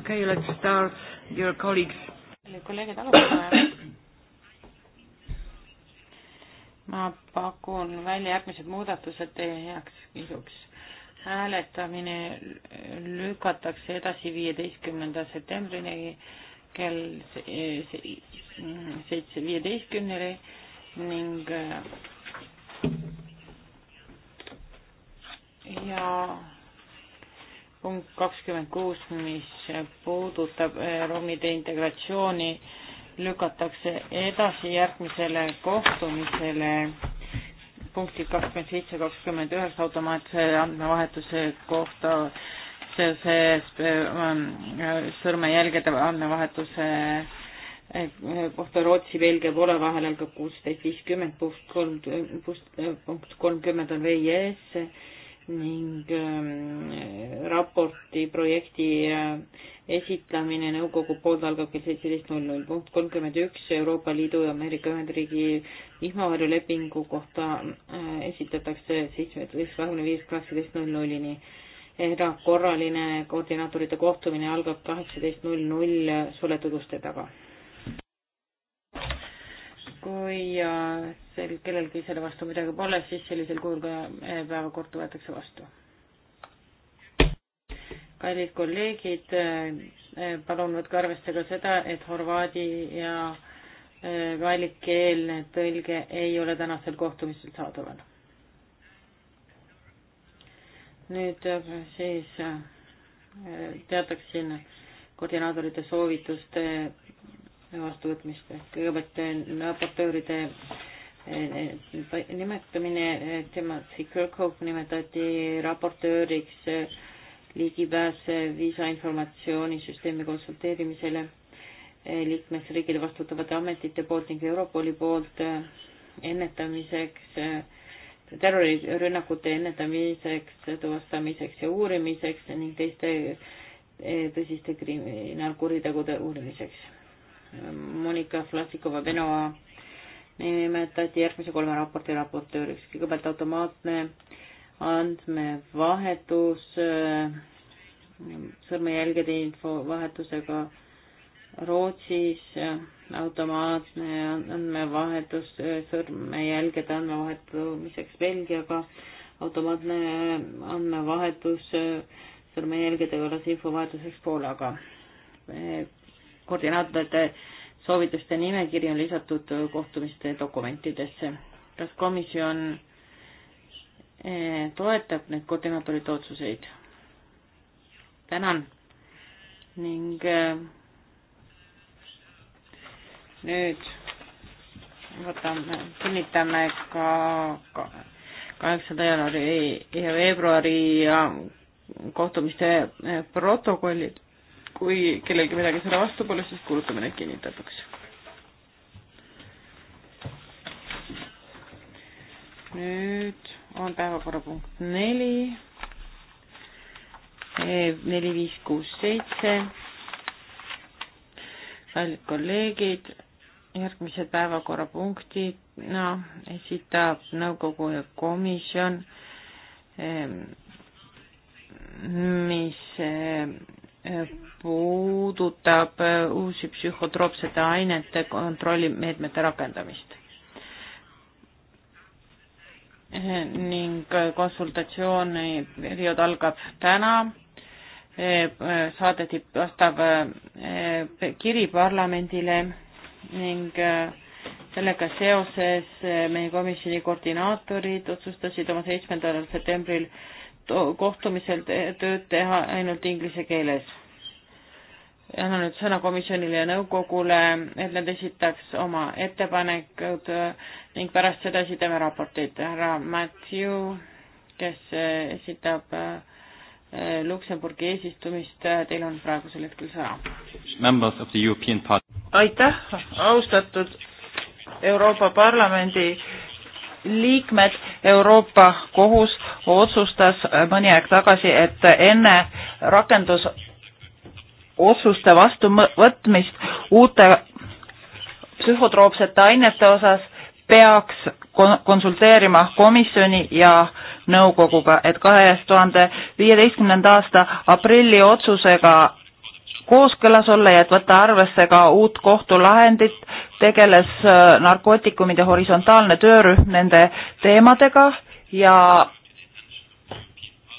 Okay, let's start, dear colleagues. kolleegid, alustame. ma pakun välja järgmised muudatused teie heakskiiduks. hääletamine lükatakse edasi viieteistkümnenda septembrini kell seitse viieteistkümneni ning äh, ja punkt kakskümmend kuus, mis puudutab eh, romide integratsiooni, lükatakse edasi järgmisele kohtumisele punktid kakskümmend seitse, kakskümmend üheksa automaatse andmevahetuse kohta seoses eh, sõrmejälgede andmevahetuse eh, kohta Rootsi, Belgia, Poola vahel algab kuusteist viiskümmend, punkt kolm, punkt kolmkümmend on VIS ning ähm, raporti projekti äh, esitlemine nõukogu poolt algab kell seitseteist null null punkt kolmkümmend üks Euroopa Liidu ja Ameerika Ühendriigi vihmavarjulepingu kohta äh, esitatakse seitsmeteist kahekümne viis kaheksateist null nullini. erakorraline koordinaatorite kohtumine algab kaheksateist null null suletud uste taga kui äh, sel, kellelgi selle vastu midagi pole, siis sellisel kujul ka äh, päevakord võetakse vastu. kallid kolleegid, äh, palun võtke arvesse ka seda, et horvaadi ja valikeelne tõlge ei ole tänasel kohtumisel saadaval. nüüd siis teataksin koordinaatorite soovituste vastuvõtmist. kõigepealt eh, raportööride eh, eh, nimetamine, tema Kirkhoff nimetati raportööriks ligipääs viisainformatsioonisüsteemi konsulteerimisele liikmesriigile vastutavate ametite poolt ning Europoli poolt ennetamiseks, terrorirünnakute ennetamiseks, tuvastamiseks ja uurimiseks ning teiste tõsiste kriminaalkuritegude uurimiseks Monika Vlasikova-Venova nimetati järgmise kolme raporti raportööriks. kõigepealt automaatne andmevahetus, sõrmejälgede infovahetusega Rootsis, automaatne andmevahetus sõrmejälgede andmevahetumiseks Belgiaga, automaatne andmevahetus sõrmejälgedega las infovahetuseks Poolaga koordinaatorite soovituste nimekiri on lisatud kohtumiste dokumentidesse. kas komisjon eh, toetab neid koordinaatorite otsuseid? tänan ning eh, nüüd võtame, kinnitame ka kaheksanda jaanuari ja veebruari eh, kohtumiste protokollid kui kellelgi midagi selle vastu pole, siis kuulutame need kinnitatuks. nüüd on päevakorrapunkt neli, e, neli, viis, kuus, seitse. kallid kolleegid, järgmised päevakorrapunktid, no esitab nõukogu ja komisjon, mis Eh, puudutab eh, uusi psühhotroopsete ainete kontrollimeetmete rakendamist. Eh, ning konsultatsiooni periood algab täna, saadeti vastav kiri parlamendile ning sellega seoses meie komisjoni koordinaatorid otsustasid oma seitsmendal septembril kohtumisel tööd teha ainult inglise keeles annan nüüd sõna komisjonile ja nõukogule, et nad esitaks oma ettepanekud ning pärast seda esitame raportid. härra Matthew, kes esitab eh, Luksemburgi eesistumist, eh, teil on praegusel hetkel sõna. aitäh, austatud Euroopa Parlamendi liikmed, Euroopa Kohus otsustas mõni aeg tagasi, et enne rakendus otsuste vastuvõtmist uute psühhotroopsete ainete osas peaks konsulteerima komisjoni ja nõukoguga, et kahe tuhande viieteistkümnenda aasta aprilli otsusega kooskõlas olla ja et võtta arvesse ka uut kohtulahendit, tegeles äh, narkootikumide horisontaalne töörühm nende teemadega ja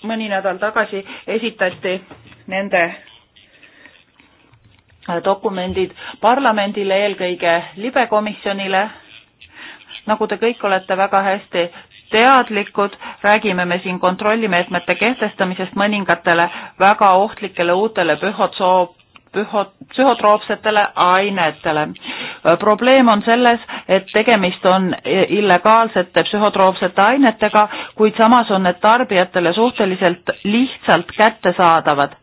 mõni nädal tagasi esitati nende Äh, dokumendid parlamendile, eelkõige libekomisjonile. nagu te kõik olete väga hästi teadlikud, räägime me siin kontrollimeetmete kehtestamisest mõningatele väga ohtlikele uutele pühotsoo-, püho-, psühhotroopsetele ainetele. Äh, probleem on selles, et tegemist on illegaalsete psühhotroopsete ainetega, kuid samas on need tarbijatele suhteliselt lihtsalt kättesaadavad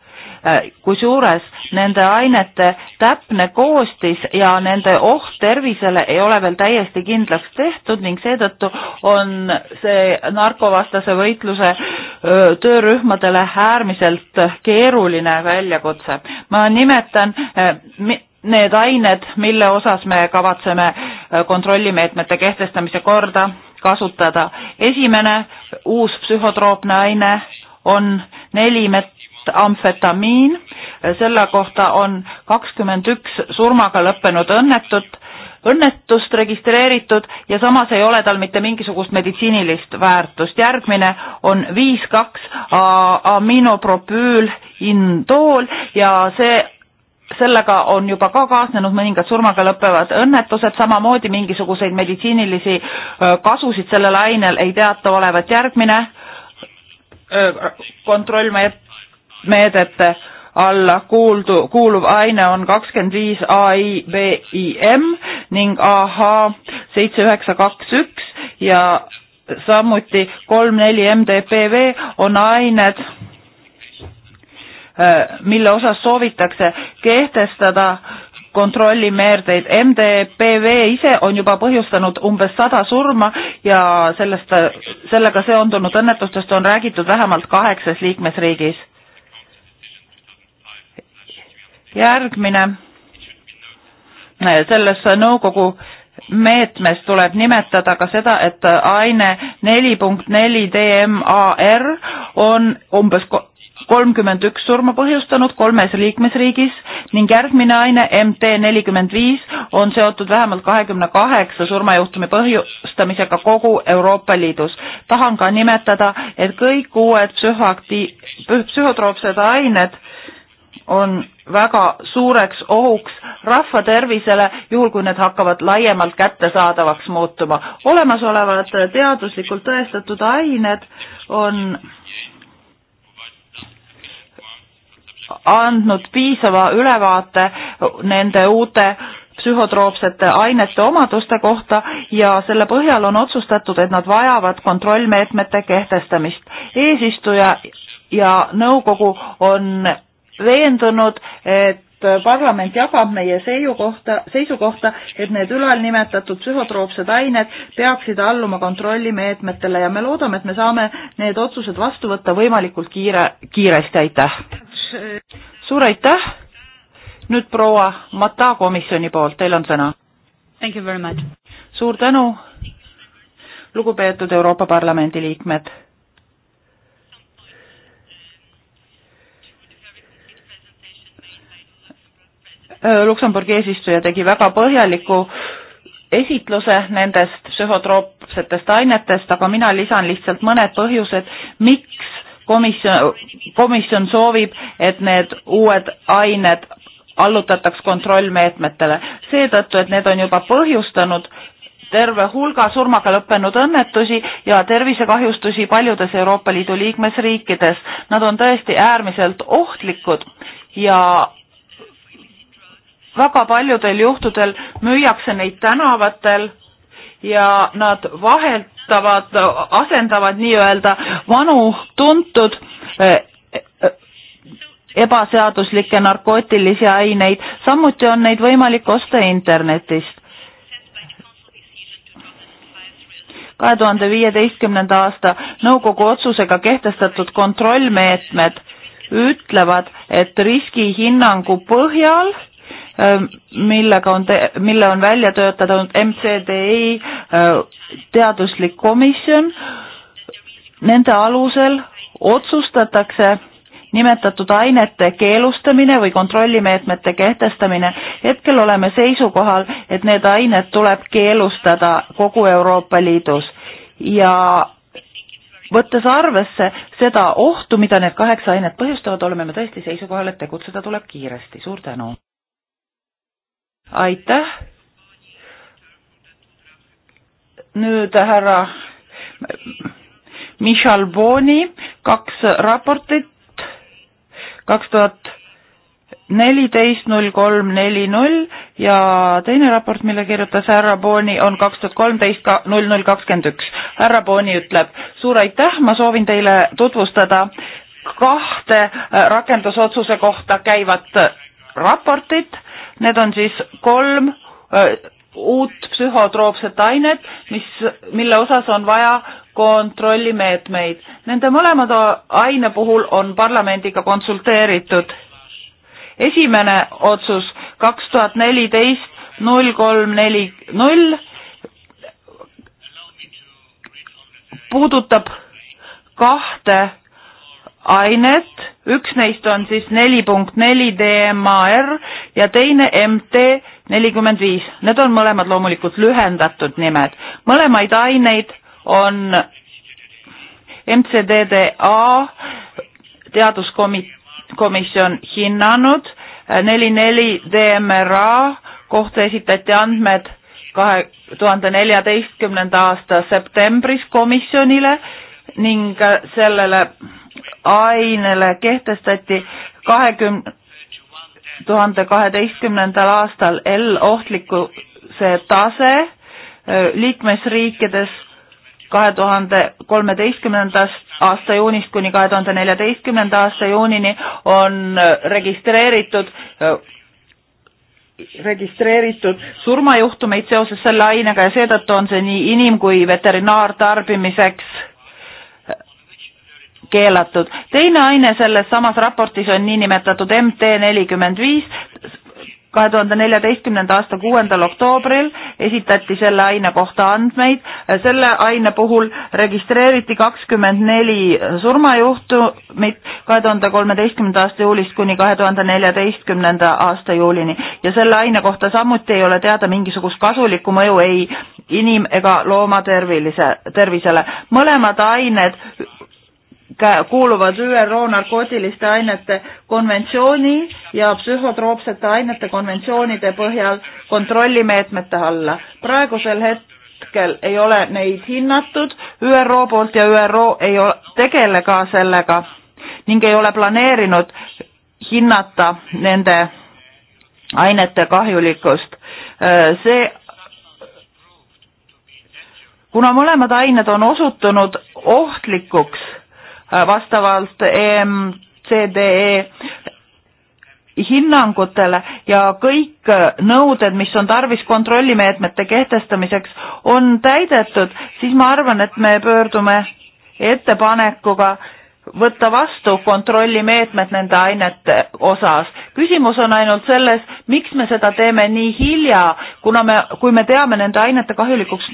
Äh, kusjuures nende ainete täpne koostis ja nende oht tervisele ei ole veel täiesti kindlaks tehtud ning seetõttu on see narkovastase võitluse töörühmadele äärmiselt keeruline väljakutse. ma nimetan need ained, mille osas me kavatseme kontrollimeetmete kehtestamise korda kasutada. esimene uus psühhotroopne aine on neli met-, metamfetamiin, selle kohta on kakskümmend üks surmaga lõppenud õnnetut, õnnetust registreeritud ja samas ei ole tal mitte mingisugust meditsiinilist väärtust. järgmine on viis kaks aminopropüülindool ja see sellega on juba ka kaasnenud mõningad surmaga lõppevad õnnetused, samamoodi mingisuguseid meditsiinilisi kasusid sellel ainel ei teata olevat. järgmine kontrollmeet-, meetete alla kuuldu, kuuluv aine on kakskümmend viis AIBIM ning AH seitse üheksa kaks üks ja samuti kolm neli MDPV on ained, äh, mille osas soovitakse kehtestada kontrollimeerdeid. MDPV ise on juba põhjustanud umbes sada surma ja sellest, sellega seondunud õnnetustest on räägitud vähemalt kaheksas liikmesriigis järgmine selles nõukogu meetmes tuleb nimetada ka seda, et aine 4.4 DMAR on umbes 31 surma põhjustanud kolmes liikmesriigis ning järgmine aine MT45 on seotud vähemalt 28 surmajuhtumi põhjustamisega kogu Euroopa Liidus. Tahan ka nimetada, et kõik uued psühhotroopsed ained on väga suureks ohuks rahva tervisele, juhul kui need hakkavad laiemalt kättesaadavaks muutuma. olemasolevad teaduslikult tõestatud ained on andnud piisava ülevaate nende uute psühhotroopsete ainete omaduste kohta ja selle põhjal on otsustatud, et nad vajavad kontrollmeetmete kehtestamist. eesistuja ja nõukogu on veendunud, et parlament jagab meie seisukohta, seisukohta, et need ülalnimetatud psühhotroopsed ained peaksid alluma kontrollimeetmetele ja me loodame, et me saame need otsused vastu võtta võimalikult kiire, kiiresti, aitäh! suur aitäh! nüüd proua Mata komisjoni poolt, teil on sõna. suur tänu, lugupeetud Euroopa Parlamendi liikmed Äh, Luksemburgi eesistuja tegi väga põhjaliku esitluse nendest psühhotroopsetest ainetest, aga mina lisan lihtsalt mõned põhjused, miks komisjon, komisjon soovib, et need uued ained allutataks kontrollmeetmetele. seetõttu, et need on juba põhjustanud terve hulga surmaga lõppenud õnnetusi ja tervisekahjustusi paljudes Euroopa Liidu liikmesriikides. Nad on tõesti äärmiselt ohtlikud ja väga paljudel juhtudel müüakse neid tänavatel ja nad vahetavad, asendavad nii-öelda vanu tuntud eh, eh, ebaseaduslikke narkootilisi aineid, samuti on neid võimalik osta internetist. kahe tuhande viieteistkümnenda aasta nõukogu otsusega kehtestatud kontrollmeetmed ütlevad, et riskihinnangu põhjal Ähm, millega on, mille on välja töötanud MCDI äh, teaduslik komisjon. Nende alusel otsustatakse nimetatud ainete keelustamine või kontrollimeetmete kehtestamine. hetkel oleme seisukohal, et need ained tuleb keelustada kogu Euroopa Liidus ja võttes arvesse seda ohtu, mida need kaheksa ainet põhjustavad, oleme me tõesti seisukohal, et tegutseda tuleb kiiresti. suur tänu! aitäh. nüüd härra Michal Boni kaks raportit, kaks tuhat neliteist null kolm neli null ja teine raport, mille kirjutas härra Booni, on kaks tuhat kolmteist null null kakskümmend üks. härra Booni ütleb, suur aitäh, ma soovin teile tutvustada kahte äh, rakendusotsuse kohta käivat äh, raportit Need on siis kolm äh, uut psühhotroopset ainet, mis, mille osas on vaja kontrollimeetmeid. Nende mõlemad aine puhul on parlamendiga konsulteeritud. esimene otsus kaks tuhat neliteist null kolm neli null puudutab kahte ainet, üks neist on siis neli punkt neli DMAR ja teine MT nelikümmend viis, need on mõlemad loomulikult lühendatud nimed. mõlemaid aineid on MCDDA teaduskomisjon hinnanud, neli neli DMRA kohta esitati andmed kahe tuhande neljateistkümnenda aasta septembris komisjonile ning sellele ainele kehtestati kahekümne tuhande kaheteistkümnendal aastal L ohtlikkuse tase liikmesriikides kahe tuhande kolmeteistkümnendast aasta juunist kuni kahe tuhande neljateistkümnenda aasta juunini on registreeritud registreeritud surmajuhtumeid seoses selle ainega ja seetõttu on see nii inim- kui veterinaartarbimiseks keelatud. teine aine selles samas raportis on niinimetatud MT nelikümmend viis, kahe tuhande neljateistkümnenda aasta kuuendal oktoobril esitati selle aine kohta andmeid, selle aine puhul registreeriti kakskümmend neli surmajuhtumit kahe tuhande kolmeteistkümnenda aasta juulist kuni kahe tuhande neljateistkümnenda aasta juulini ja selle aine kohta samuti ei ole teada mingisugust kasulikku mõju ei inim- ega loomatervise, tervisele. mõlemad ained kuuluvad ÜRO narkootiliste ainete konventsiooni ja psühhotroopsete ainete konventsioonide põhjal kontrollimeetmete alla. praegusel hetkel ei ole neid hinnatud ÜRO poolt ja ÜRO ei ole, tegele ka sellega ning ei ole planeerinud hinnata nende ainete kahjulikkust. see kuna mõlemad ained on osutunud ohtlikuks Äh, vastavalt EMCDE e hinnangutele ja kõik nõuded, mis on tarvis kontrollimeetmete kehtestamiseks, on täidetud, siis ma arvan, et me pöördume ettepanekuga võtta vastu kontrollimeetmed nende ainete osas. küsimus on ainult selles, miks me seda teeme nii hilja, kuna me, kui me teame nende ainete kahjulikuks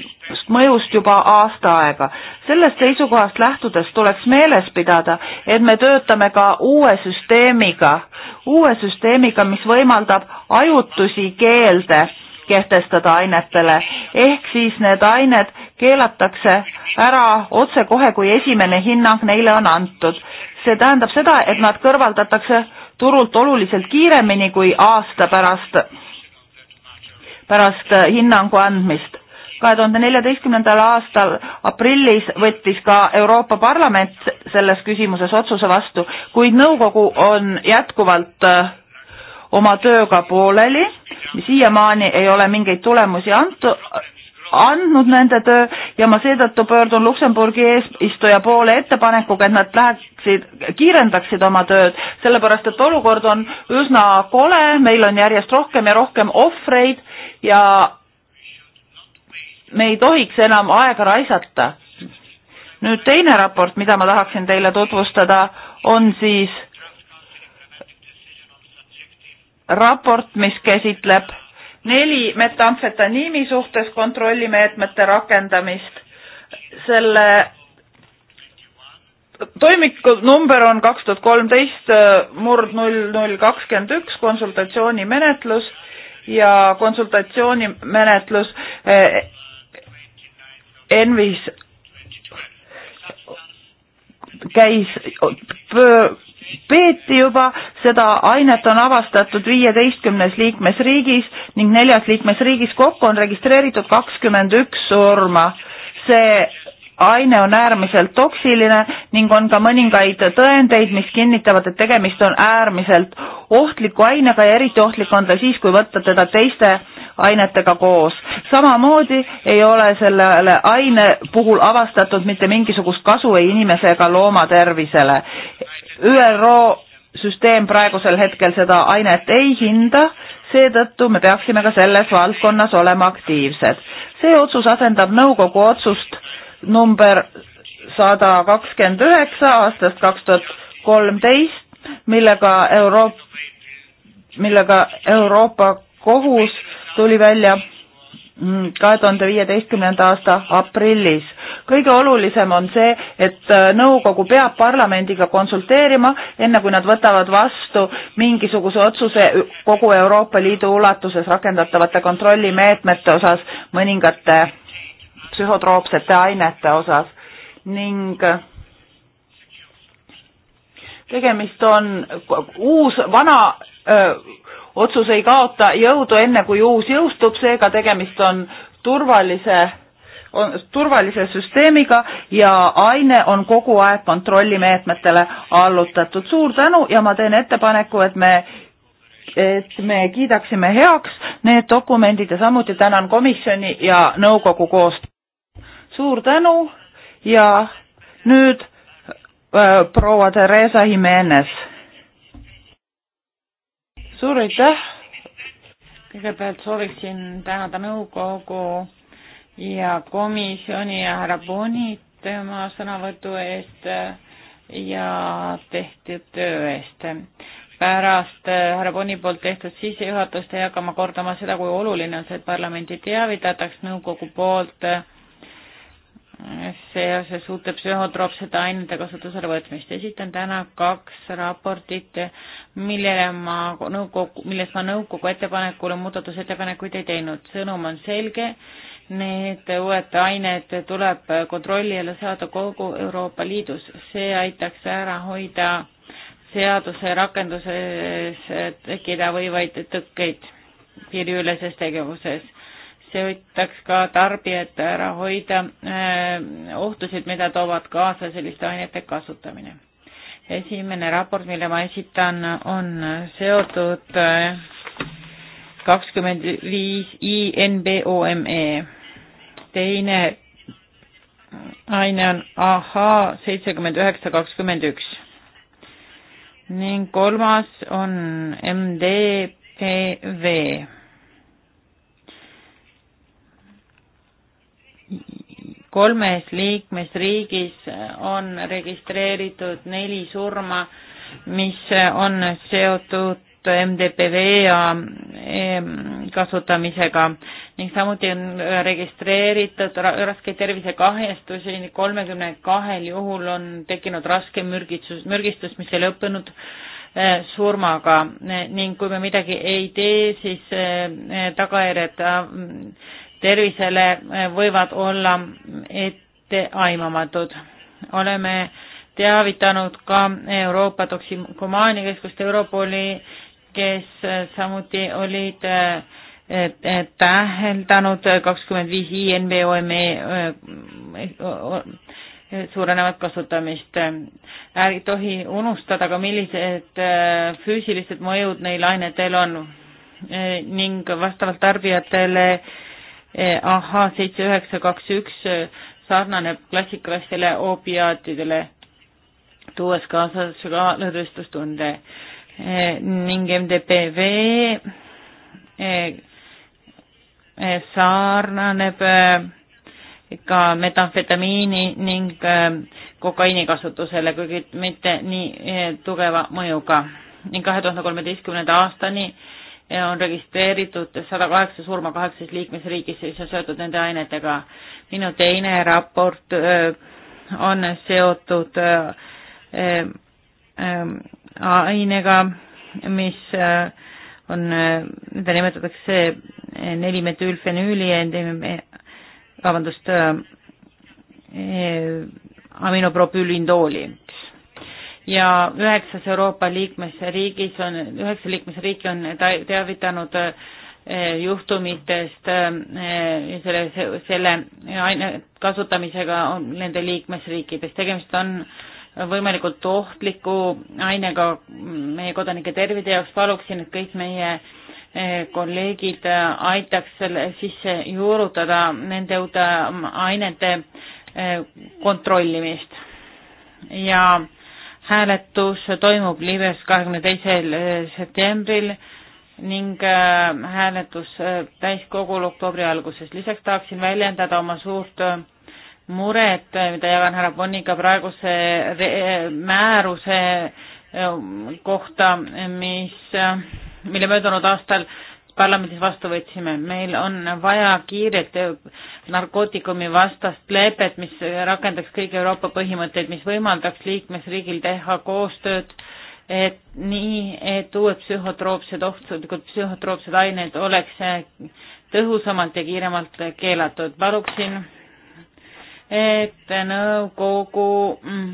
mõjust juba aasta aega. sellest seisukohast lähtudes tuleks meeles pidada, et me töötame ka uue süsteemiga, uue süsteemiga, mis võimaldab ajutusi keelde kehtestada ainetele, ehk siis need ained keelatakse ära otsekohe, kui esimene hinnang neile on antud. see tähendab seda, et nad kõrvaldatakse turult oluliselt kiiremini kui aasta pärast, pärast äh, hinnangu andmist. kahe tuhande neljateistkümnendal aastal aprillis võttis ka Euroopa Parlament selles küsimuses otsuse vastu, kuid nõukogu on jätkuvalt äh, oma tööga pooleli, siiamaani ei ole mingeid tulemusi antu, andnud nende töö ja ma seetõttu pöördun Luksemburgi eesistuja poole ettepanekuga, et nad läheksid, kiirendaksid oma tööd, sellepärast et olukord on üsna kole, meil on järjest rohkem ja rohkem ohvreid ja me ei tohiks enam aega raisata. nüüd teine raport, mida ma tahaksin teile tutvustada, on siis raport, mis käsitleb neli metamfetaniimi suhtes kontrollimeetmete rakendamist. selle toimiku number on kaks tuhat kolmteist murd null null kakskümmend üks konsultatsioonimenetlus ja konsultatsioonimenetlus eh, ENVis käis peeti juba, seda ainet on avastatud viieteistkümnes liikmesriigis ning neljas liikmesriigis kokku on registreeritud kakskümmend üks surma. see aine on äärmiselt toksiline ning on ka mõningaid tõendeid, mis kinnitavad, et tegemist on äärmiselt ohtliku ainega ja eriti ohtlik on ta siis, kui võtta teda teiste ainetega koos. samamoodi ei ole selle aine puhul avastatud mitte mingisugust kasu ei inimese ega looma tervisele. ÜRO süsteem praegusel hetkel seda ainet ei hinda, seetõttu me peaksime ka selles valdkonnas olema aktiivsed. see otsus asendab nõukogu otsust number sada kakskümmend üheksa aastast kaks tuhat kolmteist, millega Euroop-, millega Euroopa kohus tuli välja mm, kahe tuhande viieteistkümnenda aasta aprillis. kõige olulisem on see, et äh, nõukogu peab parlamendiga konsulteerima, enne kui nad võtavad vastu mingisuguse otsuse kogu Euroopa Liidu ulatuses rakendatavate kontrollimeetmete osas mõningate psühhotroopsete ainete osas ning äh, tegemist on uus, vana öö, äh, otsus ei kaota jõudu enne, kui uus jõustub, seega tegemist on turvalise on turvalise süsteemiga ja aine on kogu aeg kontrollimeetmetele allutatud. suur tänu ja ma teen ettepaneku, et me, et me kiidaksime heaks need dokumendid ja samuti tänan komisjoni ja nõukogu koostöö. suur tänu ja nüüd äh, proua Theresa Jimenez suur aitäh. kõigepealt sooviksin tänada nõukogu ja komisjoni ja härra Bonit tema sõnavõtu eest ja tehtud töö eest. pärast härra Boni poolt tehtud sissejuhatust ei hakka ma kordama seda, kui oluline on see, et parlamendi teavitataks nõukogu poolt äh, seoses uute psühhotroopsete ainete kasutusele võtmist. esitan täna kaks raportit, millele ma nõukogu, milles ma nõukogu ettepanekule muudatusettepanekuid ei teinud. sõnum on selge, need uued ained tuleb kontrolli alla saada kogu Euroopa Liidus, see aitaks ära hoida seaduse rakenduses tekkida võivaid tõkkeid piiriüleses tegevuses see aitaks ka tarbijad ära hoida äh, ohtusid, mida toovad kaasa selliste ainete kasutamine. esimene raport, mille ma esitan, on seotud äh, kakskümmend viis INBOME. teine aine on AH seitsekümmend üheksa kakskümmend üks ning kolmas on MDPV kolmes liikmesriigis on registreeritud neli surma, mis on seotud MDPV ja kasutamisega ning samuti on registreeritud raskeid tervisekahjastusi, kolmekümne kahel juhul on tekkinud raske mürgitsus, mürgistus, mis ei lõppenud eh, surmaga ning kui me midagi ei tee, siis eh, tagajärjed tervisele eh, võivad olla etteaimamatud. oleme teavitanud ka Euroopa toksikomaaniakeskust Europoli, kes eh, samuti olid eh, täheldanud kakskümmend viis INBOM-i e, suurenevat kasutamist. ei tohi unustada ka, millised füüsilised mõjud neil ainetel on ning vastavalt tarbijatele ahhaa seitse üheksa kaks üks sarnaneb klassikalistele opiaatidele, tuues kaasa sügavlõdvestustunde ning MDPV e, e, sarnaneb e, ka metamfetamiini ning kokaiini kasutusele, kuigi mitte nii tugeva mõjuga ning kahe tuhande kolmeteistkümnenda aastani on registreeritud sada kaheksa surma kaheksas liikmesriigis, mis on seotud nende ainetega. minu teine raport öö, äh, on seotud öö, äh, öö, äh, ainega, mis öö, on, mida nimetatakse nelimetüülfenüüli, vabandust, aminopropülindooli ja üheksas Euroopa liikmesriigis on, üheksa liikmesriiki on teavitanud eh, juhtumitest eh, selle, selle aine kasutamisega on nende liikmesriikides. tegemist on võimalikult ohtliku ainega meie kodanike tervise jaoks. paluksin, et kõik meie eh, kolleegid aitaks selle sisse juurutada nende uute ainete kontrollimist ja hääletus toimub Liibüas kahekümne teisel eh, septembril ning eh, hääletus eh, täiskogul oktoobri alguses. lisaks tahaksin väljendada oma suurt muret, mida jagan härra Bonniga praeguse määruse kohta, mis, mille möödunud aastal parlamendis vastu võtsime. meil on vaja kiiret narkootikumi vastast lepet, mis rakendaks kõigi Euroopa põhimõtteid, mis võimaldaks liikmesriigil teha koostööd, et nii, et uued psühhotroopsed ohtlikud psühhotroopsed ained oleks tõhusamalt ja kiiremalt keelatud. paluksin, et nõukogu mm,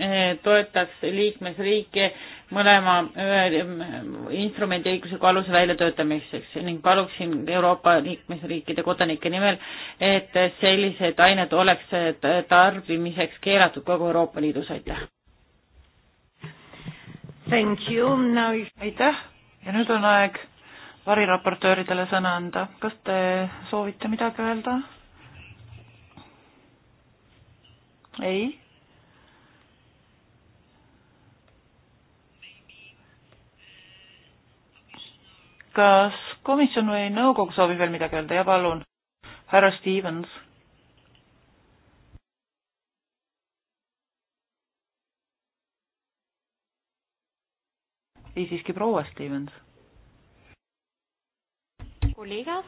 eh, toetaks liikmesriike mõlema instrumendi õigusliku aluse väljatöötamiseks ning paluksin Euroopa liikmesriikide kodanike nimel, et sellised ained oleks tarbimiseks keelatud kogu Euroopa Liidus, aitäh. Thank you, no aitäh ja nüüd on aeg variraportööridele sõna anda, kas te soovite midagi öelda? ei kas komisjon või nõukogu soovib veel midagi öelda ja palun, härra Stevens. ei siiski proua Stevens. kolleega.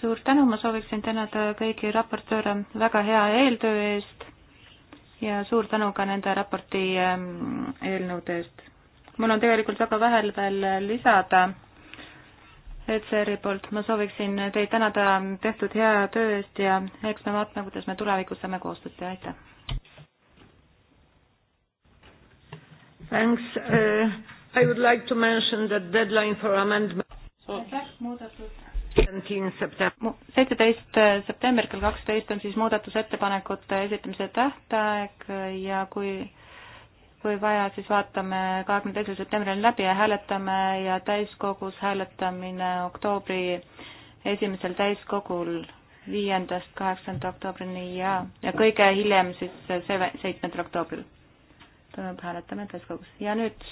suur tänu, ma sooviksin tänada kõiki raportööre väga hea eeltöö eest ja suur tänu ka nende raporti ähm, eelnõude eest. mul on tegelikult väga vähe veel lisada ECR-i poolt, ma sooviksin teid tänada tehtud hea töö eest ja eks me vaatame, kuidas me tulevikus saame koostööd teha, aitäh! Thanks uh,. I would like to mention that deadline for amendment. aitäh, muudatus seitseteist äh, september kell kaksteist on siis muudatusettepanekute esitamise tähtaeg ja kui kui vaja, siis vaatame kahekümne teisel septembril läbi ja hääletame ja täiskogus hääletamine oktoobri esimesel täiskogul viiendast kaheksanda oktoobrini ja, ja kõige hiljem siis seitsmendal oktoobril toimub hääletamine täiskogus. ja nüüd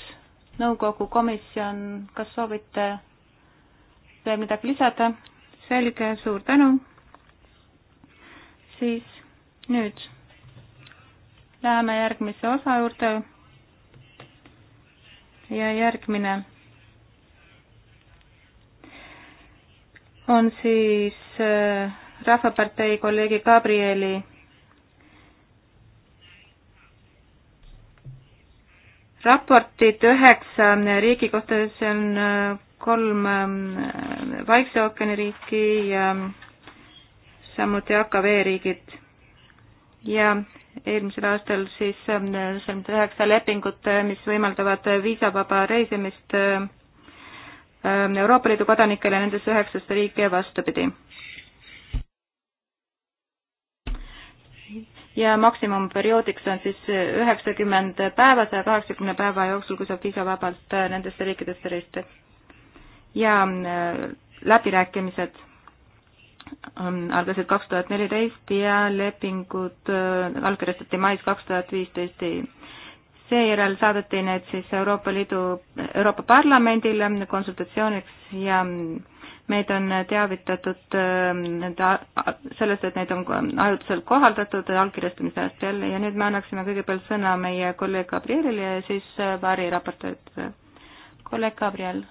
nõukogu komisjon, kas soovite veel midagi lisada? selge, suur tänu. siis nüüd läheme järgmise osa juurde. ja järgmine on siis äh, Rahvapartei kolleegi Gabrieli raportid üheksa riigi kohta, see on äh, kolm ähm, Vaikse ookeani riiki ja samuti AKV riigid. ja eelmisel aastal siis ähm, sõlmiti üheksa lepingut, äh, mis võimaldavad viisavaba reisimist ähm, Euroopa Liidu kodanikele nendesse üheksasse riiki ja vastupidi. ja maksimumperioodiks on siis üheksakümmend päeva, saja kaheksakümne päeva jooksul, kui saab viisavabalt äh, nendesse riikidesse reisida ja äh, läbirääkimised ähm, algasid kaks tuhat neliteist ja lepingud äh, allkirjastati mais kaks tuhat viisteist. seejärel saadeti need siis Euroopa Liidu, Euroopa Parlamendile konsultatsiooniks ja meid on teavitatud nende, ähm, sellest, et neid on ajutiselt kohaldatud allkirjastamise ajast jälle ja nüüd me annaksime kõigepealt sõna meie kolleeg Gabrielile ja siis äh, variraportööd. kolleeg Gabriel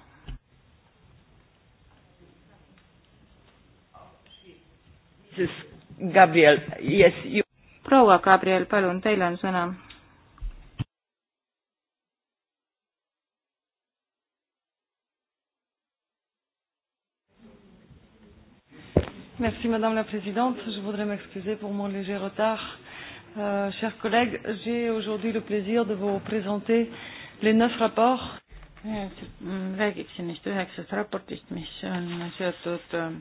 Mrs Gabriel, yes you. proua Gabriel, palun, teil on sõna. Merci Madame la Présidente. Je voudrais m'excuser pour mon léger retard. Euh, chers collègues, j'ai aujourd'hui le plaisir de vous présenter les neuf rapports. räägiksin neist üheksast raportist, mis on seotud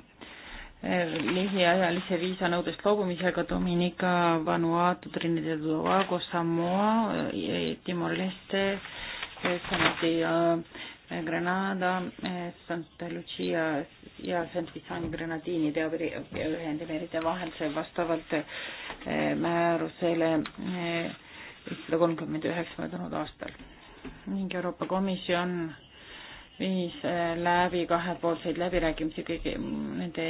lühiajalise viisanõudest loobumisega Dominica, Vanuatu, Trinidad ja Tobago, Samoa, Timor-Leste, samuti äh, Grenada, Santa Lucia ja Saint Vincent Grenadiinide ja Ühendemere vahel, see vastavalt äh, määrusele äh, sada kolmkümmend üheksa möödunud aastal ning Euroopa Komisjon viis eh, läbi kahepoolseid läbirääkimisi kõigi nende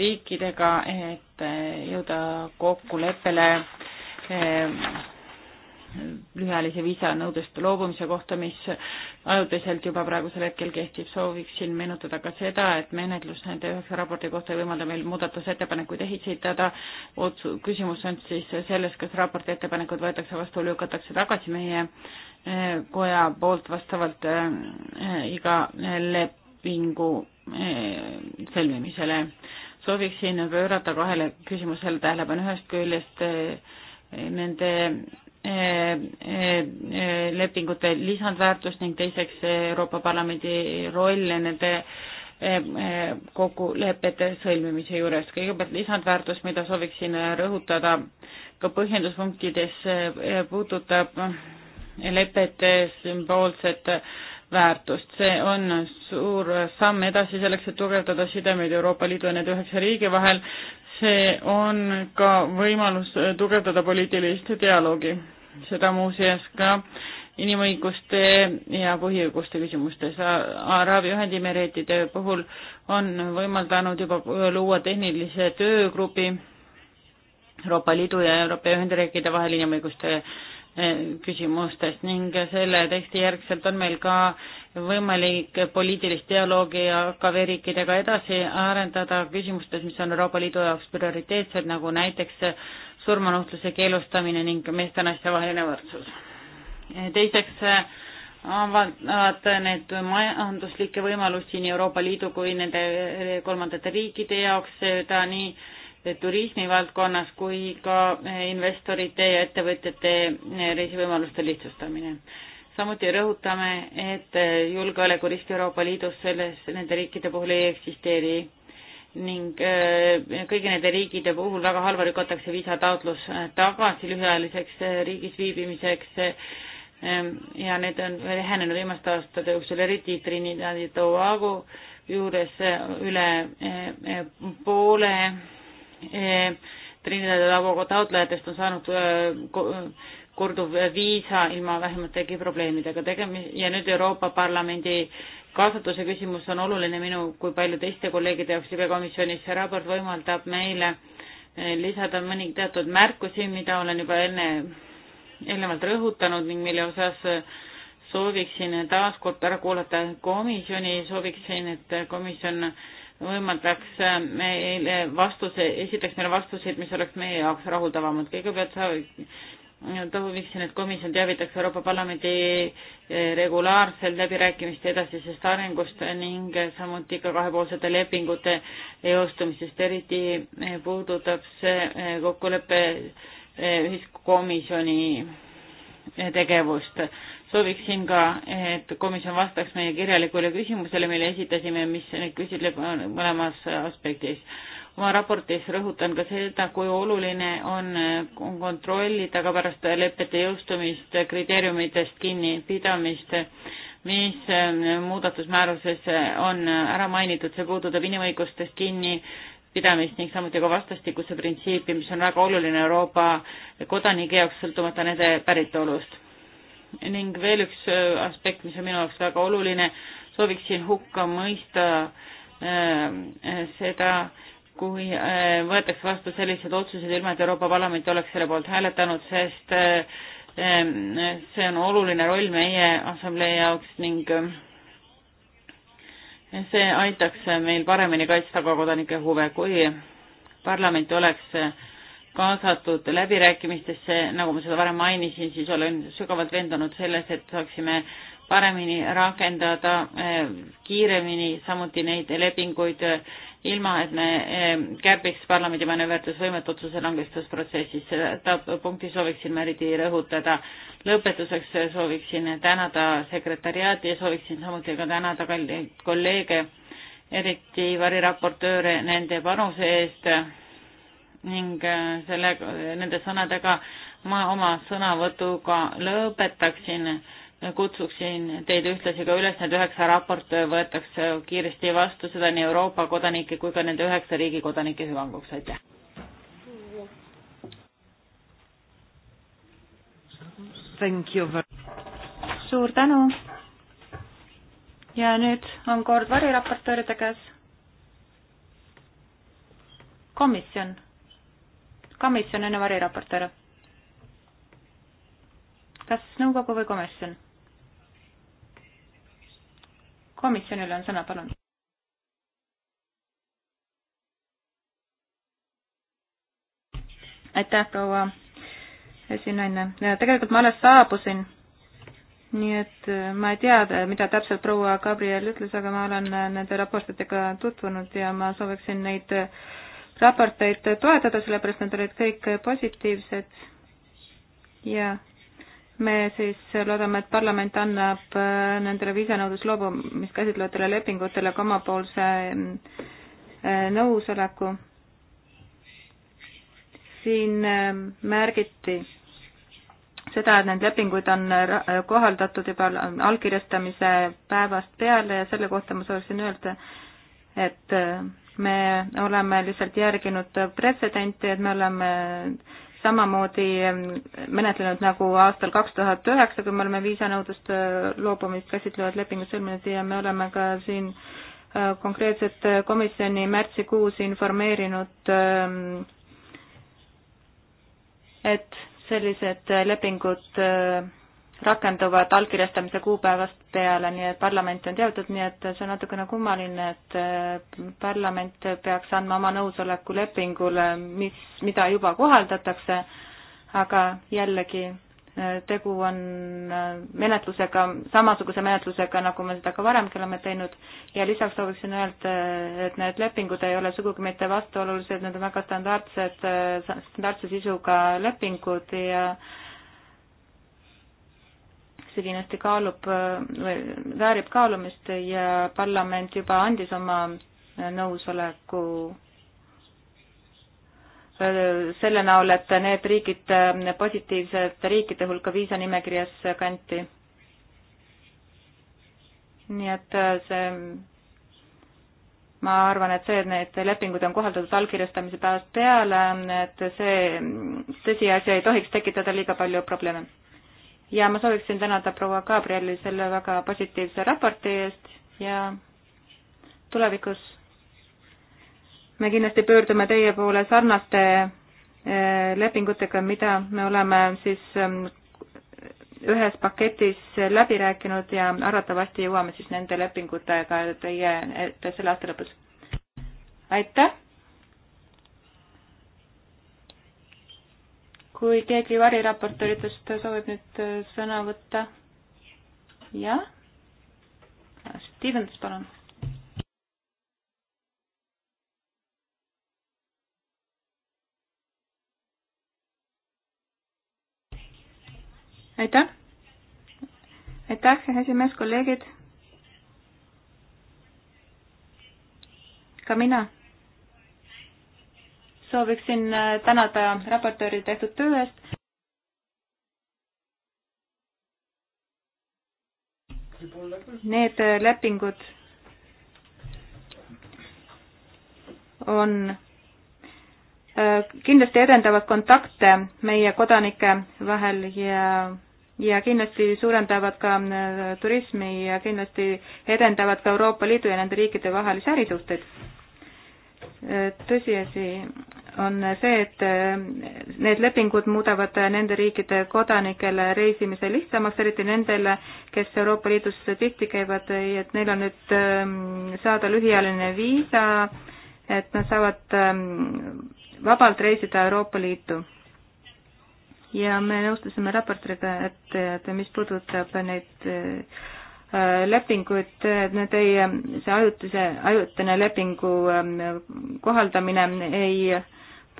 riikidega, et eh, jõuda kokkuleppele eh, lühiajalise viisanõudest loobumise kohta, mis ajutiselt juba praegusel hetkel kehtib, sooviksin meenutada ka seda, et menetlus nende üheksa raporti kohta ei võimalda meil muudatusettepanekuid esitada. otsu-, küsimus on siis selles, kas raporti ettepanekud võetakse vastu, lükatakse tagasi meie eh, koja poolt vastavalt eh, iga lepingu eh, sõlmimisele. sooviksin pöörata kahele küsimusele tähelepanu, ühest küljest nende lepingute lisandväärtust ning teiseks Euroopa Parlamendi roll nende eh, eh, kokkulepete sõlmimise juures. kõigepealt lisandväärtus, mida sooviksin rõhutada ka põhjenduspunktides, eh, puudutab lepete sümboolset väärtust. see on suur samm edasi selleks, et tugevdada sidemeid Euroopa Liidu ja nende üheksa riigi vahel. see on ka võimalus tugevdada poliitilist dialoogi seda muuseas ka inimõiguste ja põhiõiguste küsimustes. Araabia Ühendemireetide puhul on võimaldanud juba luua tehnilise töögrupi Euroopa Liidu ja Euroopa Ühendriikide vahel inimõiguste eh, küsimustest ning selle teksti järgselt on meil ka võimalik poliitilist dialoogi ja AKV riikidega edasi arendada küsimustes, mis on Euroopa Liidu jaoks prioriteetsed, nagu näiteks surmanuhtluse keelustamine ning meeste ja naiste vaheline võrdsus. teiseks avavad äh, need majanduslikke võimalusi nii Euroopa Liidu kui nende äh, kolmandate riikide jaoks, seda nii turismivaldkonnas kui ka äh, investorite ja ettevõtjate reisivõimaluste lihtsustamine. samuti rõhutame, et julgeolekurisk Euroopa Liidus selles, nende riikide puhul ei eksisteeri ning äh, kõigi nende riikide puhul väga halva lükatakse viisataotlus äh, tagasi lühiajaliseks äh, riigis viibimiseks ähm, ja need on vähenenud viimaste aastate jooksul, eriti Trinidad ja Tobago juures üle poole Trinidad ja Tobago taotlejatest on saanud korduv viisa ilma vähemategi probleemidega tegema ja nüüd Euroopa Parlamendi kaasatuse küsimus on oluline minu kui palju teiste kolleegide jaoks libekomisjonis. see raport võimaldab meile eh, lisada mõni teatud märkusi, mida olen juba enne, eelnevalt rõhutanud ning mille osas eh, sooviksin taas kord ära kuulata komisjoni, sooviksin, et komisjon võimaldaks eh, meile vastuse, esitaks meile vastuseid, mis oleks meie jaoks rahuldavamad. kõigepealt sa tahaksin, et komisjon teavitaks Euroopa Parlamendi eh, regulaarselt läbirääkimiste edasisest arengust ning samuti ka kahepoolsete lepingute jõustumisest, eriti eh, puudutab see eh, kokkulepe ühiskomisjoni tegevust. sooviksin ka, et komisjon vastaks meie kirjalikule küsimusele, mille esitasime, mis küsitleb mõlemas aspektis oma raportis rõhutan ka seda, kui oluline on kontrollida ka pärast lepete jõustumist kriteeriumitest kinnipidamist, mis ähm, muudatusmääruses on ära mainitud, see puudutab inimõigustest kinnipidamist ning samuti ka vastastikuse printsiipi, mis on väga oluline Euroopa kodanike jaoks, sõltumata nende päritolust. ning veel üks äh, aspekt, mis on minu jaoks väga oluline, sooviksin hukka mõista ähm, seda, kui äh, võetakse vastu sellised otsused, ilma et Euroopa Parlament oleks selle poolt hääletanud, sest äh, ähm, see on oluline roll meie assamblee jaoks ning äh, see aitaks meil paremini kaitsta ka kodanike huve, kui parlament oleks kaasatud läbirääkimistesse, nagu ma seda varem mainisin, siis olen sügavalt veendunud selles, et saaksime paremini rakendada kiiremini samuti neid lepinguid, ilma et me eh, kärbiks parlamendi manööverdusvõimet otsuse langetusprotsessis. seda punkti sooviksin ma eriti rõhutada. lõpetuseks sooviksin tänada sekretäriaati ja sooviksin samuti ka tänada kalleid kolleege, eriti variraportööre nende panuse eest ning eh, selle, nende sõnadega ma oma sõnavõtuga lõpetaksin kutsuksin teid ühtlasi ka üles, need üheksa raport võetakse kiiresti vastu, seda nii Euroopa kodanike kui ka nende üheksa riigi kodanike hüvanguks, aitäh. suur tänu. ja nüüd on kord variraportööride käes. komisjon, komisjon enne variraportööre kas nõukogu või komisjon? komisjonil on sõna, palun. aitäh, proua esinaine. tegelikult ma alles saabusin, nii et äh, ma ei tea, äh, mida täpselt proua Gabriel ütles, aga ma olen äh, nende raportitega tutvunud ja ma sooviksin neid raporteid toetada, sellepärast nad olid kõik positiivsed ja yeah me siis loodame, et parlament annab äh, nendele viisanõudest loobumist käsitlevatele lepingutele ka omapoolse äh, nõusoleku. siin äh, märgiti seda, et neid lepinguid on kohaldatud juba allkirjastamise päevast peale ja selle kohta ma sooviksin öelda, et me oleme lihtsalt järginud pretsedenti, et me oleme samamoodi ehm, menetlenud nagu aastal kaks tuhat üheksa, kui me oleme viisanõudest äh, loobumist käsitlevad lepingud sõlminud ja me oleme ka siin äh, konkreetselt äh, komisjoni märtsikuus informeerinud, ehm, et sellised lepingud rakenduvad allkirjastamise kuupäevast peale, nii et parlament on teatud, nii et see on natukene kummaline, et äh, parlament peaks andma oma nõusoleku lepingule, mis, mida juba kohaldatakse, aga jällegi, äh, tegu on äh, menetlusega, samasuguse menetlusega, nagu me seda ka varemgi oleme teinud ja lisaks sooviksin öelda, et need lepingud ei ole sugugi mitte vastuolulised, need on väga standardsed, standardse sisuga lepingud ja see kindlasti kaalub või väärib kaalumist ja parlament juba andis oma nõusoleku selle näol, et need riigid positiivsete riikide hulka viisanimekirjas kanti. nii et see, ma arvan, et see, et need lepingud on kohaldatud allkirjastamise päevast peale, et see tõsiasi ei tohiks tekitada liiga palju probleeme ja ma sooviksin tänada proua Gabrieli selle väga positiivse raporti eest ja tulevikus me kindlasti pöördume teie poole sarnaste eh, lepingutega, mida me oleme siis eh, ühes paketis läbi rääkinud ja arvatavasti jõuame siis nende lepingutega teie ette eh, selle aasta lõpus. aitäh! kui keegi variraportoritest soovib nüüd äh, sõna võtta. jah? Stevens, palun. aitäh. aitäh, esimees, kolleegid. ka mina sooviksin äh, tänada raportööri tehtud töö eest. Need äh, lepingud on, äh, kindlasti edendavad kontakte meie kodanike vahel ja ja kindlasti suurendavad ka turismi ja kindlasti edendavad ka Euroopa Liidu ja nende riikide vahelisi ärisuhteid tõsiasi on see, et eh, need lepingud muudavad nende riikide kodanikele reisimise lihtsamaks, eriti nendele, kes Euroopa Liidus tihti käivad, et neil on nüüd eh, saada lühiajaline viisa, et nad saavad eh, vabalt reisida Euroopa Liitu. ja me nõustusime raportiga, et, et mis puudutab neid Äh, lepinguid, need ei, see ajutise, ajutine lepingu ähm, kohaldamine ei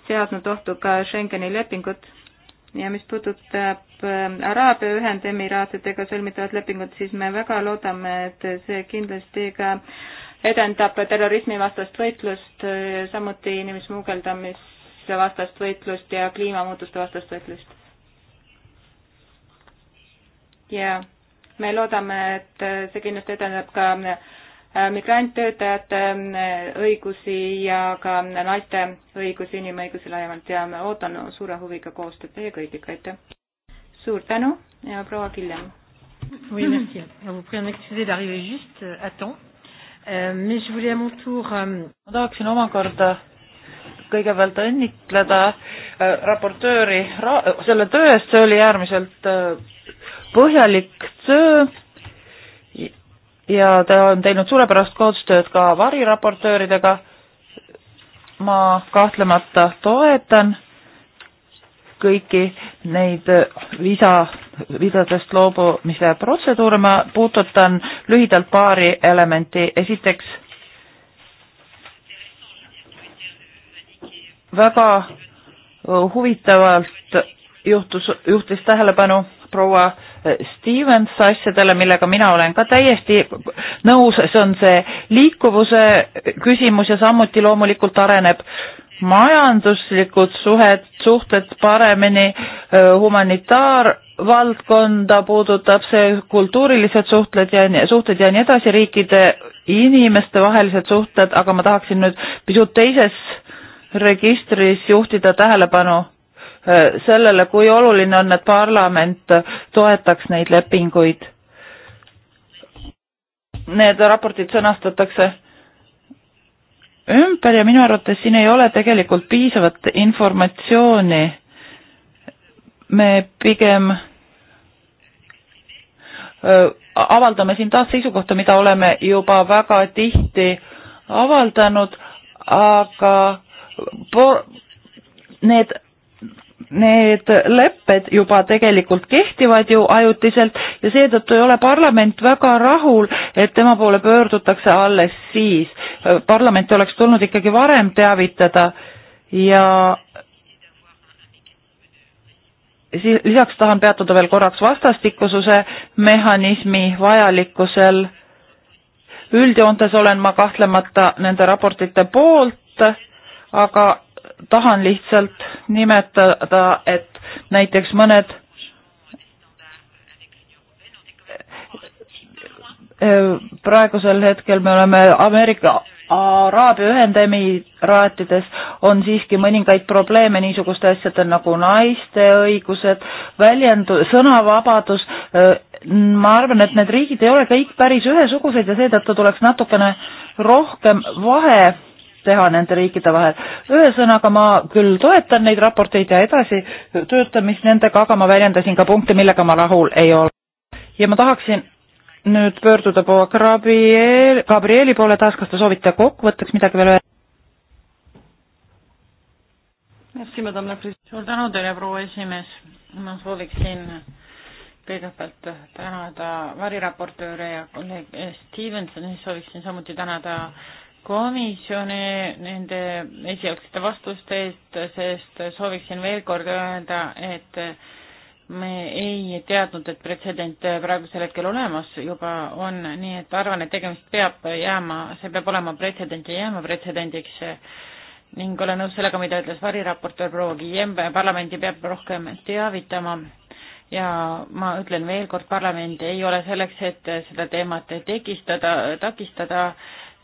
seadnud ohtu ka Schengeni lepingut ja mis puudutab ähm, Araabia Ühendemiraatidega sõlmitavat lepingut, siis me väga loodame, et see kindlasti ka edendab terrorismivastast võitlust, äh, samuti inimsmugeldamise vastast võitlust ja kliimamuutuste vastast võitlust. ja yeah me loodame, et see kindlasti edeneb ka äh, migranttöötajate äh, õigusi ja ka naiste õigusi, inimõigusi laiemalt ja ma ootan suure huviga koostööd teie kõigiga, aitäh! suur tänu ja proua Killem! Oui, merci. Je vous prie de m'excuser d'arriver juste euh, à temps. Euh, mais je voulais à mon tour... Euh... Ma tahaksin omakorda kõigepealt õnnitleda äh, raportööri ra selle töö eest, see oli äärmiselt äh, põhjalik töö ja ta on teinud suurepärast koostööd ka variraportööridega. ma kahtlemata toetan kõiki neid visa, visadest loobumise protseduure, ma puudutan lühidalt paari elementi, esiteks väga huvitavalt juhtus, juhtis tähelepanu proua eh, Stevens asjadele, millega mina olen ka täiesti nõus, see on see liikuvuse küsimus ja samuti loomulikult areneb majanduslikud suhed, suhted paremini, eh, humanitaarvaldkonda puudutab see, kultuurilised suhtled ja suhted ja nii edasi, riikide inimestevahelised suhted, aga ma tahaksin nüüd pisut teises registris juhtida tähelepanu Äh, sellele, kui oluline on, et parlament toetaks neid lepinguid. Need raportid sõnastatakse ümber ja minu arvates siin ei ole tegelikult piisavat informatsiooni. me pigem äh, avaldame siin taas seisukohta, mida oleme juba väga tihti avaldanud, aga need need lepped juba tegelikult kehtivad ju ajutiselt ja seetõttu ei ole parlament väga rahul, et tema poole pöördutakse alles siis. parlamenti oleks tulnud ikkagi varem teavitada ja lisaks tahan peatuda veel korraks vastastikususe mehhanismi vajalikkusel. üldjoontes olen ma kahtlemata nende raportite poolt, aga tahan lihtsalt nimetada, et näiteks mõned praegusel hetkel me oleme Ameerika Araabia Ühendemiraatides on siiski mõningaid probleeme niisuguste asjadel nagu naiste õigused, väljendu-, sõnavabadus. ma arvan, et need riigid ei ole kõik päris ühesugused ja seetõttu tuleks natukene rohkem vahe teha nende riikide vahel. ühesõnaga, ma küll toetan neid raporteid ja edasi töötamist nendega, aga ma väljendasin ka punkte, millega ma rahul ei ole. ja ma tahaksin nüüd pöörduda proua Gabriel, Gabrieli poole taas, kas te soovite kokkuvõtteks midagi veel öelda? Merci, madame la president. suur tänu teile, proua esimees. ma sooviksin kõigepealt tänada variraportööre ja kolleeg Stevensoni, sooviksin samuti tänada komisjoni nende esialgsete vastuste eest, sest sooviksin veel kord öelda, et me ei teadnud, et pretsedent praegusel hetkel olemas juba on, nii et arvan, et tegemist peab jääma, see peab olema pretsedent ja jääma pretsedendiks ning olen nõus sellega, mida ütles variraportöör proua Guillem, parlamendi peab rohkem teavitama ja ma ütlen veel kord, parlament ei ole selleks, et seda teemat tekistada, takistada, takistada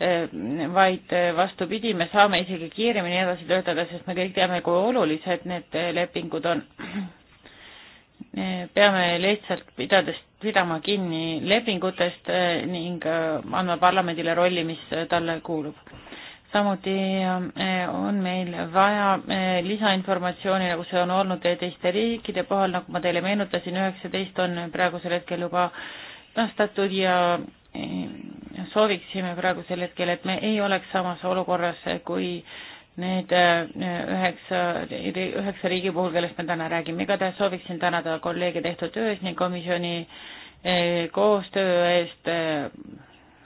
Ehm, vaid eh, vastupidi, me saame isegi kiiremini edasi töötada, sest me kõik teame, kui olulised need eh, lepingud on. Eh, peame lihtsalt pidades, pidama kinni lepingutest ning andma parlamendile rolli, mis talle kuulub. samuti on meil vaja lisainformatsiooni, nagu see on olnud teiste riikide puhul, nagu ma teile meenutasin, üheksateist on praegusel hetkel juba tõstatud ja sooviksime praegusel hetkel, et me ei oleks samas olukorras kui need äh, üheksa, üheksa riigi puhul, kellest me täna räägime. igatahes sooviksin tänada kolleege tehtud töö eest ning komisjoni äh, koostöö eest.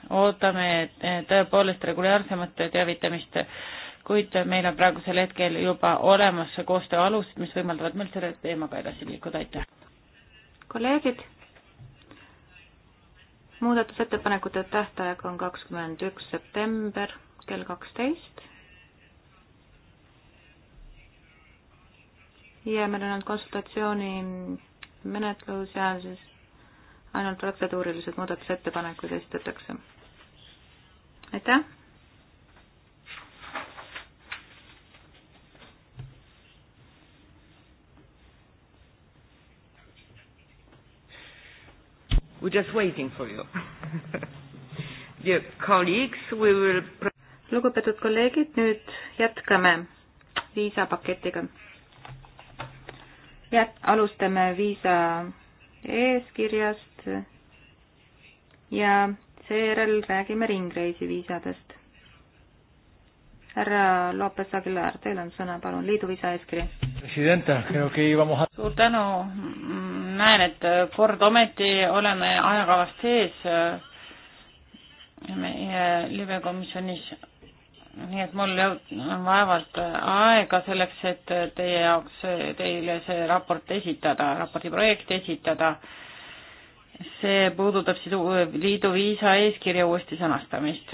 ootame äh, tõepoolest regulaarsemat teavitamist, kuid meil on praegusel hetkel juba olemas koostöö alused, mis võimaldavad meil selle teemaga edasi liikuda. aitäh! kolleegid muudatusettepanekute tähtaeg on kakskümmend üks september kell kaksteist. ja meil on olnud konsultatsiooni menetlus ja siis ainult protseduurilised muudatusettepanekud esitatakse. aitäh! We're just waiting for you. Dear colleagues, we will... lugupeetud kolleegid, nüüd jätkame viisapaketiga. Jät-, alustame viisa eeskirjast ja seejärel räägime ringreisiviisadest. härra Lopez Aguilar, teil on sõna, palun, liidu viisa eeskiri. suur tänu, näen, et äh, kord ometi oleme ajakavast sees äh, meie libekomisjonis, nii et mul on vaevalt aega selleks, et teie jaoks, teile see raport esitada, raporti projekt esitada. see puudutab siis liidu viisa eeskirja uuesti sõnastamist.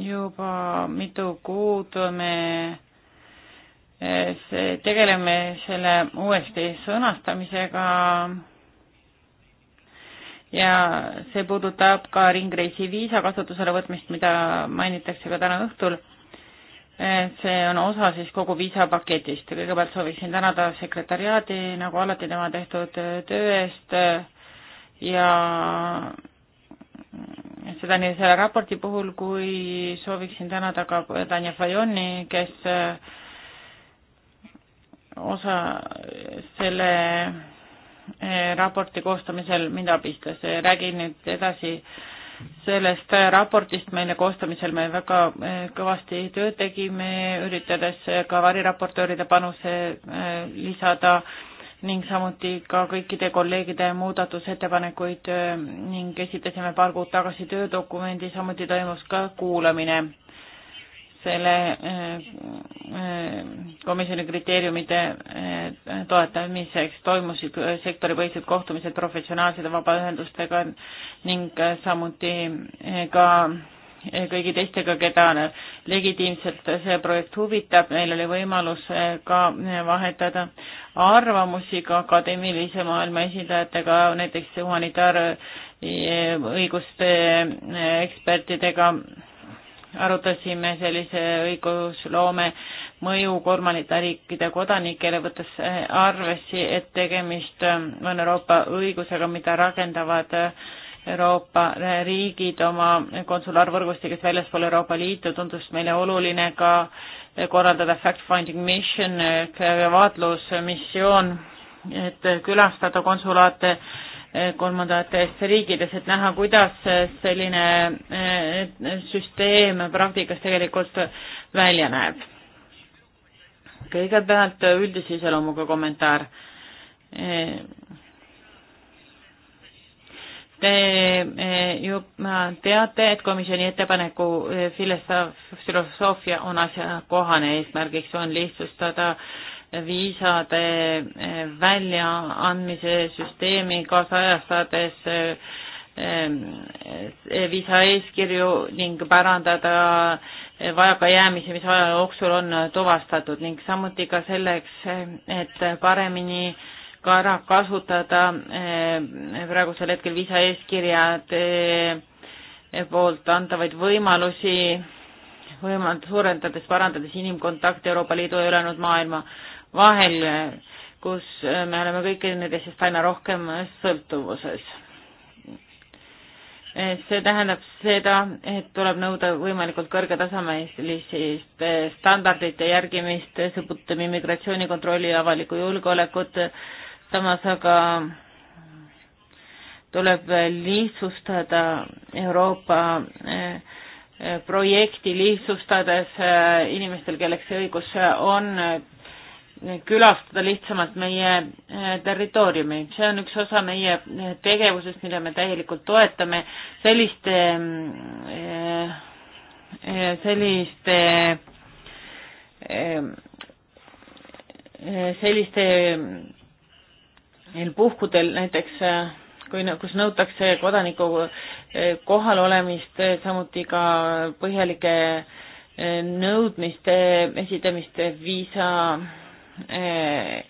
juba mitu kuud me Eh, tegeleme selle uuesti sõnastamisega ja see puudutab ka ringreisi viisa kasutusele võtmist, mida mainitakse ka täna õhtul. Eh, see on osa siis kogu viisapaketist. kõigepealt sooviksin tänada sekretäriaadi nagu alati tema tehtud eh, töö eest ja seda nii selle raporti puhul kui sooviksin tänada ka Tanja Fajoni, kes osa selle eh, raporti koostamisel mind abistas. Eh, räägin nüüd edasi sellest raportist meile koostamisel me väga eh, kõvasti tööd tegime, üritades ka variraportööride panuse lisada ning samuti ka kõikide kolleegide muudatusettepanekuid ning esitasime paar kuud tagasi töödokumendi, samuti toimus ka kuulamine selle äh, äh, komisjoni kriteeriumide äh, toetamiseks toimusid sektoripõhised kohtumised professionaalsete vabaühendustega ning samuti ka kõigi teistega, keda legitiimselt see projekt huvitab, neil oli võimalus ka vahetada arvamusi ka akadeemilise maailma esindajatega, näiteks humanitaarõiguste ekspertidega arutasime sellise õigusloome mõju kolmandate riikide kodanikele, võttes äh, arvesse, et tegemist äh, on Euroopa õigusega, mida rakendavad äh, Euroopa riigid oma konsulaarvõrgustikes väljaspool Euroopa Liitu, tundus meile oluline ka korraldada fact-finding mission ehk vaatlusmissioon, et külastada konsulaate Eh, kolmandates riikides, et näha, kuidas eh, selline eh, süsteem praktikas tegelikult välja näeb. kõigepealt üldise iseloomuga kommentaar. Te juba teate, et komisjoni ettepaneku filosoofia on asjakohane, eesmärgiks on lihtsustada äh, viisade eh, väljaandmise süsteemi kaasajastades eh, eh, viisa eeskirju ning pärandada vajakajäämisi, mis aja jooksul on tuvastatud ning samuti ka selleks, et paremini ka ära kasutada praegusel hetkel viisa eeskirjade poolt antavaid võimalusi, võimald-, suurendades, parandades inimkontakte Euroopa Liidu ja ülejäänud maailma vahel, kus me oleme kõik üksteisest aina rohkem sõltuvuses. see tähendab seda, et tuleb nõuda võimalikult kõrgetasemelist standardite järgimist, see puudutab immigratsioonikontrolli ja avalikku julgeolekut, samas aga tuleb lihtsustada Euroopa eh, projekti lihtsustades eh, inimestel, kelleks see õigus on, külastada lihtsamalt meie eh, territooriumi. see on üks osa meie eh, tegevusest, mida me täielikult toetame. selliste, mm, eh, selliste, selliste mm, puhkudel näiteks kui, kus nõutakse kodaniku kohalolemist, samuti ka põhjalike nõudmiste esitamist viisa Eh,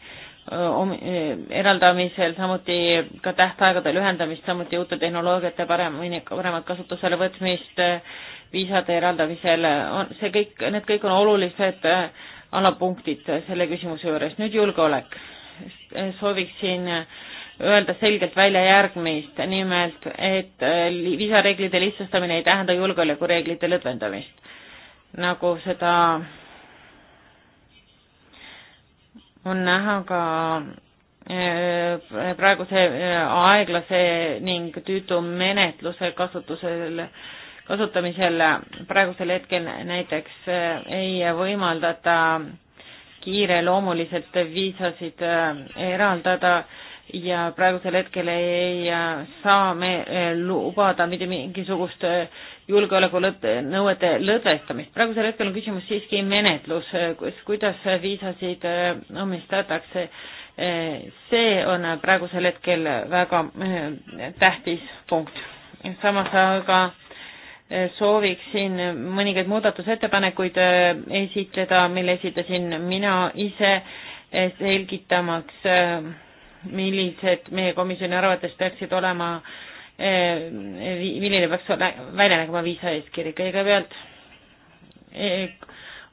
eh, eh, eraldamisel, samuti ka tähtaegade lühendamist, samuti uute tehnoloogiate paremini, paremat kasutusele võtmist, viisade eraldamisel, on see kõik, need kõik on olulised alapunktid selle küsimuse juures. nüüd julgeolek. sooviksin öelda selgelt välja järgmist, nimelt, et viisareeglite lihtsustamine ei tähenda julgeolekureeglite lõdvendamist. nagu seda on näha ka eh, praeguse eh, aeglase ning tüütu menetluse kasutusel, kasutamisel praegusel hetkel näiteks eh, ei võimaldata kiireloomuliselt viisasid eraldada ja praegusel hetkel ei saa me lubada mitte mingisugust julgeolekunõuete lõdvestamist. praegusel hetkel on küsimus siiski menetlus, kus, kuidas viisasid äh, omistatakse. Äh, see on praegusel hetkel väga äh, tähtis punkt. samas aga sooviksin mõningaid muudatusettepanekuid esitleda, mille esitasin mina ise, selgitamaks, millised meie komisjoni arvates peaksid olema äh, Eh, milline peaks välja nägema viisaeeskiri, kõigepealt eh,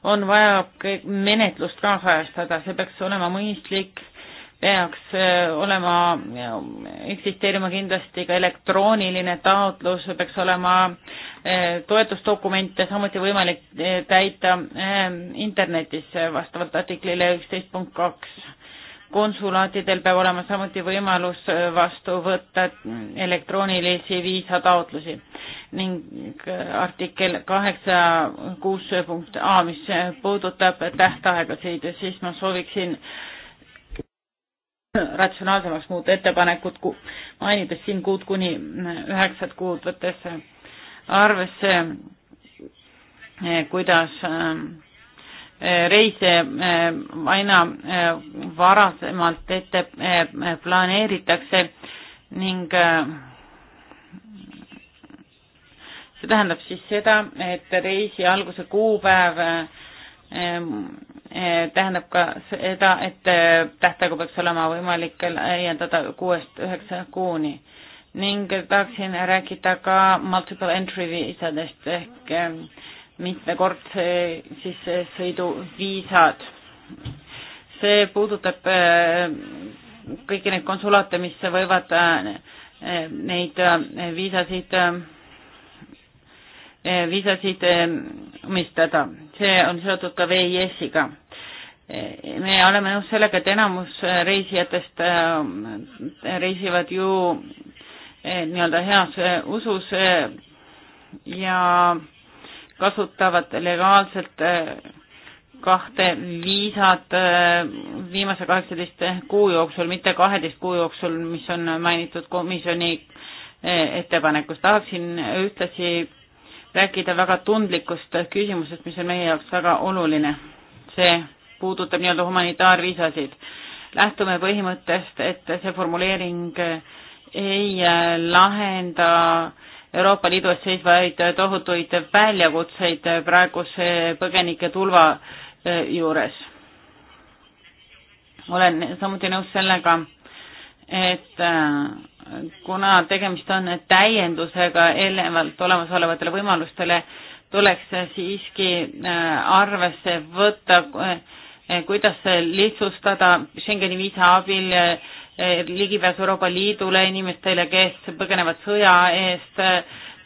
on vaja menetlust kaasajastada, see peaks olema mõistlik, peaks eh, olema, eksisteerima kindlasti ka elektrooniline taotlus, peaks olema toetusdokumente samuti võimalik täita internetis vastavalt artiklile üksteist punkt kaks konsulaatidel peab olema samuti võimalus äh, vastu võtta elektroonilisi viisataotlusi ning äh, artikkel kaheksa kuus äh, punkt A, mis puudutab tähtaegasid, siis ma sooviksin ratsionaalsemaks muuta ettepanekut, mainides siin kuud kuni üheksat kuud, võttes arvesse, kuidas äh, reise äh, aina äh, varasemalt ette äh, planeeritakse ning see tähendab siis seda, et reisi alguse kuupäev tähendab ka seda, et tähtaegu peaks olema võimalik laiendada kuuest üheksa kuuni ning tahaksin rääkida ka multiple entry viisadest ehk mitmekordse sissesõiduviisad. see puudutab äh, kõiki neid konsulaate, mis võivad äh, neid äh, viisasid, viisasid omistada. see on seotud ka VIS-iga. me oleme nõus sellega, et enamus reisijatest reisivad ju nii-öelda heas usus ja kasutavad legaalselt äh, kahte viisat äh, viimase kaheksateist kuu jooksul, mitte kaheteist kuu jooksul, mis on mainitud komisjoni äh, ettepanekus. tahaksin ühtlasi rääkida väga tundlikust küsimusest, mis on meie jaoks väga oluline. see puudutab nii-öelda humanitaarviisasid. lähtume põhimõttest, et see formuleering ei lahenda äh, Euroopa Liidu ees seisvaid tohutuid väljakutseid praeguse põgenike tulva e, juures. olen samuti nõus sellega, et e, kuna tegemist on täiendusega eelnevalt olemasolevatele võimalustele, tuleks siiski e, arvesse võtta, kuidas lihtsustada Schengeni viisa abil Eh, ligipääs Euroopa Liidule inimestele, kes põgenevad sõja eest,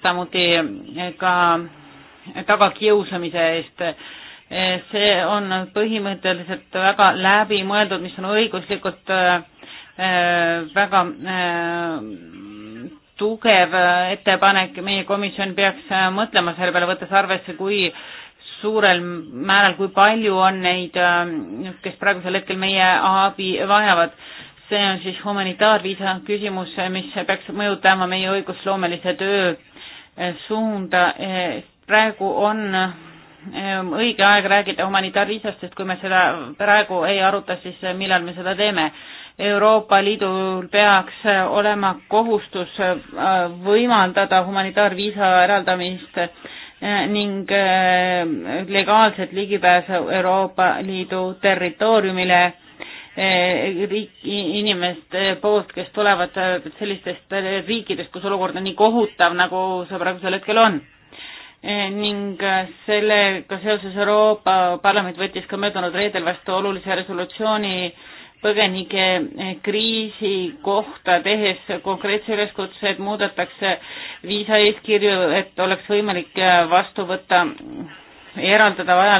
samuti eh, ka tagakiusamise eest. Eh, see on põhimõtteliselt väga läbimõeldud, mis on õiguslikult väga tugev ettepanek, meie komisjon peaks mõtlema selle peale, võttes arvesse, kui suurel määral, kui palju on neid, kes praegusel hetkel meie abi vajavad see on siis humanitaarviisa küsimus, mis peaks mõjutama meie õigusloomelise töö suunda. praegu on ähm, õige aeg rääkida humanitaarviisast, sest kui me seda praegu ei aruta, siis millal me seda teeme? Euroopa Liidul peaks olema kohustus äh, võimaldada humanitaarviisa eraldamist äh, ning äh, legaalset ligipääsu Euroopa Liidu territooriumile Eh, riik, inimeste eh, poolt, kes tulevad eh, sellistest riikidest, kus olukord on nii kohutav, nagu see praegusel hetkel on. ning sellega seoses Euroopa Parlament võttis ka möödunud reedel vastu olulise resolutsiooni põgenike kriisi kohta tehes konkreetse üleskutse, et muudetakse viisaeeskirju, et oleks võimalik vastu võtta, eraldada vaja,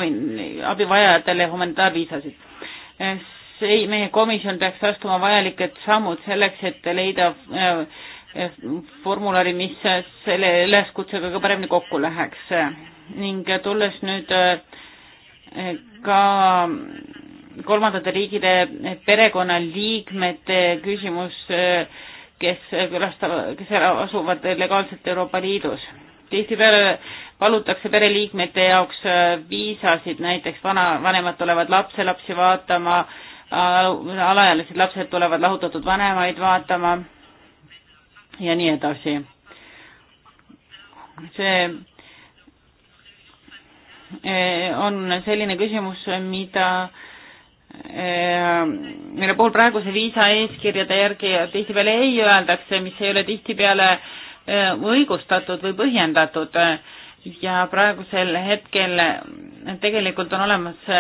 abivajajatele humanitaarviisasid see, meie komisjon peaks astuma vajalikud sammud selleks, et leida äh, äh, formulari, mis selle üleskutsega ka paremini kokku läheks. ning tulles nüüd äh, ka kolmandate riikide perekonnaliikmete küsimus, kes külastavad, kes asuvad legaalselt Euroopa Liidus. tihtipeale palutakse pereliikmete jaoks viisasid, näiteks vana, vanemad tulevad lapselapsi vaatama äh, Äh, alaealised lapsed tulevad lahutatud vanemaid vaatama ja nii edasi. see äh, on selline küsimus, mida äh, mille puhul praeguse viisa eeskirjade järgi tihtipeale ei öeldakse, mis ei ole tihtipeale õigustatud või põhjendatud ja praegusel hetkel tegelikult on olemas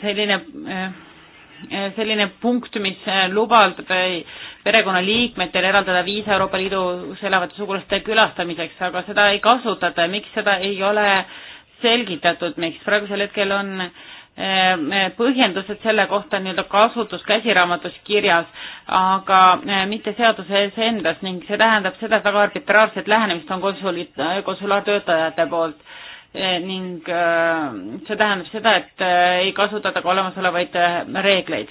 selline äh, selline punkt, mis äh, lubab äh, perekonnaliikmetel eraldada viisa Euroopa Liidus elavate sugulaste külastamiseks, aga seda ei kasutata ja miks seda ei ole selgitatud, miks praegusel hetkel on põhjendused selle kohta nii-öelda kasutus käsiraamatus kirjas, aga mitte seaduses endas ning see tähendab seda, et väga arbitraarset lähenemist on konsulid, konsulaartöötajate poolt Eh, ning eh, see tähendab seda, et eh, ei kasutata ka olemasolevaid reegleid.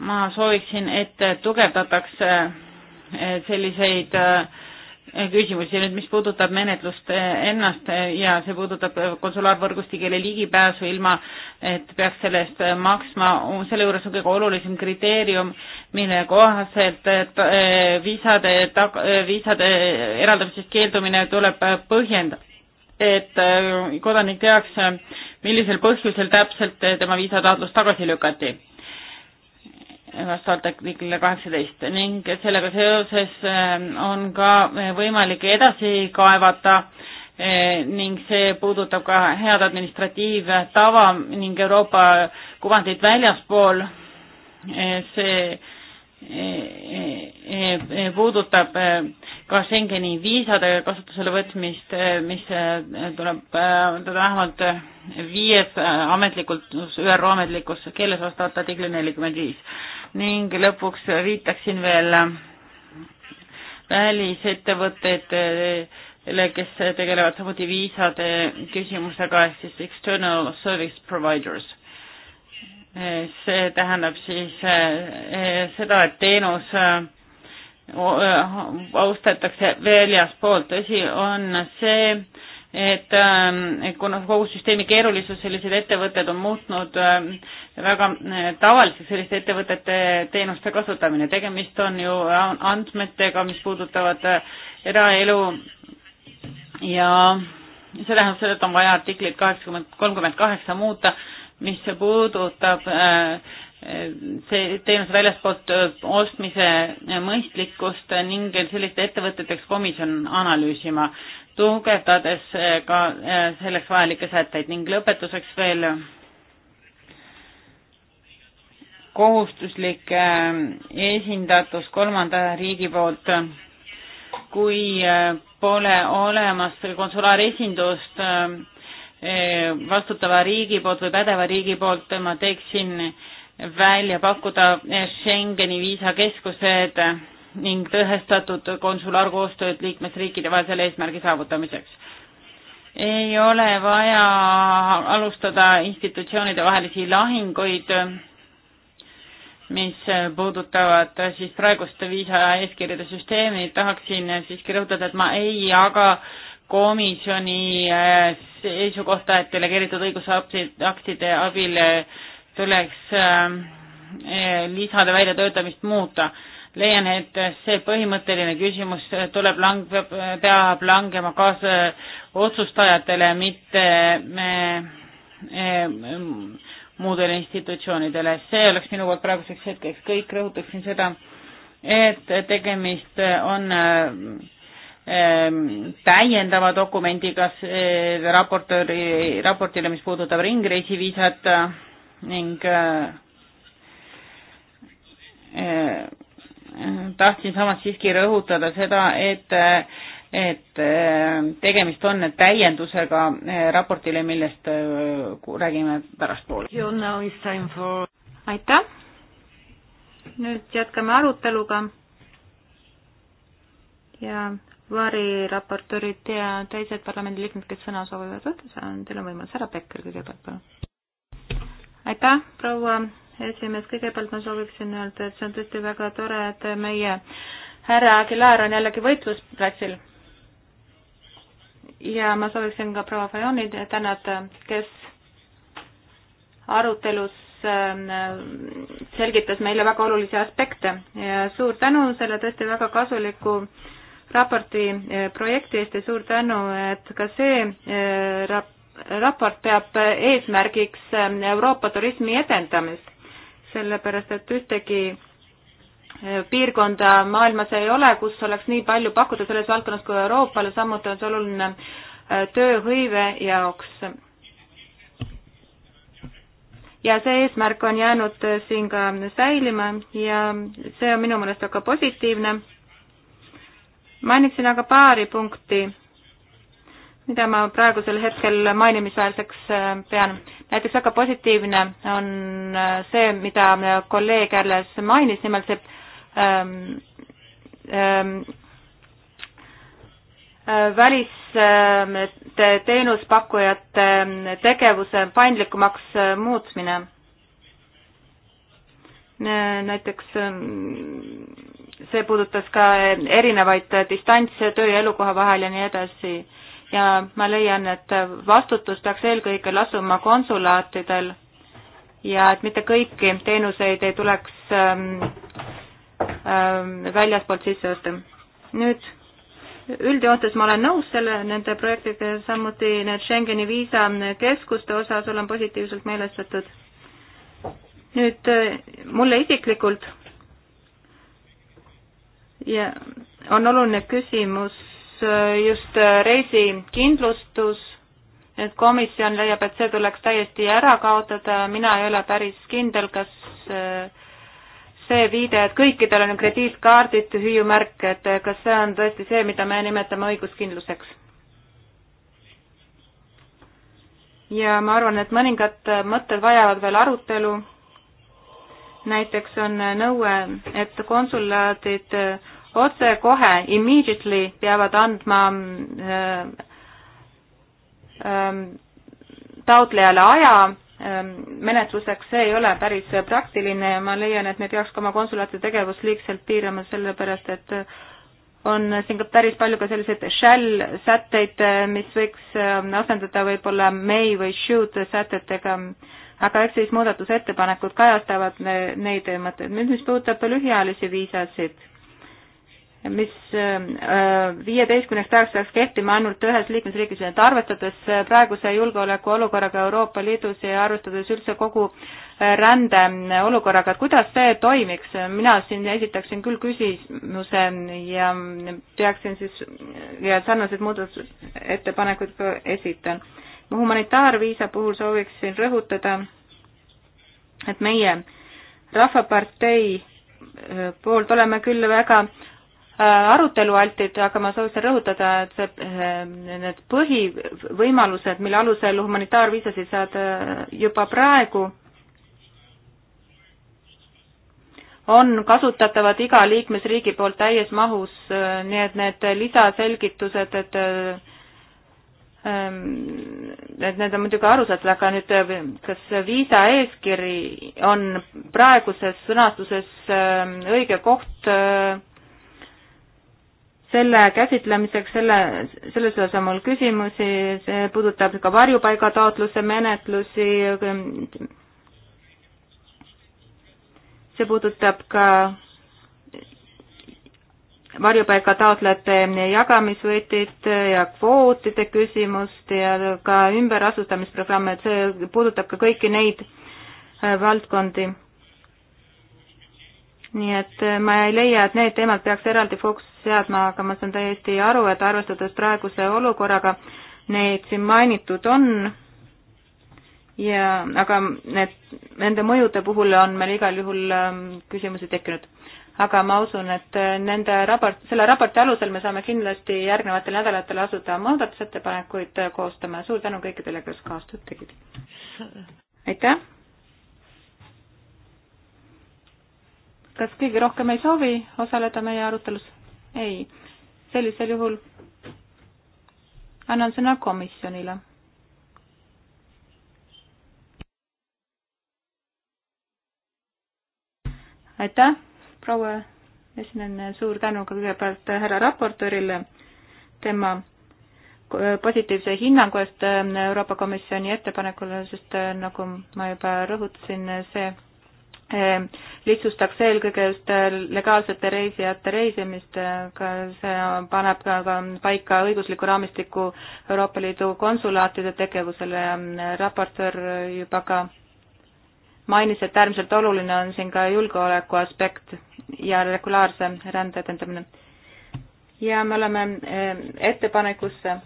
ma sooviksin, et tugevdataks selliseid küsimusi nüüd, mis puudutab menetlust ennast ja see puudutab konsulaarvõrgustikele ligipääsu ilma, et peaks selle eest maksma, selle juures on kõige olulisem kriteerium, mille kohaselt viisade, viisade eraldamisest keeldumine tuleb põhjendada et äh, kodanik teaks, millisel põhjusel täpselt äh, tema viisataotlus tagasi lükati vastavalt artiklile kaheksateist ning sellega seoses äh, on ka võimalik edasi kaevata ning see puudutab ka head administratiivtava ning Euroopa kuvandit väljaspool. see Eh, eh, puudutab eh, ka Schengeni viisade kasutusele võtmist, mis tuleb anda vähemalt viies ametlikult, ÜRO ametlikus keeles vastavalt artikli nelikümmend viis. ning lõpuks viitaksin veel välisettevõtetele, kes tegelevad samuti viisade küsimusega, ehk siis external service providers see tähendab siis eh, seda, et teenus eh, austatakse väljaspoolt, tõsi on see, et eh, kuna kogu süsteemi keerulisus, sellised ettevõtted on muutnud väga tavaliseks selliste ettevõtete teenuste kasutamine, tegemist on ju andmetega, mis puudutavad eraelu ja see tähendab seda, et on vaja artiklit kaheksakümmend, kolmkümmend kaheksa muuta mis puudutab äh, see teenuse väljaspoolt äh, ostmise äh, mõistlikkust ning selliste ettevõteteks komisjon analüüsima, tugevdades ka selleks vajalikke sätteid ning lõpetuseks veel kohustuslik esindatus kolmanda riigi poolt, kui pole olemas konsulaaresindust Eh, vastutava riigi poolt või pädeva riigi poolt, ma teeksin välja pakkuda eh, Schengeni viisakeskused ning tõhestatud konsulaarkoostööd liikmesriikide vahel selle eesmärgi saavutamiseks. ei ole vaja alustada institutsioonide vahelisi lahinguid, mis puudutavad siis praeguste viisa eeskirjade süsteemi, tahaksin siiski rõhutada, et ma ei jaga äh, komisjoni äh, seisukohta, et delegeeritud õigusaktide abil äh, tuleks äh, lisade väljatöötamist muuta. leian, et see põhimõtteline küsimus tuleb lang-, peab langema kaasa otsustajatele, mitte me, me muudele institutsioonidele. see oleks minu poolt praeguseks hetkeks kõik, rõhutaksin seda, et tegemist on äh, Ehm, täiendava dokumendiga eh, raportööri, raportile, mis puudutab ringreisiviisat eh, ning eh, tahtsin samas siiski rõhutada seda, et, et tegemist on täiendusega raportile, millest räägime pärastpoole. aitäh. nüüd jätkame aruteluga ja variraportöörid ja teised parlamendiliikmed, kes sõna soovivad võtta, teil on võimalus, härra Pekker kõigepealt, palun. aitäh, proua esimees, kõigepealt ma sooviksin öelda, et see on tõesti väga tore, et meie härra Aguilar on jällegi võitlusplatsil. ja ma sooviksin ka proua Fajoni tänada, kes arutelus ähm, selgitas meile väga olulisi aspekte ja suur tänu selle tõesti väga kasuliku äh, raporti eh, projekti eest ja suur tänu, et ka see eh, rap-, raport peab eh, eesmärgiks Euroopa turismi edendamist, sellepärast et ühtegi piirkonda maailmas ei ole, kus oleks nii palju pakkuda selles valdkonnas kui Euroopale, samuti on see oluline tööhõive jaoks. ja see eesmärk on jäänud siin ka säilima ja see on minu meelest väga positiivne mainiksin aga paari punkti, mida ma praegusel hetkel mainimisväärseks äh, pean. näiteks väga positiivne on äh, see, mida kolleeg alles mainis, nimelt see ähm, ähm, äh, välisteenuspakkujate tegevuse paindlikumaks muutmine. näiteks ähm, see puudutas ka erinevaid distantse töö ja elukoha vahel ja nii edasi. ja ma leian, et vastutus peaks eelkõige lasuma konsulaatidel ja et mitte kõiki teenuseid ei tuleks ähm, ähm, väljaspoolt sisse osta. nüüd üldjoontes ma olen nõus selle, nende projektidega, samuti need Schengeni viisakeskuste osas olen positiivselt meelestatud. nüüd äh, mulle isiklikult ja on oluline küsimus äh, just äh, reisikindlustus, et komisjon leiab, et see tuleks täiesti ära kaotada, mina ei ole päris kindel, kas äh, see viide, et kõikidel on krediitkaardid hüüumärk, et kas see on tõesti see, mida me nimetame õiguskindluseks? ja ma arvan, et mõningad mõtted vajavad veel arutelu, näiteks on nõue, et konsulaadid äh, otsekohe, immediately peavad andma ähm, ähm, taotlejale aja ähm, menetluseks, see ei ole päris praktiline ja ma leian, et me peaks ka oma konsulaate tegevust liigselt piirama, sellepärast et on siin ka päris palju ka selliseid shall sätteid, mis võiks ähm, asendada võib-olla may või should sätetega, aga eks siis muudatusettepanekud kajastavad neid mõtteid. nüüd, mis puudutab lühiajalisi viisasid mis äh, viieteistkümneks päevaks peaks kehtima ainult ühes liikmesriigis, nii et arvestades äh, praeguse julgeolekuolukorraga Euroopa Liidus ja arvestades üldse kogu äh, rände olukorraga, et kuidas see toimiks, mina siin esitaksin küll küsimuse ja peaksin siis ja sarnaseid muudatusettepanekuid ka esitan. humanitaarviisa puhul sooviksin rõhutada, et meie Rahvapartei poolt oleme küll väga äh, Äh, arutelualtid, aga ma sooviksin rõhutada, et see, äh, need põhivõimalused, mille alusel humanitaarviisasid saad äh, juba praegu, on kasutatavad iga liikmesriigi poolt täies mahus, nii et need lisaselgitused, et ähm, et need on muidugi arusaadavad, aga nüüd kas viisa eeskiri on praeguses sõnastuses õige koht selle käsitlemiseks, selle, selles osas on mul küsimusi, see puudutab ka varjupaigataotluse menetlusi, see puudutab ka varjupaiga taotlejate jagamisvõtit ja kvootide küsimust ja ka ümberasustamisprogramme, et see puudutab ka kõiki neid äh, valdkondi. nii et äh, ma ei leia, et need teemad peaks eraldi fookus seadma, aga ma saan täiesti aru, et arvestades praeguse olukorraga, neid siin mainitud on ja aga need, nende mõjude puhul on meil igal juhul ähm, küsimusi tekkinud. aga ma usun, et äh, nende raport, selle raporti alusel me saame kindlasti järgnevatel nädalatel asuda muudatusettepanekuid äh, koostama ja suur tänu kõikidele, kes kaastööd tegid. aitäh! kas keegi rohkem ei soovi osaleda meie arutelus? ei, sellisel juhul annan sõna komisjonile. aitäh, proua esinejana, suur tänu ka kõigepealt härra raportöörile tema positiivse hinnangu eest Euroopa Komisjoni ettepanekule, sest nagu ma juba rõhutasin, see lihtsustaks eelkõige just äh, legaalsete reisijate reisimist, äh, ka see paneb ka, ka paika õigusliku raamistiku Euroopa Liidu konsulaatide tegevusele ja mm, raportöör juba ka mainis, et äärmiselt oluline on siin ka julgeoleku aspekt ja regulaarse rände edendamine. ja me oleme äh, ettepanekusse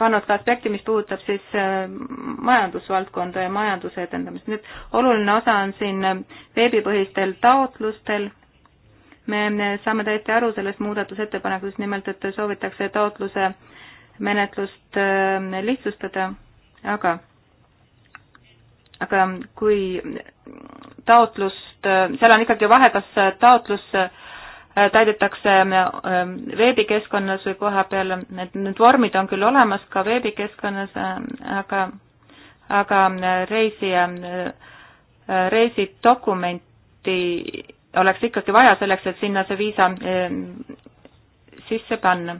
pannud ka aspekti, mis puudutab siis äh, majandusvaldkonda ja majanduse edendamist. nüüd oluline osa on siin äh, veebipõhistel taotlustel, me saame täiesti aru sellest muudatusettepanekust, nimelt et soovitakse taotluse menetlust äh, lihtsustada, aga, aga kui taotlust, seal on ikkagi vahe, kas taotlus äh, Äh, täidetakse ähm, ähm, veebikeskkonnas või koha peal, need, need vormid on küll olemas ka veebikeskkonnas, ähm, aga, aga äh, reisija, äh, reisidokumenti oleks ikkagi vaja selleks, et sinna see viisa sisse panna.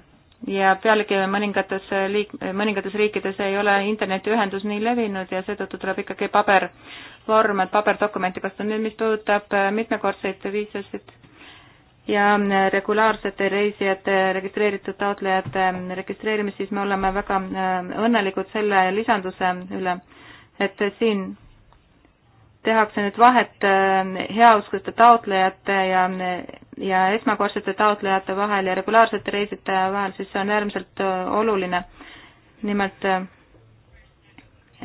ja pealegi mõningates liik-, mõningates riikides ei ole internetiühendus nii levinud ja seetõttu tuleb ikkagi pabervorm, et paberdokumenti, kas ta nüüd, mis puudutab mitmekordseid viisasid ja regulaarsete reisijate registreeritud taotlejate registreerimist, siis me oleme väga äh, õnnelikud selle lisanduse üle, et siin tehakse nüüd vahet äh, heausksete taotlejate ja, ja esmakordsete taotlejate vahel ja regulaarsete reisijate vahel, siis see on äärmiselt äh, oluline. nimelt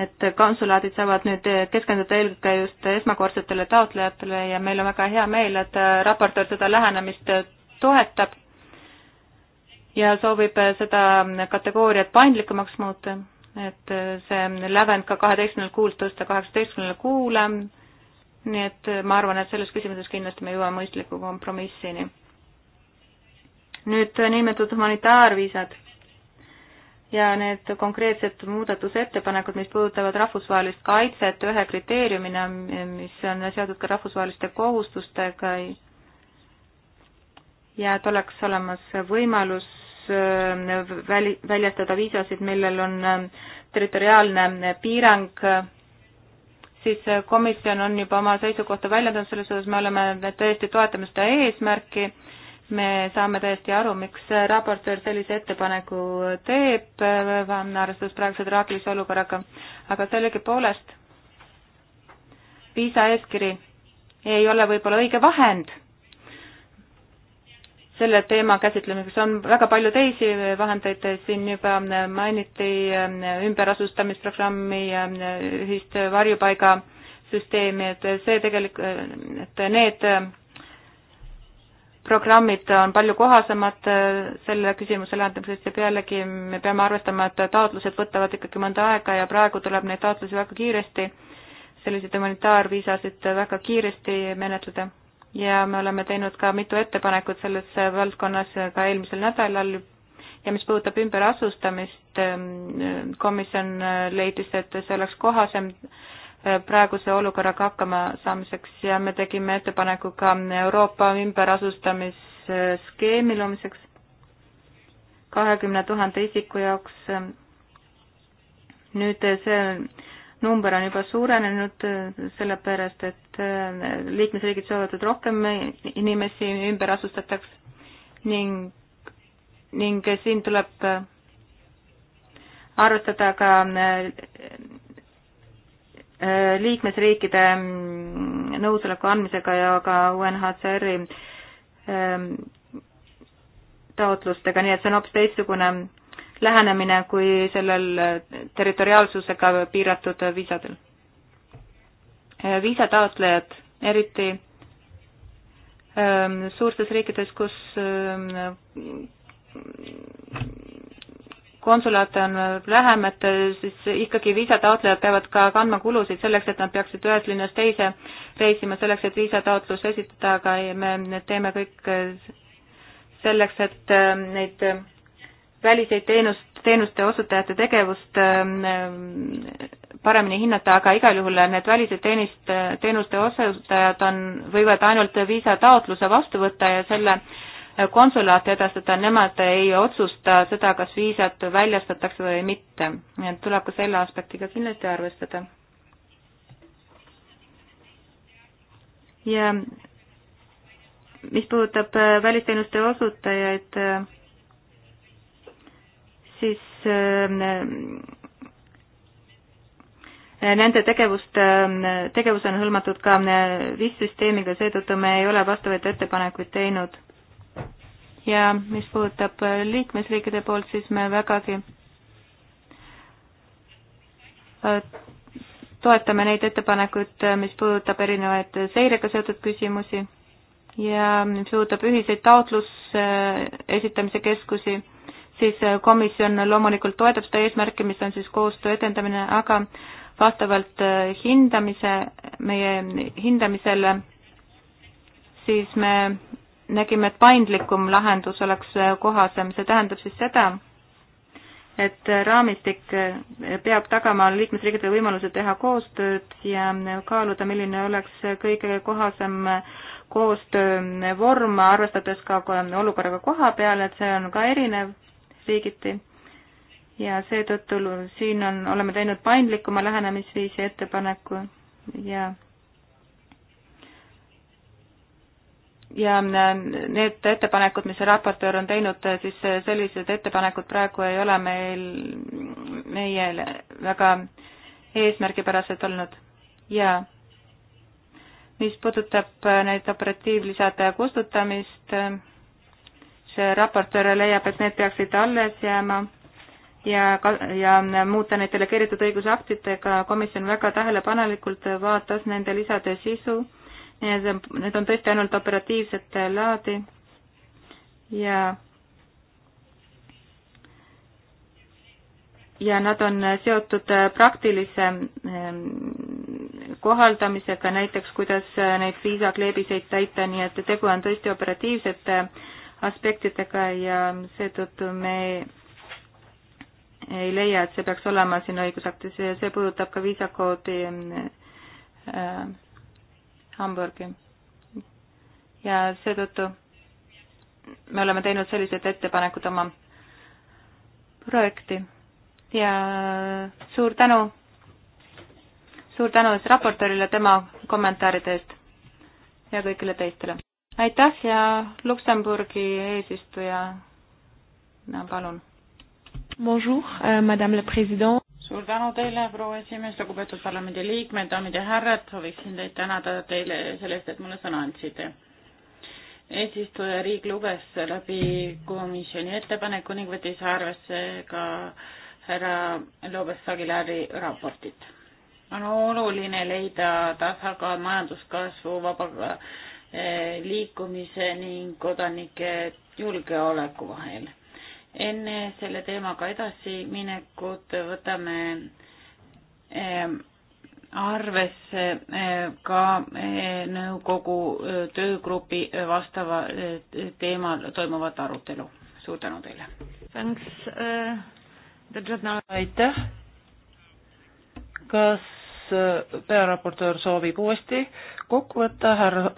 et konsulaadid saavad nüüd keskenduda eelkõige just esmakordsetele taotlejatele ja meil on väga hea meel, et raportöör seda lähenemist toetab ja soovib seda kategooriat paindlikumaks muuta, et see lävend ka kaheteistkümnelt kuult tõsta kaheksateistkümnele kuule, nii et ma arvan, et selles küsimuses kindlasti me jõuame mõistliku kompromissini. nüüd niinimetatud humanitaarviisad ja need konkreetsed muudatusettepanekud, mis puudutavad rahvusvahelist kaitset ühe kriteeriumina, mis on seotud ka rahvusvaheliste kohustustega ja et oleks olemas võimalus äh, väli, väljastada viisasid, millel on äh, territoriaalne äh, piirang, siis komisjon on juba oma seisukohta väljendanud selles osas, me oleme tõesti, toetame seda eesmärki me saame täiesti aru, miks raportöör sellise ettepaneku teeb, arvestades praeguse traagilise olukorraga, aga sellegipoolest viisaeeskiri ei ole võib-olla õige vahend selle teema käsitlemiseks, on väga palju teisi vahendeid, siin juba mainiti ümberasustamisprogrammi ja ühist varjupaigasüsteemi, et see tegelikult, et need programmid on palju kohasemad äh, selle küsimuse lahendamiseks ja pealegi me peame arvestama, et taotlused võtavad ikkagi mõnda aega ja praegu tuleb neid taotlusi väga kiiresti, selliseid humanitaarviisasid väga kiiresti menetleda. ja me oleme teinud ka mitu ettepanekut selles valdkonnas ka eelmisel nädalal ja mis puudutab ümberasustamist, ähm, komisjon leidis, et see oleks kohasem praeguse olukorraga hakkama saamiseks ja me tegime ettepaneku ka Euroopa ümberasutamisskeemi loomiseks kahekümne tuhande isiku jaoks. nüüd see number on juba suurenenud sellepärast, et liikmesriigid soovivad, et rohkem inimesi ümber asustataks ning, ning siin tuleb arvestada ka Äh, liikmesriikide mm, nõusoleku andmisega ja ka UNHCR-i ähm, taotlustega, nii et see on hoopis teistsugune lähenemine kui sellel äh, territoriaalsusega piiratud viisadel. Äh, viisataotlejad, eriti ähm, suurtes riikides, kus ähm, konsulaate on vähem, et siis ikkagi viisataotlejad peavad ka kandma kulusid selleks, et nad peaksid ühest linnast teise reisima, selleks, et viisataotlus esitada, aga me teeme kõik selleks, et äh, neid väliseid teenust, teenuste osutajate tegevust äh, paremini hinnata, aga igal juhul need välised teenist, teenuste osutajad on, võivad ainult viisataotluse vastu võtta ja selle äh, konsulaati edastada, nemad ei otsusta seda, kas viisat väljastatakse või mitte. nii et tuleb ka selle aspektiga kindlasti arvestada. ja mis puudutab äh, välisteenuste osutajaid, äh, siis äh, nende tegevust, tegevus on hõlmatud ka VIS-süsteemiga, seetõttu me ei ole vastavaid ettepanekuid teinud ja mis puudutab liikmesriikide poolt, siis me vägagi äh, toetame neid ettepanekuid, äh, mis puudutab erinevaid seirega seotud küsimusi ja mis puudutab ühiseid taotluse äh, esitamise keskusi, siis komisjon loomulikult toetab seda eesmärki, mis on siis koostöö edendamine, aga vastavalt hindamise, meie hindamisele, siis me nägime, et paindlikum lahendus oleks kohasem, see tähendab siis seda, et raamistik peab tagama liikmesriikidele võimaluse teha koostööd ja kaaluda, milline oleks kõige kohasem koostöövorm, arvestades ka olukorraga koha peal, et see on ka erinev riigiti. ja seetõttu siin on, oleme teinud paindlikuma lähenemisviisi ettepaneku ja ja äh, need ettepanekud, mis raportöör on teinud, äh, siis äh, sellised ettepanekud praegu ei ole meil, meil väga eesmärgipärased olnud ja mis puudutab neid operatiivlisade kustutamist, see raportöör leiab, et need peaksid alles jääma ja, ja muuta neid delegeeritud õigusaktidega, komisjon väga tähelepanelikult vaatas nende lisade sisu Need on tõesti ainult operatiivset äh, laadi ja ja nad on äh, seotud äh, praktilise ähm, kohaldamisega, näiteks kuidas neid viisakleebiseid täita, nii et tegu on tõesti operatiivsete aspektidega ja seetõttu me ei leia, et see peaks olema siin õigusaktis ja see puudutab ka viisakoodi Hamburgi. ja seetõttu me oleme teinud sellised ettepanekud oma projekti ja suur tänu, suur tänu siis raportöörile tema kommentaaride eest ja kõigile teistele. aitäh ja Luksemburgi eesistuja no,, palun. Bonjour, euh, madame la president suur tänu teile, proua esimees, lugupeetud parlamendi liikmed, daamid ja härrad, sooviksin teid tänada teile selle eest, et mulle sõna andsite. eesistujariik luges läbi komisjoni ettepaneku ning võttis arvesse ka härra Lobes-Sagilari raportit. on oluline leida tasakaal majanduskasvu, vaba eh, liikumise ning kodanike julgeoleku vahel enne selle teemaga edasiminekut võtame ehm, arvesse ehm, ka ehm, nõukogu töögrupi vastava teemal toimuvat arutelu. suur tänu teile. Eh, aitäh. kas eh, pearaportöör soovib uuesti kokku võtta, härra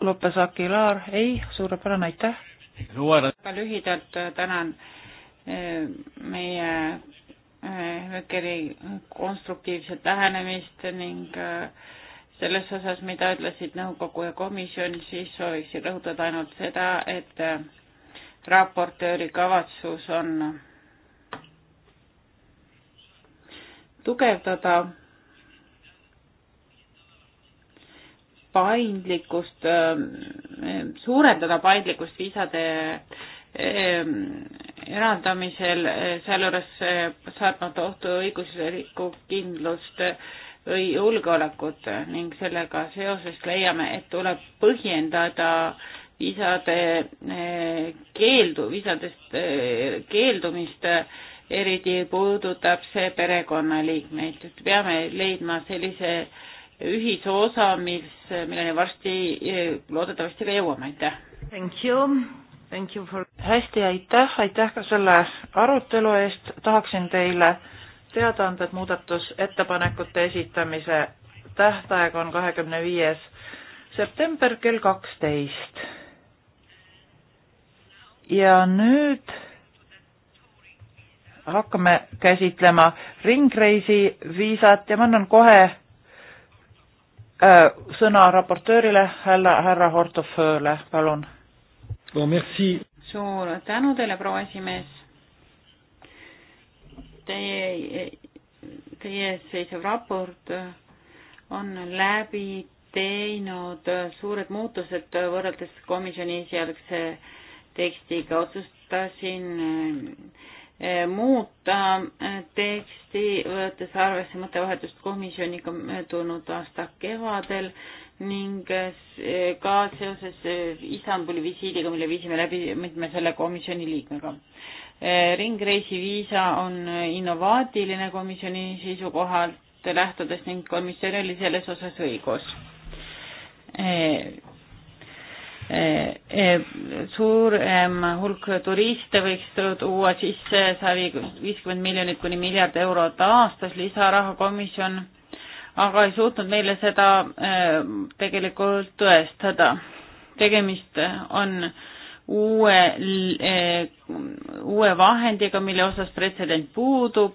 Lopes Aguilar? ei, suurepärane, aitäh väga lühidalt tänan eh, meie eh, Mökkeri konstruktiivset lähenemist ning eh, selles osas, mida ütlesid nõukogu ja komisjon, siis sooviksin rõhutada ainult seda, et raportööri kavatsus on tugevdada paindlikkust, ähm, suurendada paindlikkust viisade ähm, eraldamisel, äh, sealjuures äh, saatmata ohtu õiguslikku kindlust äh, või julgeolekut ning sellega seoses leiame, et tuleb põhjendada viisade keeldu, viisadest keeldumist, eriti puudutab see perekonnaliikmeid, et peame leidma sellise ühisosa, mis, milleni varsti eh, loodetavasti ka jõuame, aitäh! Thank you, thank you for hästi, aitäh, aitäh ka selle arutelu eest, tahaksin teile teada anda, et muudatusettepanekute esitamise tähtaeg on kahekümne viies september kell kaksteist. ja nüüd hakkame käsitlema ringreisi viisat ja ma annan kohe äh, sõna raportöörile, härra, härra Hortofööle, palun no,. suur tänu teile, proua esimees. Teie, teie ees seisev raport on läbi teinud suured muutused võrreldes komisjoni esialgse tekstiga. otsustasin äh, Eh, muuta eh, teksti, võttes arvesse mõttevahetust komisjoniga möödunud eh, aasta kevadel ning ka seoses Istanbuli visiidiga, mille viisime läbi mitme selle komisjoni liikmega. ringreisiviisa on innovaatiline komisjoni seisukohalt lähtudes ning komisjon oli selles osas õigus Eh, eh, suurem hulk turiste võiks tuua sisse saja viiskümmend miljonit kuni miljard eurot aastas lisaraha komisjon, aga ei suutnud meile seda tegelikult tõestada. tegemist on uue, uue vahendiga, mille osas pretsedent puudub,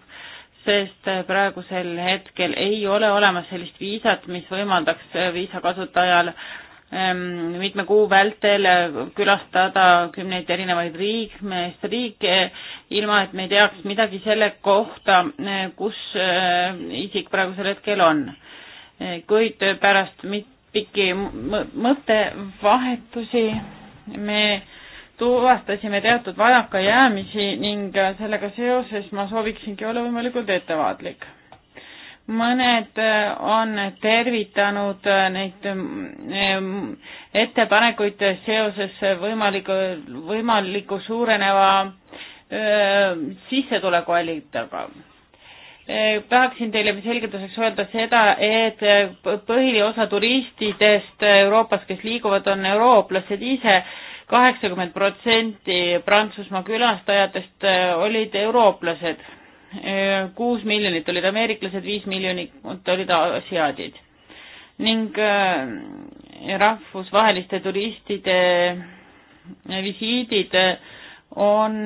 sest praegusel hetkel ei ole olemas sellist viisat, mis võimaldaks viisa kasutajal äh, Ähm, mitme kuu vältel külastada kümneid erinevaid liikmest riike, äh, ilma et me teaks midagi selle kohta, äh, kus äh, isik praegusel hetkel on. kuid pärast pikki mõttevahetusi me tuvastasime teatud vajakajäämisi ning sellega seoses ma sooviksingi olla võimalikult ettevaatlik mõned äh, on tervitanud äh, neid ettepanekuid seoses võimaliku, võimaliku suureneva äh, sissetulekuallikaga. tahaksin teile selgituseks öelda seda, et põhiosa turistidest Euroopas, kes liiguvad, on eurooplased ise, kaheksakümmend protsenti Prantsusmaa külastajatest olid eurooplased kuus miljonit olid ameeriklased, viis miljonit olid asiaadid ning äh, rahvusvaheliste turistide äh, visiidid äh, on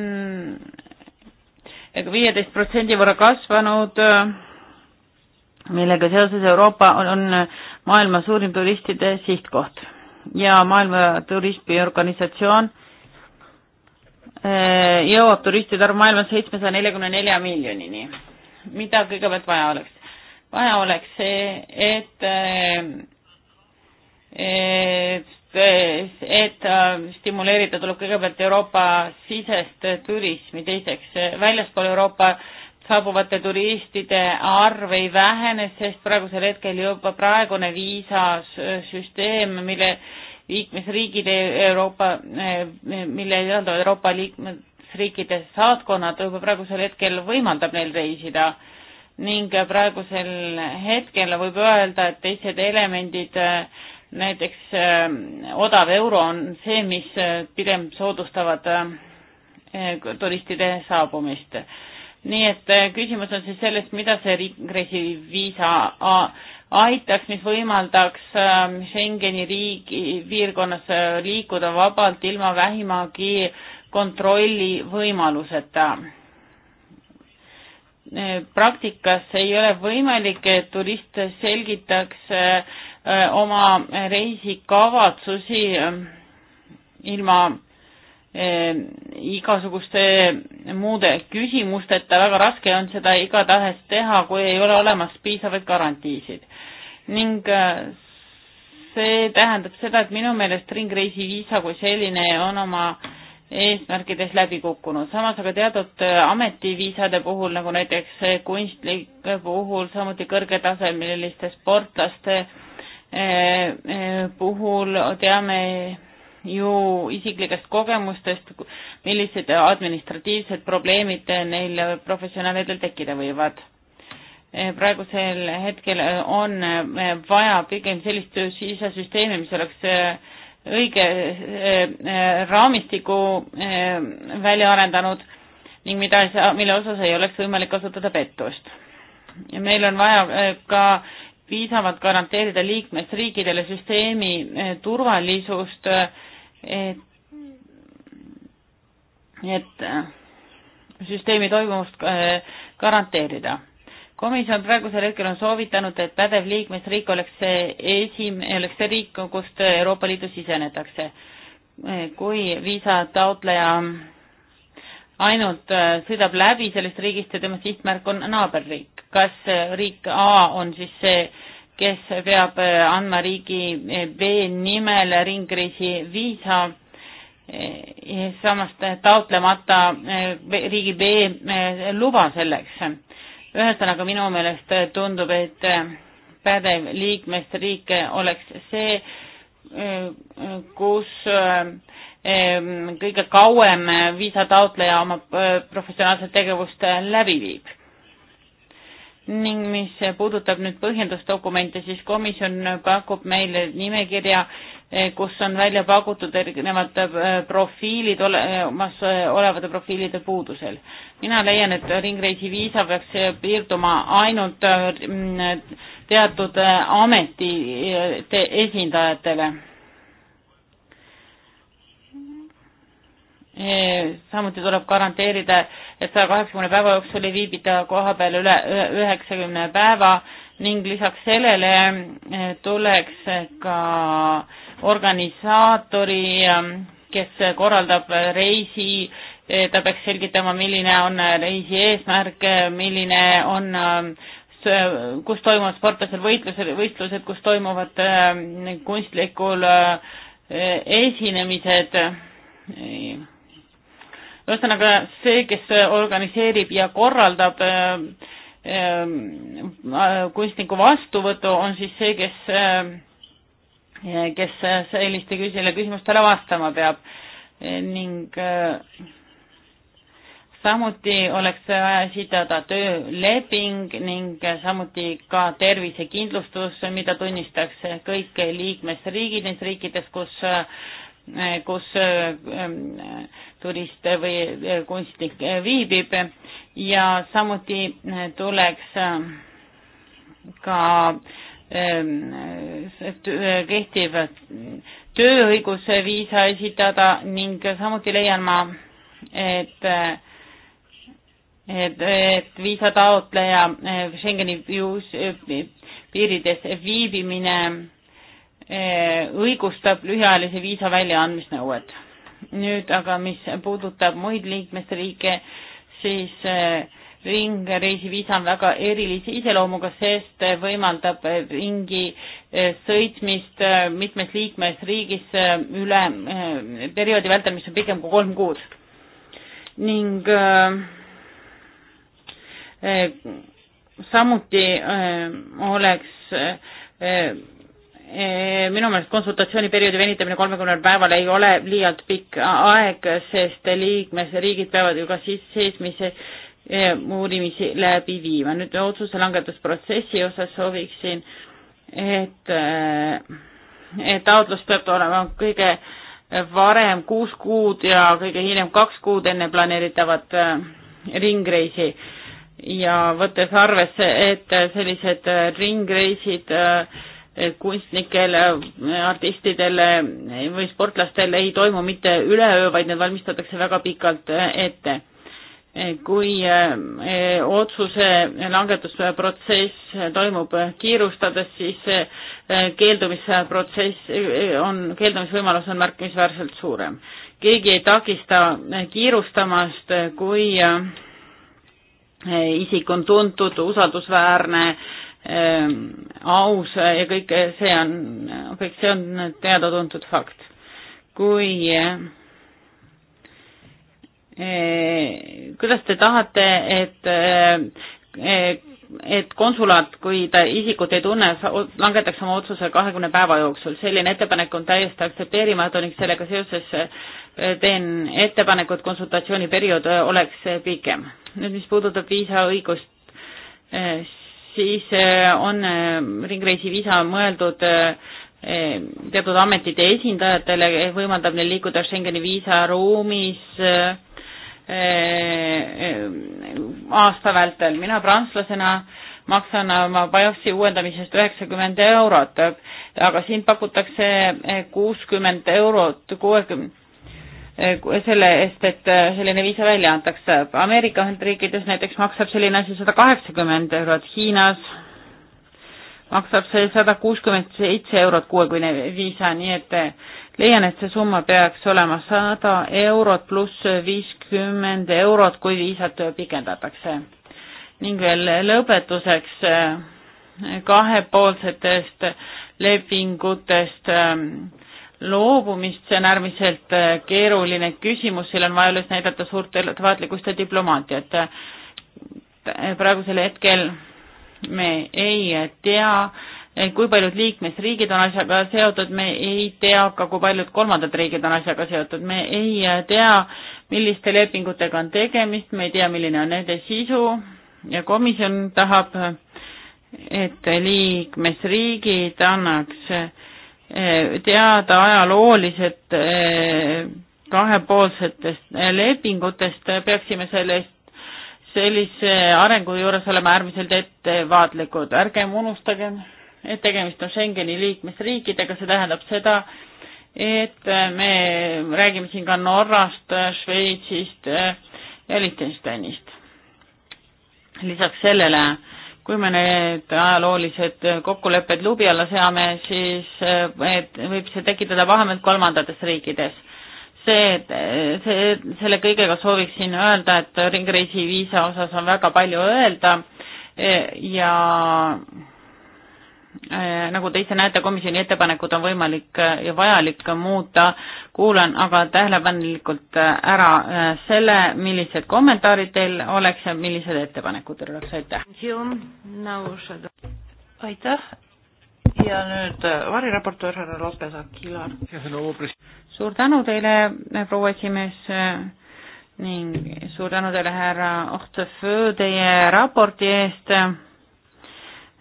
viieteist protsendi võrra kasvanud, millega seoses Euroopa on maailma suurim turistide sihtkoht ja Maailma Turismiorganisatsioon Äh, jõuab turistide arv maailmas seitsmesaja neljakümne nelja miljonini. mida kõigepealt vaja oleks? vaja oleks see, et äh, et, et, et äh, stimuleerida tuleb kõigepealt Euroopa sisest turismi, teiseks väljaspool Euroopa saabuvate turistide arv ei vähene, sest praegusel hetkel juba praegune viisasüsteem, mille äh, liikmesriigid e- Euroopa, e, mille eraldavad Euroopa liikmesriikide saatkonnad juba praegusel hetkel võimaldab neil reisida ning praegusel hetkel võib öelda, et teised elemendid, e, näiteks odav euro on see, mis pigem soodustavad turistide saabumist. nii et küsimus on siis selles, mida see reisiviisa aitaks, mis võimaldaks ähm, Schengeni riigi, piirkonnas äh, liikuda vabalt ilma vähimagi kontrolli võimaluseta. Äh, praktikas ei ole võimalik, et turist selgitaks äh, oma reisikavatsusi ähm, ilma Ehm, igasuguste muude küsimusteta, väga raske on seda igatahes teha, kui ei ole olemas piisavaid garantiisid. ning äh, see tähendab seda, et minu meelest ringreisiviisa kui selline on oma eesmärkides läbi kukkunud, samas aga teatud äh, ametiviisade puhul, nagu näiteks äh, kunstlike puhul, samuti kõrgetasemeliste sportlaste puhul teame ju isiklikest kogemustest, millised administratiivsed probleemid neil professionaalidel tekkida võivad. praegusel hetkel on vaja pigem sellist sisesüsteemi, mis oleks õige eh, eh, raamistiku eh, välja arendanud ning mida ei saa, mille osas ei oleks võimalik kasutada pettust. meil on vaja ka piisavalt garanteerida liikmesriikidele süsteemi eh, turvalisust, eh, et, et eh, süsteemi toimumust garanteerida. komisjon praegusel hetkel on soovitanud, et pädev liikmesriik oleks see esim-, oleks see riik, kust Euroopa Liidu sisenetakse. kui viisataotleja ainult sõidab läbi sellest riigist ja tema sihtmärk on naaberriik kas riik A on siis see, kes peab eh, andma riigi eh, B nimel ringreisi viisa, eh, samas taotlemata riigi B luba selleks. ühesõnaga, minu meelest tundub, et pädev liikmesriik oleks see, kus kõige kauem viisataotleja oma professionaalset tegevust läbi viib ning mis puudutab nüüd põhjendusdokumente, siis komisjon pakub meile nimekirja, eh, kus on välja pakutud erinevad eh, profiilid olemas eh, olevate profiilide puudusel. mina leian, et ringreisi viisa peaks piirduma ainult teatud ametite esindajatele samuti tuleb garanteerida, et saja kaheksakümne päeva jooksul ei viibita koha peal üle üheksakümne päeva ning lisaks sellele äh, tuleks ka organisaatori, ähm, kes korraldab reisi, äh, ta peaks selgitama, milline on reisi eesmärk, äh, milline on ähm, kus toimuvad sportlased võitlused, võistlused, kus toimuvad ähm, kunstlikul esinemised ühesõnaga see, kes äh, organiseerib ja korraldab äh, äh, kunstniku vastuvõtu, on siis see, kes, kes selliste küsijale küsimustele vastama peab ning samuti oleks vaja esitada tööleping ning samuti ka tervisekindlustus, mida tunnistatakse kõik liikmesriigid, neis riikides, kus kus äh, ähm, turist või äh, kunstnik äh, viibib ja samuti tuleks ka ähm, kehtiv tööõiguse viisa esitada ning samuti leian ma, et et, et viisataotleja Schengeni piirides viibimine Eh, õigustab lühiajalise viisa väljaandmisnõuet. nüüd aga, mis puudutab muid liikmesriike, siis eh, ringreisiviisa on väga erilise iseloomuga, sest eh, võimaldab ringi sõitmist mitmes liikmesriigis üle perioodi vältel, mis on pikem kui kolm kuud. ning samuti oleks Eh, minu meelest konsultatsiooniperioodi venitamine kolmekümnel päeval ei ole liialt pikk aeg, sest liikmesriigid peavad ju ka siis seesmise eh, uurimisi läbi viima. nüüd otsuse langetusprotsessi osas sooviksin, et, eh, et taotlus peab olema kõige varem kuus kuud ja kõige hiljem kaks kuud enne planeeritavat ringreisi ja võttes arvesse, et sellised ringreisid äh, kunstnikele, artistidele või sportlastele ei toimu mitte üleöö, vaid need valmistatakse väga pikalt ette. kui eh, otsuse langetusprotsess toimub kiirustades, siis eh, keeldumisprotsess eh, on, keeldumisvõimalus on märkimisväärselt suurem. keegi ei takista kiirustamast, kui isik on tuntud usaldusväärne, Ehm, aus äh, ja kõik äh, see on, kõik see on teada-tuntud fakt. kui äh, kuidas te tahate, et, et konsulaat, kui ta isikut ei tunne, langetaks oma otsuse kahekümne päeva jooksul, selline ettepanek on täiesti aktsepteerimatu ning sellega seoses teen ettepaneku, et konsultatsiooniperiood oleks pikem. nüüd, mis puudutab viisaõigust, siis äh, on äh, ringreisivisa mõeldud äh, teatud ametite esindajatele, eh, võimaldab neil liikuda Schengeni viisaruumis aasta vältel. mina prantslasena maksan oma passi uuendamisest üheksakümmend eurot, aga siin pakutakse kuuskümmend eurot, kuuekümne Eh, selle eest, et eh, selline viisa välja antakse. Ameerika Ühendriikides näiteks maksab selline asi sada kaheksakümmend eurot, Hiinas maksab see sada kuuskümmend seitse eurot kuuekümne viisa, nii et eh, leian, et see summa peaks olema sada eurot pluss viiskümmend eurot, kui viisat pikendatakse. ning veel lõpetuseks kahepoolsetest lepingutest ähm, loobumist, see on äärmiselt äh, keeruline küsimus, seal on vaja üles näidata suurt ettevaatlikkust ja diplomaatiat. Äh, praegusel hetkel me ei tea, äh, kui paljud liikmesriigid on asjaga seotud, me ei tea ka, kui paljud kolmandad riigid on asjaga seotud, me ei tea, milliste lepingutega on tegemist, me ei tea, milline on nende sisu ja komisjon tahab, et liikmesriigid annaks äh, Eh, teada ajaloolised eh, kahepoolsetest eh, lepingutest, peaksime sellest, sellise arengu juures olema äärmiselt ettevaatlikud, ärgem unustagem, et tegemist on Schengeni liikmesriikidega, see tähendab seda, et me räägime siin ka Norrast, Šveitsist ja Liechtensteinist. lisaks sellele äh, kui me need ajaloolised kokkulepped lubi alla seame, siis eh, et võib see tekitada vahemeid kolmandates riikides. see, eh, see, selle kõigega sooviksin öelda, et ringreisiviisa osas on väga palju öelda eh, ja Äh, nagu te ise näete, komisjoni ettepanekut on võimalik äh, ja vajalik muuta, kuulan aga tähelepanelikult äh, ära selle, millised kommentaarid teil oleks ja millised ettepanekud teil oleks, aitäh! aitäh ja nüüd variraportöör härra Lopes Akilar. suur tänu teile, proua esimees ning suur tänu teile, härra Ohteföö, teie raporti eest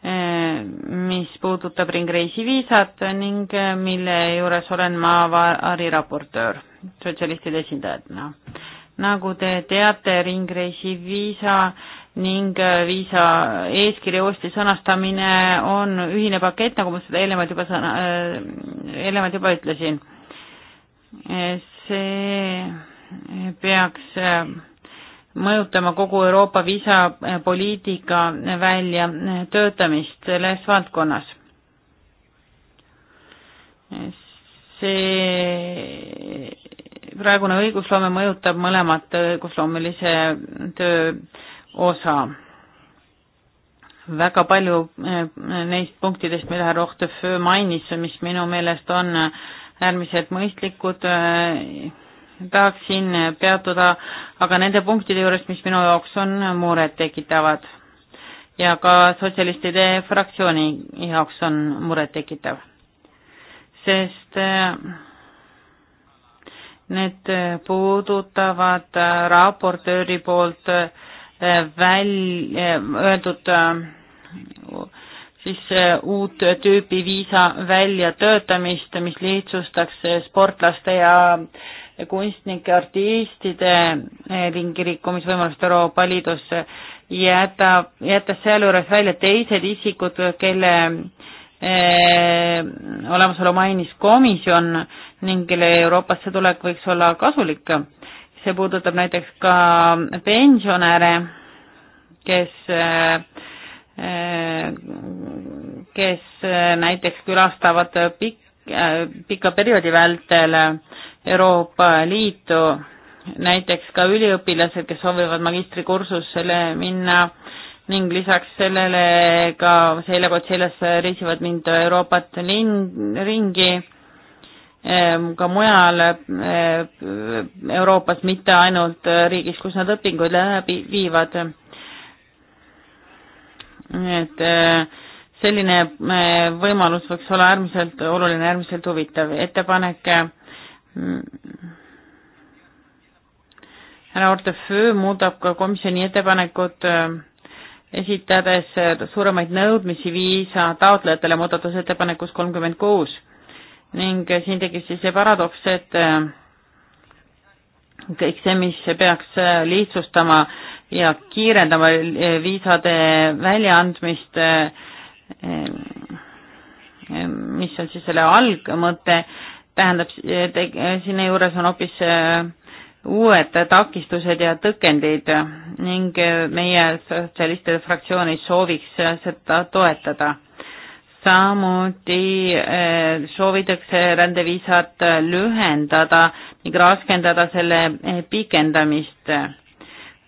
Eh, mis puudutab ringreisiviisat ning eh, mille juures olen ma variraportöör sotsialistide esindajatena. nagu te teate, ringreisiviisa ning eh, viisa eeskirja uuesti sõnastamine on ühine pakett, nagu ma seda eelnevalt juba sõna, eelnevalt juba ütlesin. see peaks mõjutama kogu Euroopa viisapoliitika väljatöötamist selles valdkonnas. see praegune õigusloome mõjutab mõlemat õigusloomelise töö osa. väga palju eh, neist punktidest, mida härra Ohteföö mainis, mis minu meelest on äärmiselt mõistlikud eh, tahaksin peatuda aga nende punktide juures, mis minu jaoks on murettekitavad ja ka sotsialistide fraktsiooni jaoks on murettekitav, sest äh, need puudutavad äh, raportööri poolt äh, välja öeldud siis uut tüüpi viisa väljatöötamist, mis lihtsustaks sportlaste ja äh, kunstnike, artistide eh, ringi liikumisvõimalust Euroopa Liidus, jätab, jättes sealjuures välja teised isikud, kelle eh, olemasolu mainis komisjon ning kelle Euroopasse tulek võiks olla kasulik. see puudutab näiteks ka pensionäre, kes eh, eh kes eh, näiteks külastavad pikk-, Äh, pika perioodi vältel Euroopa Liitu, näiteks ka üliõpilased, kes soovivad magistrikursusele minna ning lisaks sellele ka seljakott seljas reisivad mind Euroopat linn, ringi ähm, ka mujal äh, Euroopas, mitte ainult riigis, kus nad õpinguid läbi viivad. et äh, selline äh, võimalus võiks olla äärmiselt oluline, äärmiselt huvitav ettepanek. Äh, mm, härra Ortefeu muudab ka komisjoni ettepanekut äh, esitades suuremaid nõudmisi viisa taotlejatele muudatusettepanekus kolmkümmend kuus ning siin tekkis siis see paradoks, et kõik see, mis peaks lihtsustama ja kiirendama viisade väljaandmist, mis on siis selle algmõte, tähendab, sinna juures on hoopis eh, uued takistused ja tõkendid ning eh, meie sotsialistide fraktsioonis sooviks seda toetada. samuti eh, soovitakse rändeviisat lühendada ning raskendada selle pikendamist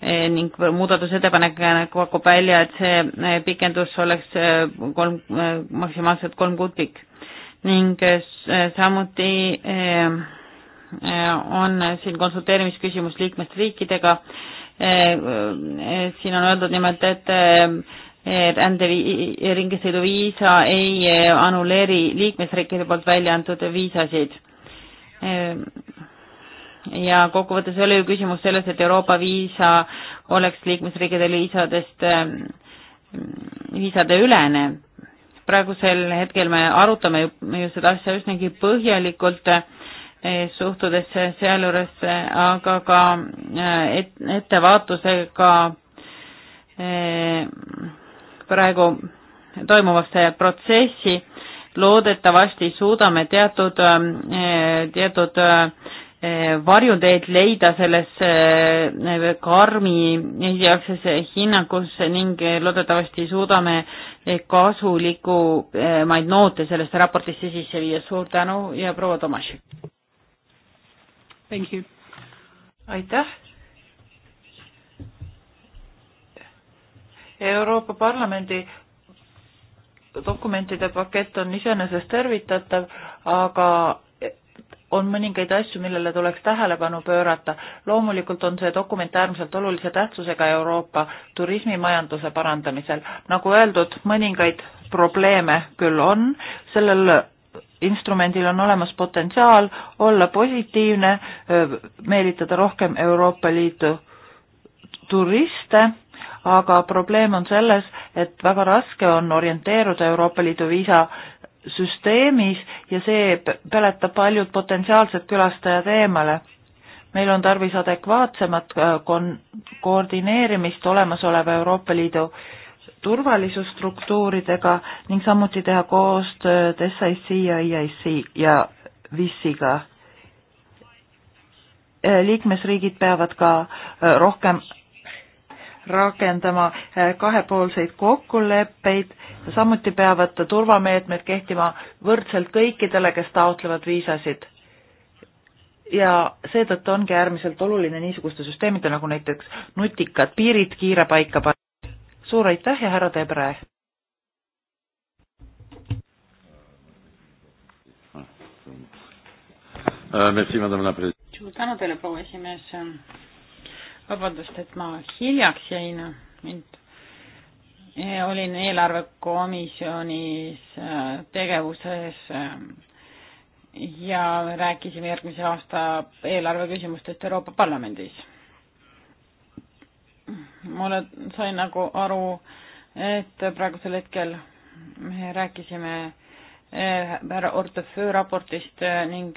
Eh, ning muudatusettepanek pakub välja, et see eh, pikendus oleks eh, kolm, maksimaalselt kolm kuud pikk. ning samuti on siin konsulteerimisküsimus liikmesriikidega, siin on öeldud nimelt, et rände ringisõidu viisa ei annuleeri liikmesriikide poolt välja antud viisasid ja kokkuvõttes oli ju küsimus selles, et Euroopa viisa oleks liikmesriikidel viisadest, ähm, viisade ülene. praegusel hetkel me arutame ju, ju seda asja üsnagi põhjalikult, äh, suhtudes sealjuures äh, aga ka äh, et, ettevaatusega praegu toimuvasse protsessi loodetavasti suudame teatud, ähm, teatud Eh, varjuteed leida selles eh, karmi esialgses hinnangus ning eh, loodetavasti suudame kasulikumaid noote sellesse raportisse sisse viia. suur tänu ja proua Tomas! aitäh! Euroopa Parlamendi dokumentide pakett on iseenesest tervitatav, aga on mõningaid asju, millele tuleks tähelepanu pöörata. loomulikult on see dokument äärmiselt olulise tähtsusega Euroopa turismimajanduse parandamisel. nagu öeldud, mõningaid probleeme küll on, sellel instrumendil on olemas potentsiaal olla positiivne, meelitada rohkem Euroopa Liidu turiste, aga probleem on selles, et väga raske on orienteeruda Euroopa Liidu viisa süsteemis ja see peletab paljud potentsiaalsed külastajad eemale. meil on tarvis adekvaatsemat äh, kon-, koordineerimist olemasoleva Euroopa Liidu turvalisusstruktuuridega ning samuti teha koostööd SIC ja EIC ja VIS-iga. Äh, liikmesriigid peavad ka äh, rohkem rakendama eh, kahepoolseid kokkuleppeid, samuti peavad turvameetmed kehtima võrdselt kõikidele, kes taotlevad viisasid. ja seetõttu ongi äärmiselt oluline niisuguste süsteemide nagu näiteks nutikad piirid kiire paika panna. suur aitäh ja härra Debre! Ah, suur tänu teile, proua esimees! vabandust, et ma hiljaks jäin, mind eh, olin eelarvekomisjonis eh, tegevuses eh, ja rääkisime järgmise aasta eelarve küsimustest Euroopa Parlamendis. mulle sai nagu aru, et praegusel hetkel me rääkisime härra Ortefeu raportist ning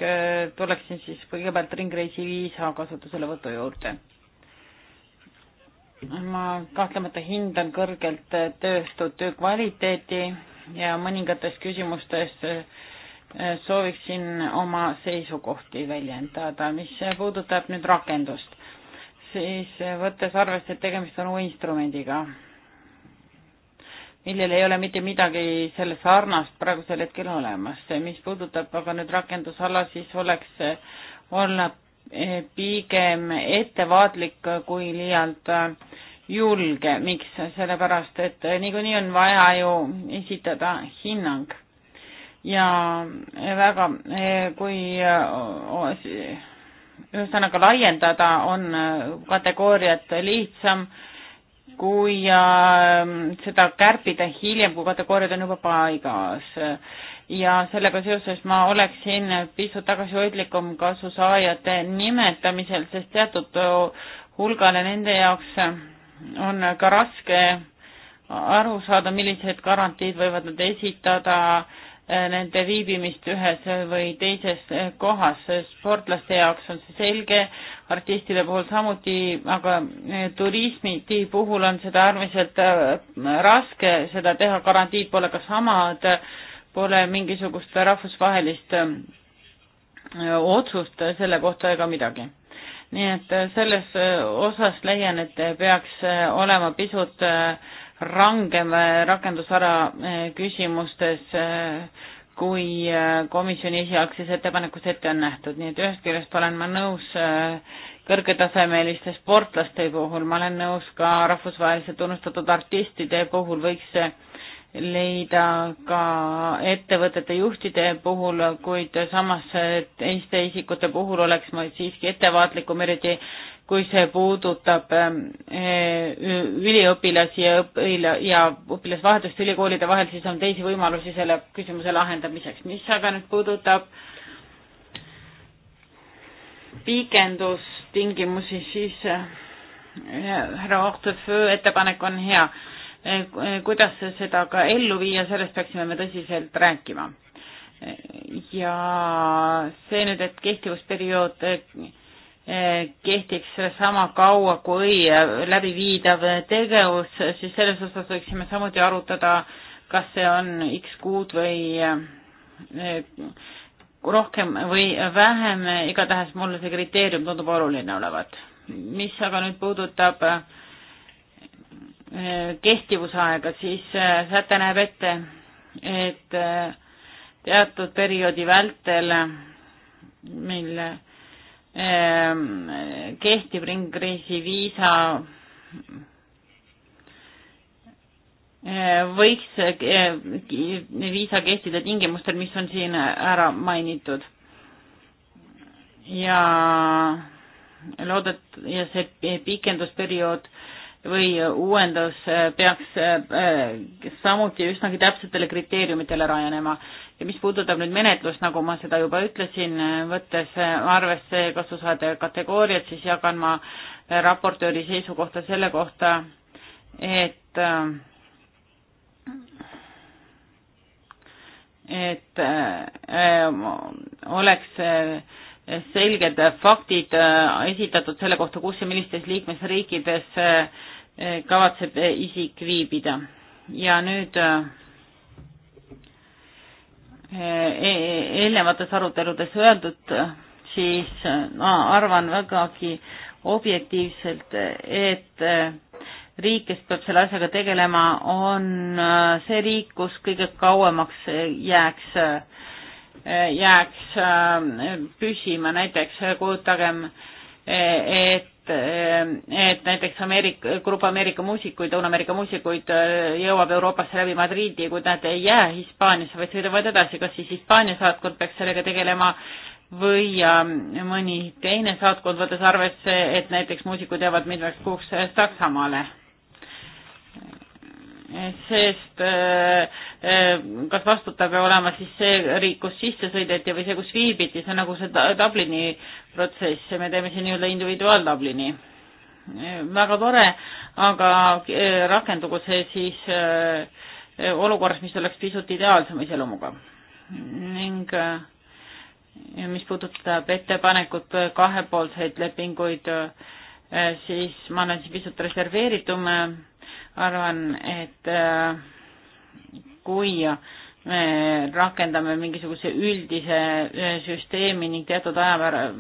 tuleksin siis kõigepealt ringreisi viisa kasutuselevõtu juurde ma kahtlemata hindan kõrgelt tööstud töö kvaliteeti ja mõningates küsimustes eh, sooviksin oma seisukohti väljendada, mis puudutab nüüd rakendust, siis eh, võttes arvesse, et tegemist on uue instrumendiga, millel ei ole mitte midagi selle sarnast praegusel hetkel olemas. mis puudutab aga nüüd rakendusala, siis oleks, olla Eh, pigem ettevaatlik kui liialt äh, julge, miks, sellepärast et äh, niikuinii on vaja ju esitada hinnang ja äh, väga, kui ühesõnaga laiendada on kategooriat lihtsam, kui seda kärpida hiljem, kui kategooriad on juba paigas ja sellega seoses ma oleksin pisut tagasihoidlikum kasusaajate nimetamisel, sest teatud hulgale nende jaoks on ka raske aru saada, millised garantiid võivad nad esitada eh, nende viibimist ühes või teises kohas. sportlaste jaoks on see selge, artistide puhul samuti, aga eh, turismi puhul on seda äärmiselt eh, raske seda teha, garantiid pole ka samad äh, pole mingisugust rahvusvahelist ähm, otsust selle kohta ega midagi. nii et äh, selles äh, osas leian, et peaks äh, olema pisut rangem rakendusala küsimustes, kui komisjoni esialgses ettepanekus ette on nähtud, nii et ühest küljest olen ma nõus kõrgetasemeliste sportlaste puhul, ma olen nõus ka rahvusvaheliselt tunnustatud artistide puhul võiks see leida ka ettevõtete juhtide puhul, kuid samas teiste isikute puhul oleks ma siiski ettevaatlikum, eriti kui see puudutab eh, üliõpilasi ja õpila- ja õpilasvahetust ülikoolide vahel, siis on teisi võimalusi selle küsimuse lahendamiseks. mis aga nüüd puudutab pikendustingimusi, siis eh, härra Ohteföö ettepanek on hea kuidas seda ka ellu viia, sellest peaksime me tõsiselt rääkima. ja see nüüd, et kehtivusperiood eh, eh, kehtiks sama kaua kui eh, läbiviidav tegevus, siis selles osas võiksime samuti arutada, kas see on X kuud või rohkem või vähem, igatahes mulle see kriteerium tundub oluline olevat. mis aga nüüd puudutab äh, kehtivusaega, siis äh, säte näeb ette, et äh, teatud perioodi vältel, mil ähm, kehtib ringreisiviisa, äh, võiks viisa kehtida tingimustel, mis on siin ära mainitud. ja loodet- ja see pikendusperiood äh, või uuendus äh, peaks äh, samuti üsnagi täpsetele kriteeriumitele rajanema. ja mis puudutab nüüd menetlust, nagu ma seda juba ütlesin, võttes arvesse kasusaade kategooriat, siis jagan ma äh, raportööri seisukohta selle kohta, et et oleks selged faktid äh, esitatud selle kohta, kus ja millistes liikmesriikides äh, kavatseb äh, isik viibida. ja nüüd e-, eelnevates aruteludes öeldud, siis ma arvan vägagi objektiivselt, et riik, kes peab selle asjaga tegelema, on see riik, kus kõige kauemaks jääks äh, jääks ähm, püsima, näiteks kujutagem, et, et näiteks Ameerika, grupp Ameerika muusikuid, Lõuna-Ameerika muusikuid äh, jõuab Euroopasse läbi Madridi, kui nad ei jää Hispaaniasse, vaid sõidavad edasi, kas siis Hispaania saatkond peaks sellega tegelema või äh, mõni teine saatkond, võttes arvesse, et näiteks muusikud jäävad mitmeks kuuks äh, Saksamaale sest äh, äh, kas vastutav peab olema siis see riik, kus sisse sõideti või see, kus viibiti, see on nagu see Dublini protsess, me teeme siin nii-öelda individuaal Dublini. väga tore, aga äh, rakendugu see siis olukorras, mis oleks pisut ideaalsema iseloomuga. ning mis puudutab ettepanekut kahepoolseid lepinguid, siis ma olen siin pisut reserveeritum arvan, et äh, kui me äh, rakendame mingisuguse üldise äh, süsteemi ning teatud aja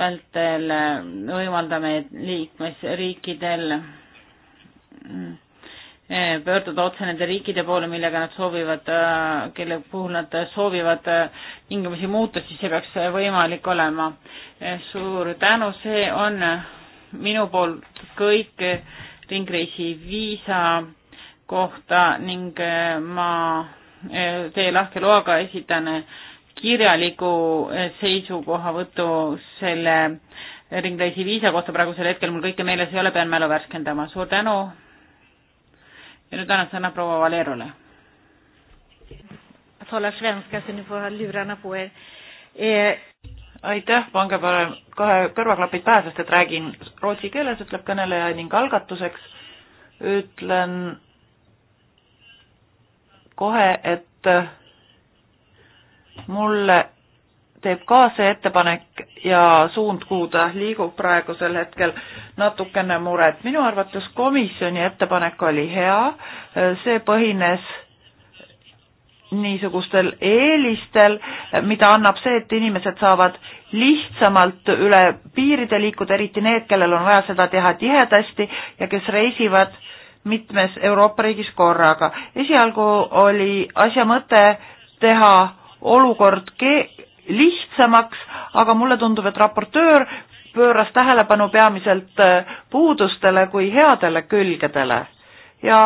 vältel võimaldame liikmesriikidel pöörduda otse nende riikide poole, millega nad soovivad, kelle puhul nad soovivad tingimusi muuta, siis see peaks võimalik olema. suur tänu, see on minu poolt kõik ringreisi viisa kohta ning äh, ma äh, teie lahke loaga esitan äh, kirjaliku seisukohavõtu selle ringreisi viisa kohta praegusel hetkel mul kõike meeles ei ole, pean mälu värskendama. suur tänu. ja nüüd annan sõna proua Valerole. talar svenska så ni får ha lurarna på er. Eh, aitäh, pange parem kahe kõrvaklapid pähe, sest et räägin rootsi keeles, ütleb kõneleja ning algatuseks ütlen kohe, et mulle teeb ka see ettepanek ja suund, kuhu ta liigub praegusel hetkel, natukene muret. minu arvates komisjoni ettepanek oli hea, see põhines niisugustel eelistel, mida annab see, et inimesed saavad lihtsamalt üle piiride liikuda, eriti need, kellel on vaja seda teha tihedasti ja kes reisivad mitmes Euroopa riigis korraga. esialgu oli asja mõte teha olukord ke-, lihtsamaks, aga mulle tundub, et raportöör pööras tähelepanu peamiselt puudustele kui headele külgedele ja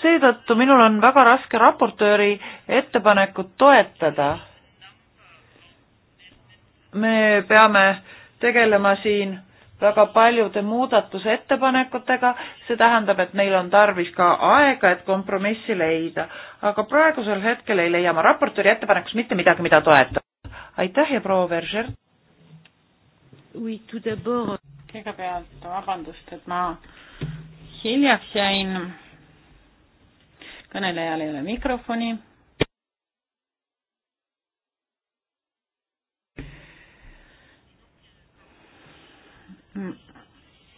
seetõttu minul on väga raske raportööri ettepanekut toetada. me peame tegelema siin väga paljude muudatusettepanekutega, see tähendab, et meil on tarvis ka aega, et kompromissi leida. aga praegusel hetkel ei leia ma raportööri ettepanekust mitte midagi, mida toetada. aitäh ja proua Veržer! kõigepealt vabandust, et ma hiljaks jäin. kõnelejal ei ole mikrofoni.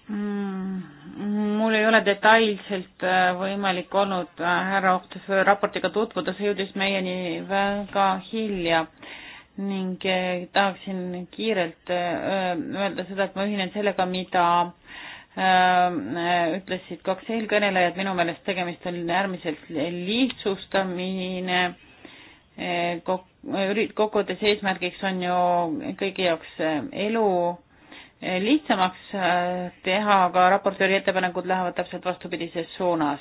mul ei ole detailselt äh, võimalik olnud äh, härra Ohtuse äh, raportiga tutvuda, see jõudis meieni väga hilja ning tahaksin kiirelt öelda seda, et ma ühinen sellega, mida äh, Äh, ütlesid kaks eelkõnelejat, minu meelest tegemist on äärmiselt lihtsustamine, äh, kokkuvõttes eesmärgiks on ju kõigi jaoks äh, elu lihtsamaks teha, aga raportööri ettepanekud lähevad täpselt vastupidises suunas.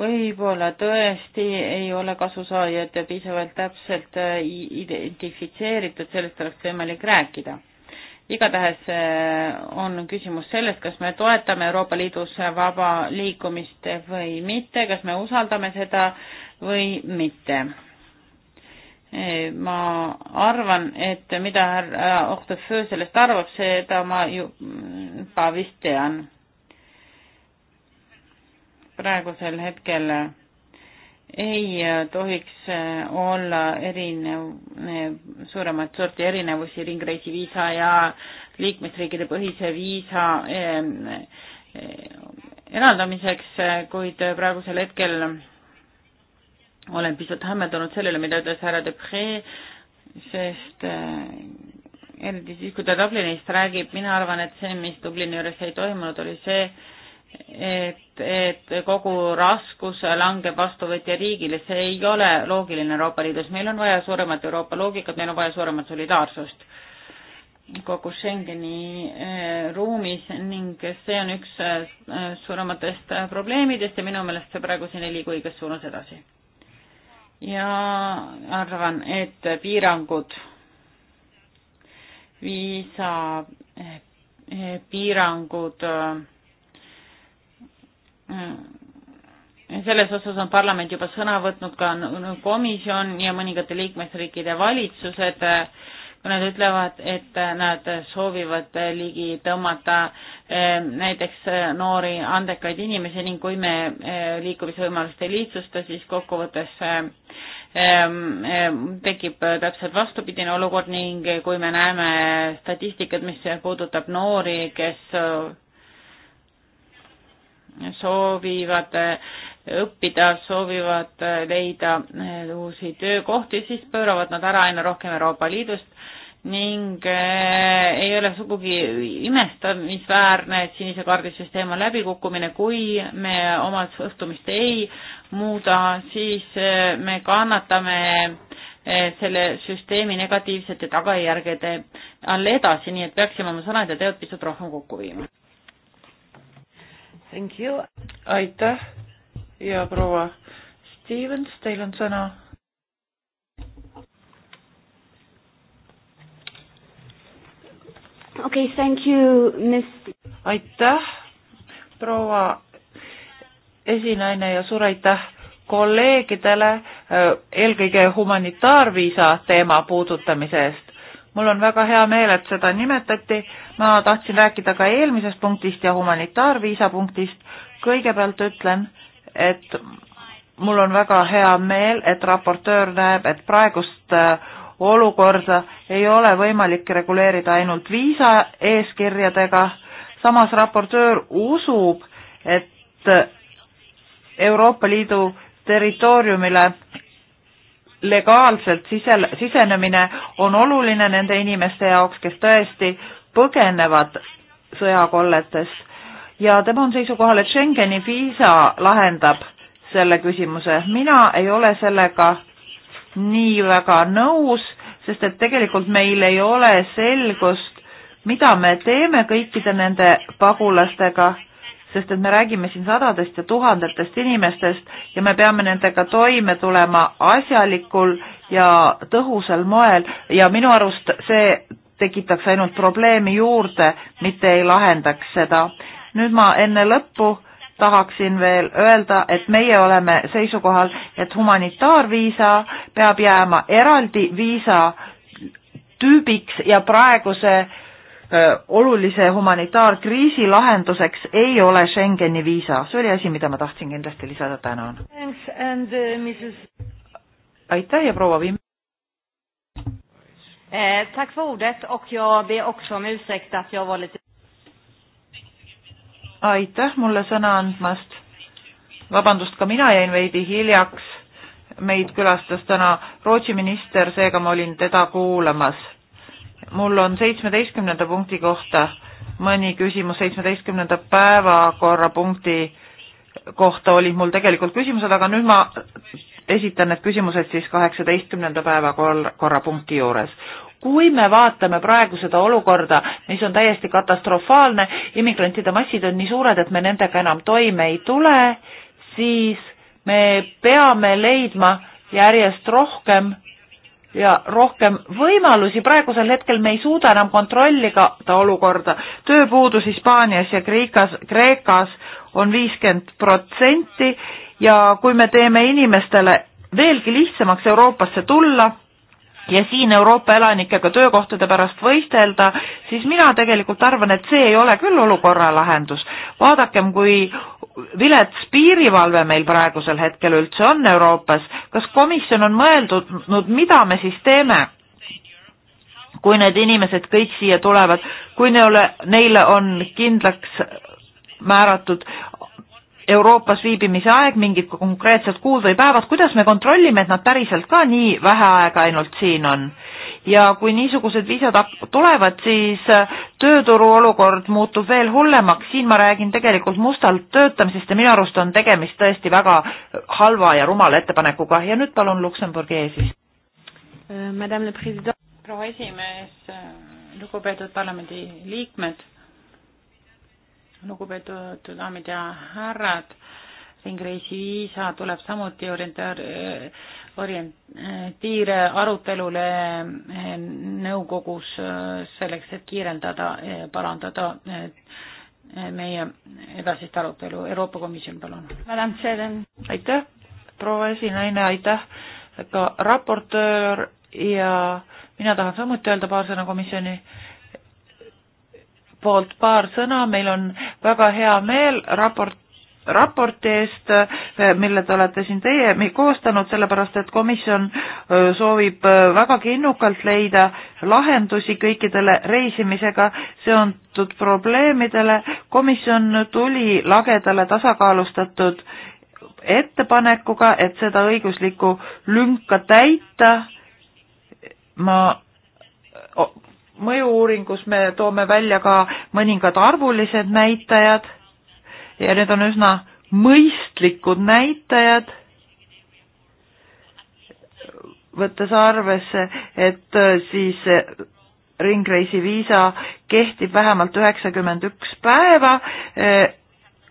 võib-olla tõesti ei ole kasusaajad piisavalt täpselt identifitseeritud, sellest oleks võimalik rääkida igatahes eh, on küsimus selles, kas me toetame Euroopa Liidus vaba liikumist või mitte, kas me usaldame seda või mitte. Eh, ma arvan, et mida härra Ohteföö sellest arvab, seda ma juba mm, vist tean. praegusel hetkel ei äh, tohiks äh, olla erinev, äh, suuremat sorti erinevusi ringreisi viisa ja liikmesriikide põhise viisa ähm, eraldamiseks, kuid praegusel hetkel olen pisut hämmeldunud sellele, mida ütles härra Depree, sest eriti siis, kui ta Dublinist räägib, mina arvan, et see, mis Dublini juures ei toimunud, oli see, et, et kogu raskus langeb vastuvõtja riigile, see ei ole loogiline Euroopa Liidus, meil on vaja suuremat Euroopa loogikat, meil on vaja suuremat solidaarsust kogu Schengeni eh, ruumis ning see on üks eh, suurematest probleemidest ja minu meelest see praegu siin ei liigu õiges suunas edasi. ja arvan, et piirangud, viisa eh, piirangud äh, Mm. selles osas on parlament juba sõna võtnud ka komisjon ja mõningate liikmesriikide valitsused, kui nad ütlevad, et nad soovivad ligi tõmmata eh, näiteks eh, noori andekaid inimesi ning kui me eh, liikumisvõimalust ei lihtsusta, siis kokkuvõttes tekib täpselt vastupidine olukord ning kui me näeme statistikat, mis puudutab noori, kes soovivad eh, õppida, soovivad eh, leida eh, uusi töökohti, siis pööravad nad ära aina rohkem Euroopa Liidust ning ei ole sugugi imestamisväärne, et sinise kaardi süsteem on läbikukkumine, kui me oma suhtumist ei muuda, siis me kannatame selle süsteemi negatiivsete tagajärgede all edasi, nii et peaksime oma sõnad ja teod pisut rohkem kokku viima. Thank you. aitäh ja proua Stevens, teil on sõna. okei okay,, thank you, miss. aitäh, proua esinaine ja suur aitäh kolleegidele, äh, eelkõige humanitaarviisa teema puudutamise eest mul on väga hea meel, et seda nimetati. ma tahtsin rääkida ka eelmisest punktist ja humanitaarviisa punktist. kõigepealt ütlen, et mul on väga hea meel, et raportöör näeb, et praegust äh, olukorda ei ole võimalik reguleerida ainult viisa eeskirjadega. samas raportöör usub, et Euroopa Liidu territooriumile legaalselt sisel, sisenemine on oluline nende inimeste jaoks, kes tõesti põgenevad sõjakolletest ja tema on seisukohal, et Schengeni viisa lahendab selle küsimuse. mina ei ole sellega nii väga nõus, sest et tegelikult meil ei ole selgust, mida me teeme kõikide nende pagulastega sest et me räägime siin sadadest ja tuhandetest inimestest ja me peame nendega toime tulema asjalikul ja tõhusal moel ja minu arust see tekitaks ainult probleemi juurde, mitte ei lahendaks seda. nüüd ma enne lõppu tahaksin veel öelda, et meie oleme seisukohal, et humanitaarviisa peab jääma eraldi viisa tüübiks ja praeguse äh, olulise humanitaarkriisi lahenduseks ei ole Schengeni viisa. see oli asi, mida ma tahtsin kindlasti lisada, tänan. Uh, aitäh ja proua Vimm. Eh, tack för ordet och jag ber också om ursäkt att jag var lite... Aitäh mulle sõna andmast. Vabandust, ka mina jäin veidi hiljaks. Meid külastas täna Rootsi minister, seega ma olin teda kuulamas mul on seitsmeteistkümnenda punkti kohta mõni küsimus seitsmeteistkümnenda päevakorrapunkti kohta olid mul tegelikult küsimused, aga nüüd ma esitan need küsimused siis kaheksateistkümnenda päevakorrapunkti juures. kui me vaatame praegu seda olukorda, mis on täiesti katastrofaalne, immigrantide massid on nii suured, et me nendega enam toime ei tule, siis me peame leidma järjest rohkem ja rohkem võimalusi, praegusel hetkel me ei suuda enam kontrollida olukorda. tööpuudus Hispaanias ja Kreekas, Kreekas on viiskümmend protsenti ja kui me teeme inimestele veelgi lihtsamaks Euroopasse tulla ja siin Euroopa elanikega töökohtade pärast võistelda, siis mina tegelikult arvan, et see ei ole küll olukorra lahendus. vaadakem, kui vilets piirivalve meil praegusel hetkel üldse on Euroopas, kas komisjon on mõeldud, no mida me siis teeme, kui need inimesed kõik siia tulevad, kui neile, neile on kindlaks määratud Euroopas viibimise aeg, mingid konkreetsed kuud või päevad, kuidas me kontrollime, et nad päriselt ka nii vähe aega ainult siin on? ja kui niisugused viisad tulevad, siis äh, tööturu olukord muutub veel hullemaks, siin ma räägin tegelikult mustalt töötamisest ja minu arust on tegemist tõesti väga äh, halva ja rumala ettepanekuga ja nüüd palun Luksemburgi eesist. Äh, madame le President. proua esimees, lugupeetud parlamendi liikmed, lugupeetud daamid ja härrad, ringreisi viisa tuleb samuti orienteer-, orientiire arutelule eh, nõukogus eh, selleks, et kiirendada, eh, parandada meie edasist arutelu. Euroopa Komisjon, palun. aitäh, proua esinaine, aitäh ka raportöör ja mina tahan samuti öelda paar sõna komisjoni poolt paar sõna, meil on väga hea meel raport raporti eest, eh, mille te olete siin teie koostanud, sellepärast et komisjon eh, soovib eh, vägagi innukalt leida lahendusi kõikidele reisimisega seontud probleemidele. komisjon tuli lagedale tasakaalustatud ettepanekuga, et seda õiguslikku lünka täita. ma mõju-uuringus me toome välja ka mõningad arvulised näitajad ja need on üsna mõistlikud näitajad, võttes arvesse, et äh, siis äh, ringreisiviisa kehtib vähemalt üheksakümmend üks päeva äh,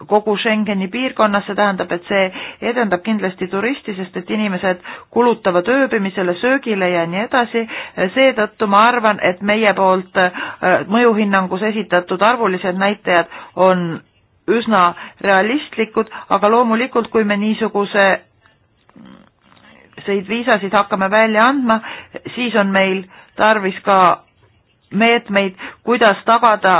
kogu Schengeni piirkonnas, see tähendab, et see edendab kindlasti turisti, sest et inimesed kulutavad ööbimisele, söögile ja nii edasi, seetõttu ma arvan, et meie poolt mõjuhinnangus esitatud arvulised näitajad on üsna realistlikud, aga loomulikult, kui me niisuguse neid mm, viisasid hakkame välja andma, siis on meil tarvis ka meetmeid, kuidas tagada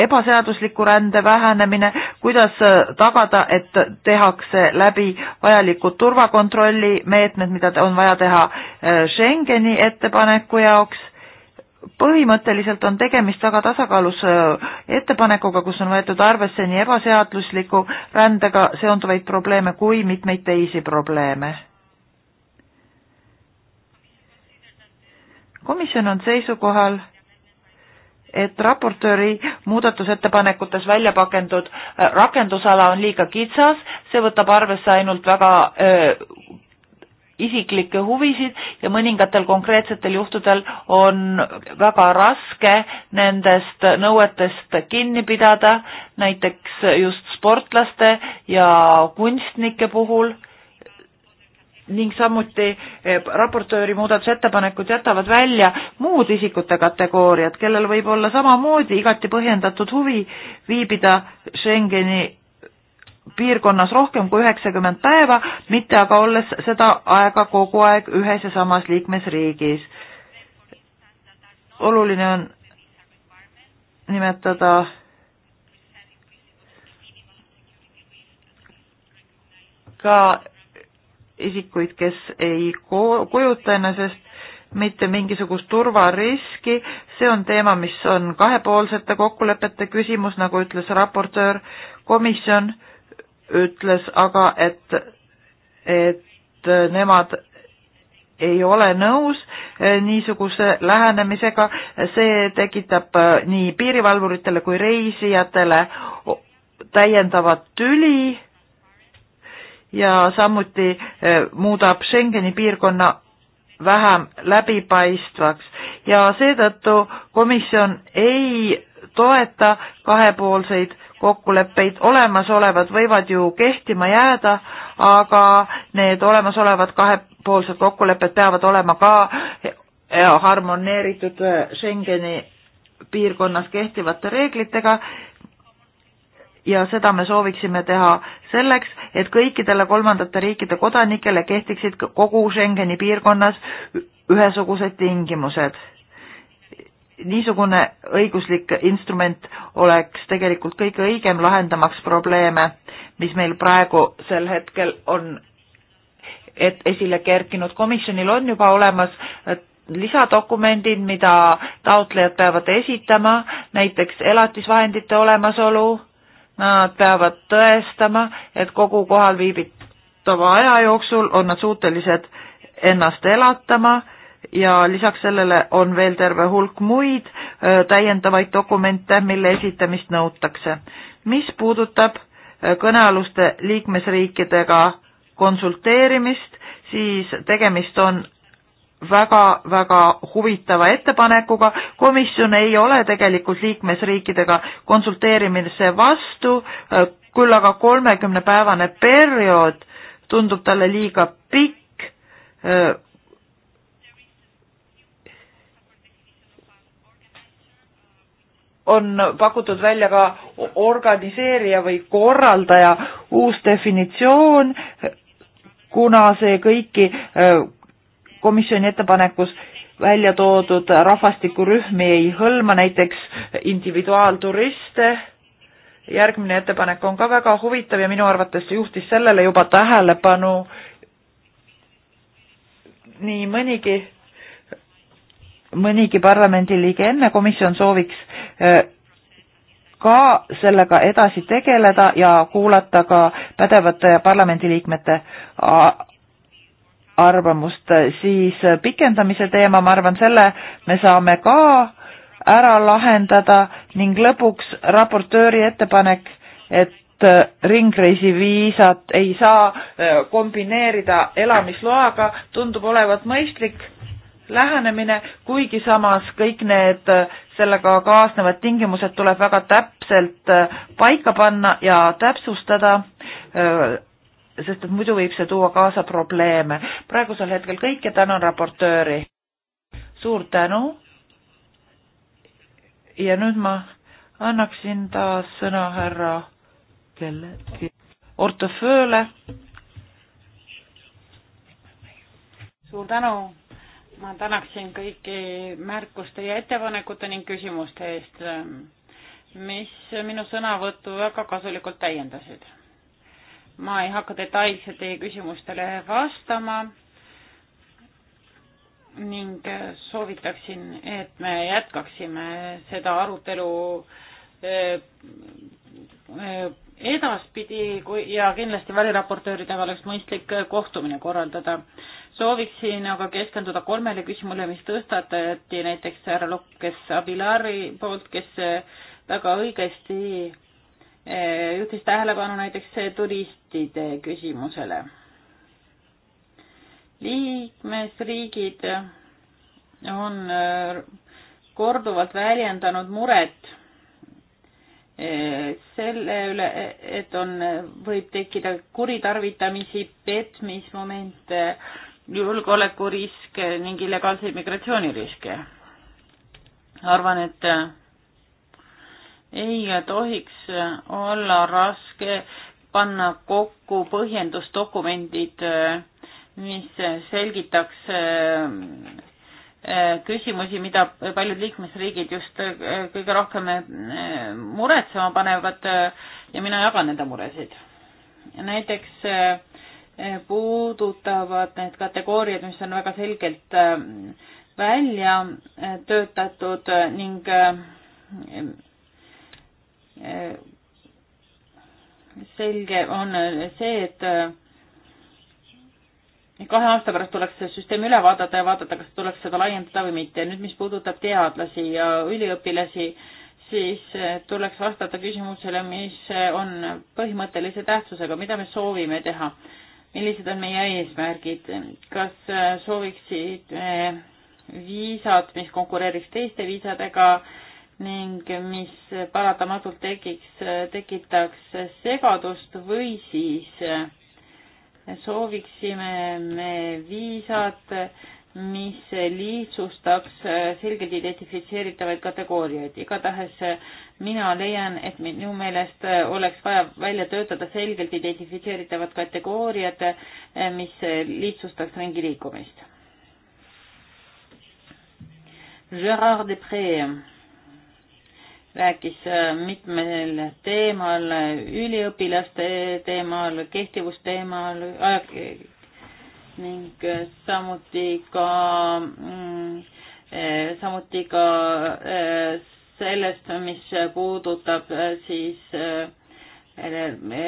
ebaseadusliku rände vähenemine, kuidas äh, tagada, et tehakse läbi vajalikud turvakontrolli meetmed, mida on vaja teha äh, Schengeni ettepaneku jaoks põhimõtteliselt on tegemist väga tasakaalus äh, ettepanekuga, kus on võetud arvesse nii ebaseadusliku rändega seonduvaid probleeme kui mitmeid teisi probleeme. komisjon on seisukohal, et raportööri muudatusettepanekutes välja pakendud äh, rakendusala on liiga kitsas, see võtab arvesse ainult väga öö, äh, isiklikke huvisid ja mõningatel konkreetsetel juhtudel on väga raske nendest nõuetest kinni pidada, näiteks just sportlaste ja kunstnike puhul ning samuti eh, raportööri muudatusettepanekud jätavad välja muud isikute kategooriad, kellel võib olla samamoodi igati põhjendatud huvi viibida Schengeni piirkonnas rohkem kui üheksakümmend päeva, mitte aga olles seda aega kogu aeg ühes ja samas liikmesriigis. oluline on nimetada ka isikuid, kes ei kujuta ennast mitte mingisugust turvariski, see on teema, mis on kahepoolsete kokkulepete küsimus, nagu ütles raportöör, komisjon ütles aga, et, et nemad ei ole nõus eh, niisuguse lähenemisega, see tekitab eh, nii piirivalvuritele kui reisijatele täiendavat tüli ja samuti eh, muudab Schengeni piirkonna vähem läbipaistvaks ja seetõttu komisjon ei toeta kahepoolseid kokkuleppeid, olemasolevad võivad ju kehtima jääda, aga need olemasolevad kahepoolsed kokkulepped peavad olema ka harmoneeritud Schengeni piirkonnas kehtivate reeglitega ja seda me sooviksime teha selleks, et kõikidele kolmandate riikide kodanikele kehtiksid kogu Schengeni piirkonnas ühesugused tingimused niisugune õiguslik instrument oleks tegelikult kõige õigem lahendamaks probleeme, mis meil praegusel hetkel on, et esile kerkinud. komisjonil on juba olemas lisadokumendid, mida taotlejad peavad esitama, näiteks elatisvahendite olemasolu, nad peavad tõestama, et kogu kohal viibitava aja jooksul on nad suutelised ennast elatama ja lisaks sellele on veel terve hulk muid äh, täiendavaid dokumente, mille esitamist nõutakse. mis puudutab äh, kõnealuste liikmesriikidega konsulteerimist, siis tegemist on väga-väga huvitava ettepanekuga. komisjon ei ole tegelikult liikmesriikidega konsulteerimise vastu, äh, küll aga kolmekümnepäevane periood tundub talle liiga pikk on pakutud välja ka organiseerija või korraldaja uus definitsioon, kuna see kõiki äh, komisjoni ettepanekus välja toodud rahvastikurühmi ei hõlma, näiteks individuaalturiste. järgmine ettepanek on ka väga huvitav ja minu arvates juhtis sellele juba tähelepanu nii mõnigi mõnigi parlamendiliige enne komisjon sooviks äh, ka sellega edasi tegeleda ja kuulata ka pädevate parlamendiliikmete arvamust, siis pikendamise teema, ma arvan, selle me saame ka ära lahendada ning lõpuks raportööri ettepanek, et äh, ringreisiviisat ei saa äh, kombineerida elamisloaga, tundub olevat mõistlik lähenemine, kuigi samas kõik need äh, sellega kaasnevad tingimused tuleb väga täpselt äh, paika panna ja täpsustada, äh, sest et muidu võib see tuua kaasa probleeme. praegusel hetkel kõik ja tänan raportööri. suur tänu. ja nüüd ma annaksin taas sõna härra kelle, Ortofööle. suur tänu ma tänaksin kõiki märkuste ja ettepanekute ning küsimuste eest, mis minu sõnavõttu väga kasulikult täiendasid. ma ei hakka detailselt teie küsimustele vastama ning soovitaksin, et me jätkaksime seda arutelu eh, edaspidi kui ja kindlasti väliraportööridega oleks mõistlik kohtumine korraldada sooviksin aga keskenduda kolmele küsimusele, mis tõstatati näiteks härra Lokkes Abilari poolt, kes eh, väga õigesti eh, juhtis tähelepanu näiteks turistide küsimusele. liikmesriigid on eh, korduvalt väljendanud muret selle üle, et on, võib tekkida kuritarvitamisi, petmismomente äh, julgeolekuriske ning illegaalse immigratsiooniriske. arvan, et ei tohiks olla raske panna kokku põhjendusdokumendid, mis selgitaks eh, küsimusi, mida paljud liikmesriigid just eh, kõige rohkem eh, muretsema panevad ja mina jagan nende muresid. näiteks puudutavad need kategooriad, mis on väga selgelt ähm, välja äh, töötatud ning äh, äh, selge on see, et kahe aasta pärast tuleks see süsteem üle vaadata ja vaadata, kas tuleks seda laiendada või mitte. nüüd, mis puudutab teadlasi ja üliõpilasi, siis tuleks vastata küsimusele, mis on põhimõttelise tähtsusega, mida me soovime teha millised on meie eesmärgid, kas äh, sooviksid äh, viisad, mis konkureeriks teiste viisadega ning mis paratamatult tekiks, äh, tekitaks segadust või siis sooviksime me viisad, mis lihtsustaks selgelt identifitseeritavaid kategooriaid. igatahes mina leian, et minu meelest oleks vaja välja töötada selgelt identifitseeritavad kategooriad, mis lihtsustaks ringi liikumist. Gerard Depree rääkis mitmel teemal, üliõpilaste teemal, kehtivusteemal, ning äh, samuti ka mm, äh, samuti ka äh, sellest, mis puudutab siis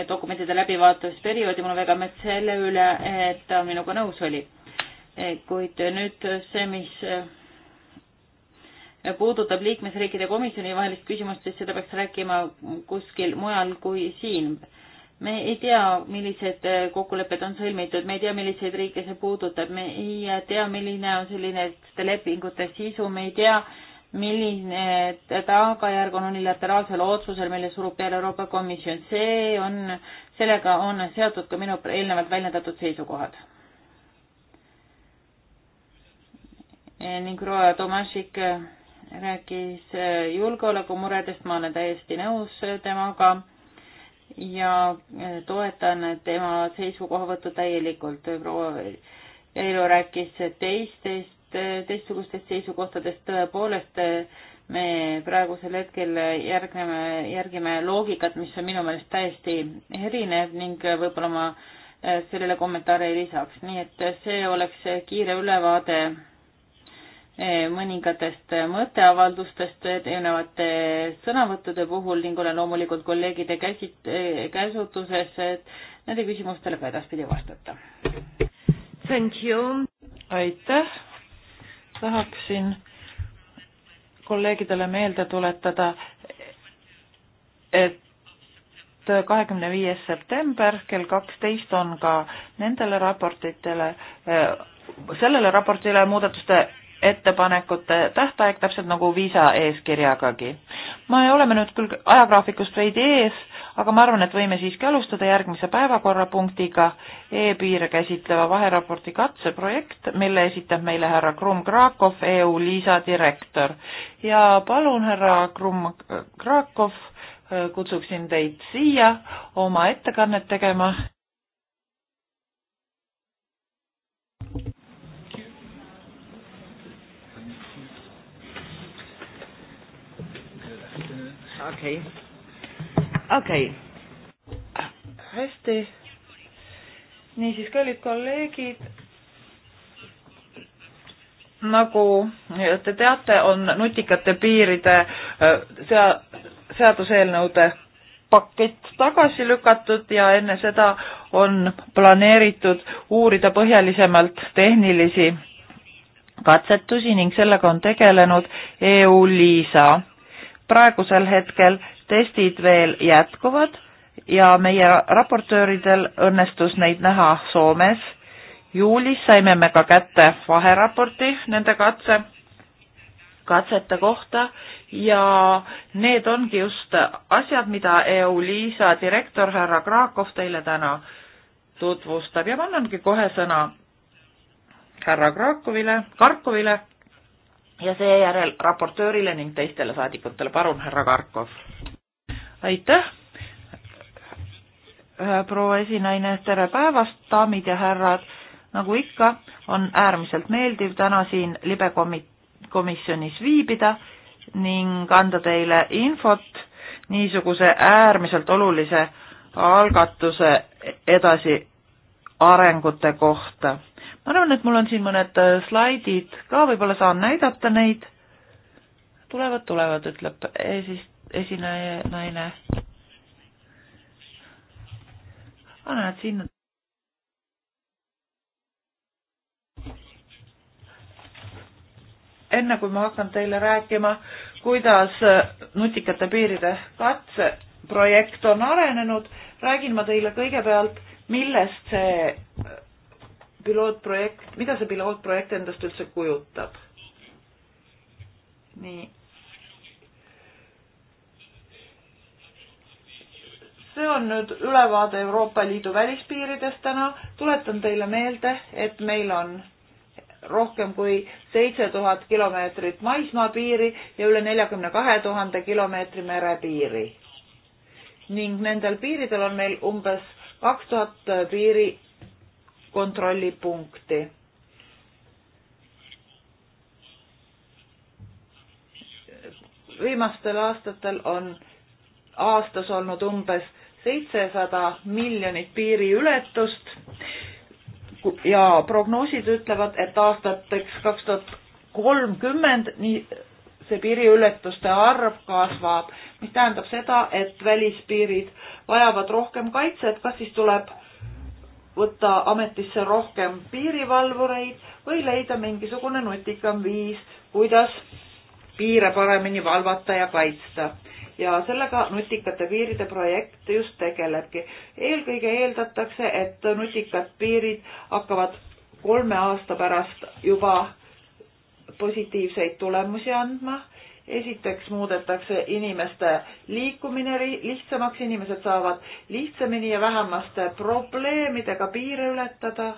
dokumentide läbivaatamisperioodi, mul on väga meelt selle üle, et ta minuga nõus oli. kuid nüüd see, mis puudutab liikmesriikide komisjoni vahelist küsimust, siis seda peaks rääkima kuskil mujal kui siin me ei tea, millised äh, kokkulepped on sõlmitud, me ei tea, milliseid riike see puudutab, me ei äh, tea, milline on selline lepingute sisu, me ei tea, milline äh, tagajärg on unilateraalsel otsusel, mille surub peale Euroopa Komisjon, see on, sellega on seotud ka minu eelnevalt väljendatud seisukohad. ning Roa Tomašik rääkis julgeolekumuredest, ma olen täiesti nõus temaga ja eh, toetan tema seisukohavõttu täielikult. proua Eilo rääkis teistest, eh, teistsugustest seisukohtadest, tõepoolest eh, me praegusel hetkel järgneme, järgime loogikat, mis on minu meelest täiesti erinev ning võib-olla ma sellele kommentaare ei lisaks, nii et see oleks kiire ülevaade Eh, mõningatest mõtteavaldustest erinevate sõnavõttude puhul ning olen loomulikult kolleegide käsit-, eh, käsutuses, et nende küsimustele ka edaspidi vastata. Thank you! aitäh! tahaksin kolleegidele meelde tuletada, et kahekümne viies september kell kaksteist on ka nendele raportitele, eh, sellele raportile muudatuste ettepanekute tähtaeg, täpselt nagu viisa eeskirjagagi. me oleme nüüd küll ajagraafikust veidi ees, aga ma arvan, et võime siiski alustada järgmise päevakorrapunktiga e-piire käsitleva vaheraporti katseprojekt, mille esitab meile härra Krumm Krakov, EU Liisa direktor. ja palun, härra Krumm Krakov, kutsuksin teid siia oma ettekannet tegema. okei okay., okei okay.. hästi. niisiis, kallid kolleegid, nagu te teate, on nutikate piiride äh, sea-, seaduseelnõude pakett tagasi lükatud ja enne seda on planeeritud uurida põhjalisemalt tehnilisi katsetusi ning sellega on tegelenud EU-LISA praegusel hetkel testid veel jätkuvad ja meie raportööridel õnnestus neid näha Soomes. juulis saime me ka kätte vaheraporti nende katse, katsete kohta ja need ongi just asjad, mida EU-Liisa direktor härra Krakov teile täna tutvustab ja ma annangi kohe sõna härra Krakovile, Karkovile, ja seejärel raportöörile ning teistele saadikutele. palun, härra Karkov. aitäh, proua esinaine, tere päevast, daamid ja härrad. nagu ikka, on äärmiselt meeldiv täna siin libekomisjonis viibida ning anda teile infot niisuguse äärmiselt olulise algatuse edasiarengute kohta ma arvan, et mul on siin mõned äh, slaidid ka, võib-olla saan näidata neid. tulevad, tulevad, ütleb esis-, esineja naine. anna ah, nad sinna. enne kui ma hakkan teile rääkima, kuidas äh, nutikate piiride katseprojekt on arenenud, räägin ma teile kõigepealt, millest see äh, pilootprojekt, mida see pilootprojekt endast üldse kujutab? nii. see on nüüd ülevaade Euroopa Liidu välispiiridest täna. tuletan teile meelde, et meil on rohkem kui seitse tuhat kilomeetrit maismaapiiri ja üle neljakümne kahe tuhande kilomeetri merepiiri. ning nendel piiridel on meil umbes kaks tuhat piiri kontrollipunkti. viimastel aastatel on aastas olnud umbes seitsesada miljonit piiriületust ja prognoosid ütlevad, et aastateks kaks tuhat kolmkümmend nii see piiriületuste arv kasvab, mis tähendab seda, et välispiirid vajavad rohkem kaitset, kas siis tuleb võtta ametisse rohkem piirivalvureid või leida mingisugune nutikam viis, kuidas piire paremini valvata ja kaitsta. ja sellega nutikate piiride projekt just tegelebki. eelkõige eeldatakse, et nutikad piirid hakkavad kolme aasta pärast juba positiivseid tulemusi andma esiteks muudetakse inimeste liikumine lihtsamaks, inimesed saavad lihtsamini ja vähemaste probleemidega piire ületada.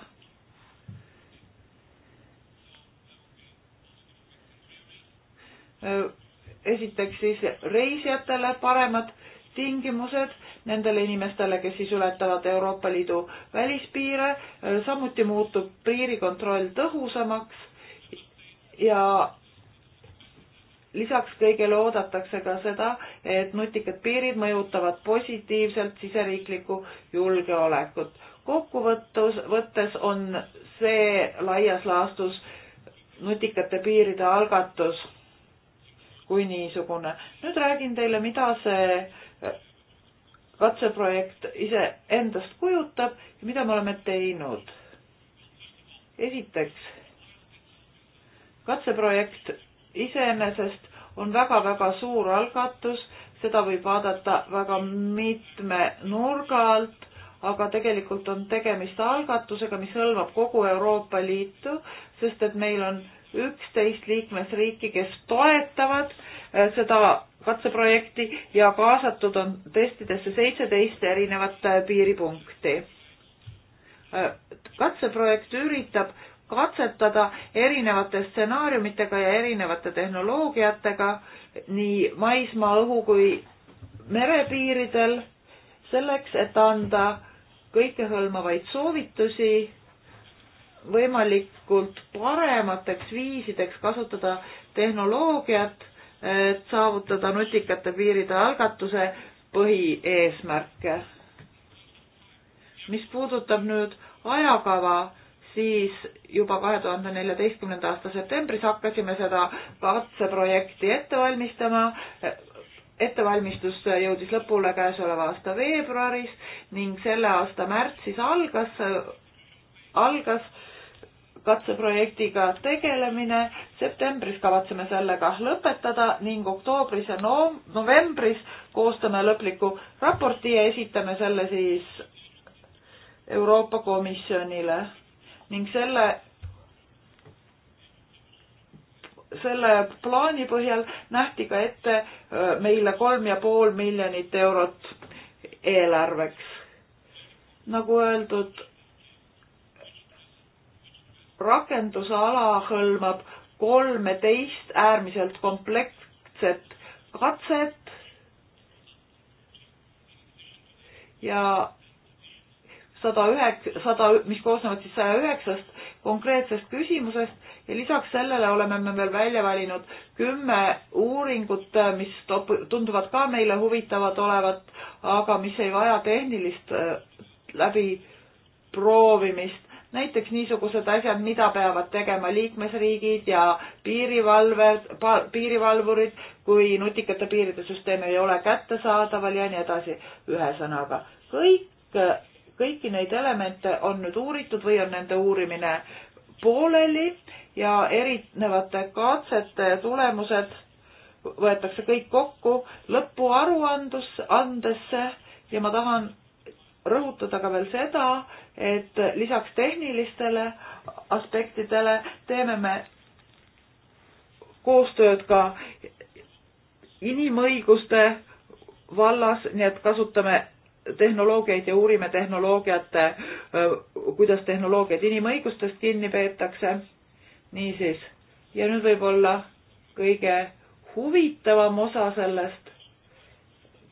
esiteks siis reisijatele paremad tingimused nendele inimestele, kes siis ületavad Euroopa Liidu välispiire, samuti muutub piirikontroll tõhusamaks ja lisaks kõigele oodatakse ka seda, et nutikad piirid mõjutavad positiivselt siseriiklikku julgeolekut. kokkuvõttes, võttes on see laias laastus nutikate piiride algatus kui niisugune. nüüd räägin teile, mida see äh, katseprojekt ise endast kujutab ja mida me oleme teinud. esiteks, katseprojekt iseenesest on väga-väga suur algatus, seda võib vaadata väga mitme nurga alt, aga tegelikult on tegemist algatusega, mis hõlmab kogu Euroopa Liitu, sest et meil on üksteist liikmesriiki, kes toetavad äh, seda katseprojekti ja kaasatud on testidesse seitseteist erinevat äh, piiripunkti. Äh, katseprojekt üritab katsetada erinevate stsenaariumitega ja erinevate tehnoloogiatega nii maismaa, õhu kui merepiiridel selleks, et anda kõikehõlmavaid soovitusi võimalikult paremateks viisideks kasutada tehnoloogiat, et saavutada nutikate piiride algatuse põhieesmärke. mis puudutab nüüd ajakava, siis juba kahe tuhande neljateistkümnenda aasta septembris hakkasime seda katseprojekti ette valmistama. ettevalmistus jõudis lõpule käesoleva aasta veebruaris ning selle aasta märtsis algas, algas katseprojektiga tegelemine. septembris kavatseme sellega lõpetada ning oktoobris ja no novembris koostame lõpliku raporti ja esitame selle siis Euroopa Komisjonile ning selle, selle plaani põhjal nähti ka ette meile kolm ja pool miljonit eurot eelarveks. nagu öeldud, rakendusala hõlmab kolmeteist äärmiselt kompleksset katset ja sada ühek-, sada, mis koosnevad siis saja üheksast konkreetsest küsimusest ja lisaks sellele oleme me veel välja valinud kümme uuringut, mis top-, tunduvad ka meile huvitavad olevat, aga mis ei vaja tehnilist läbiproovimist. näiteks niisugused asjad, mida peavad tegema liikmesriigid ja piirivalved, piirivalvurid, kui nutikate piiride süsteem ei ole kättesaadaval ja nii edasi. ühesõnaga, kõik kõiki neid elemente on nüüd uuritud või on nende uurimine pooleli ja erinevate katsete tulemused võetakse kõik kokku lõpuaruandus, andesse ja ma tahan rõhutada ka veel seda, et lisaks tehnilistele aspektidele teeme me koostööd ka inimõiguste vallas, nii et kasutame tehnoloogiaid ja uurime tehnoloogiate, äh, kuidas tehnoloogiad inimõigustest kinni peetakse. niisiis, ja nüüd võib-olla kõige huvitavam osa sellest,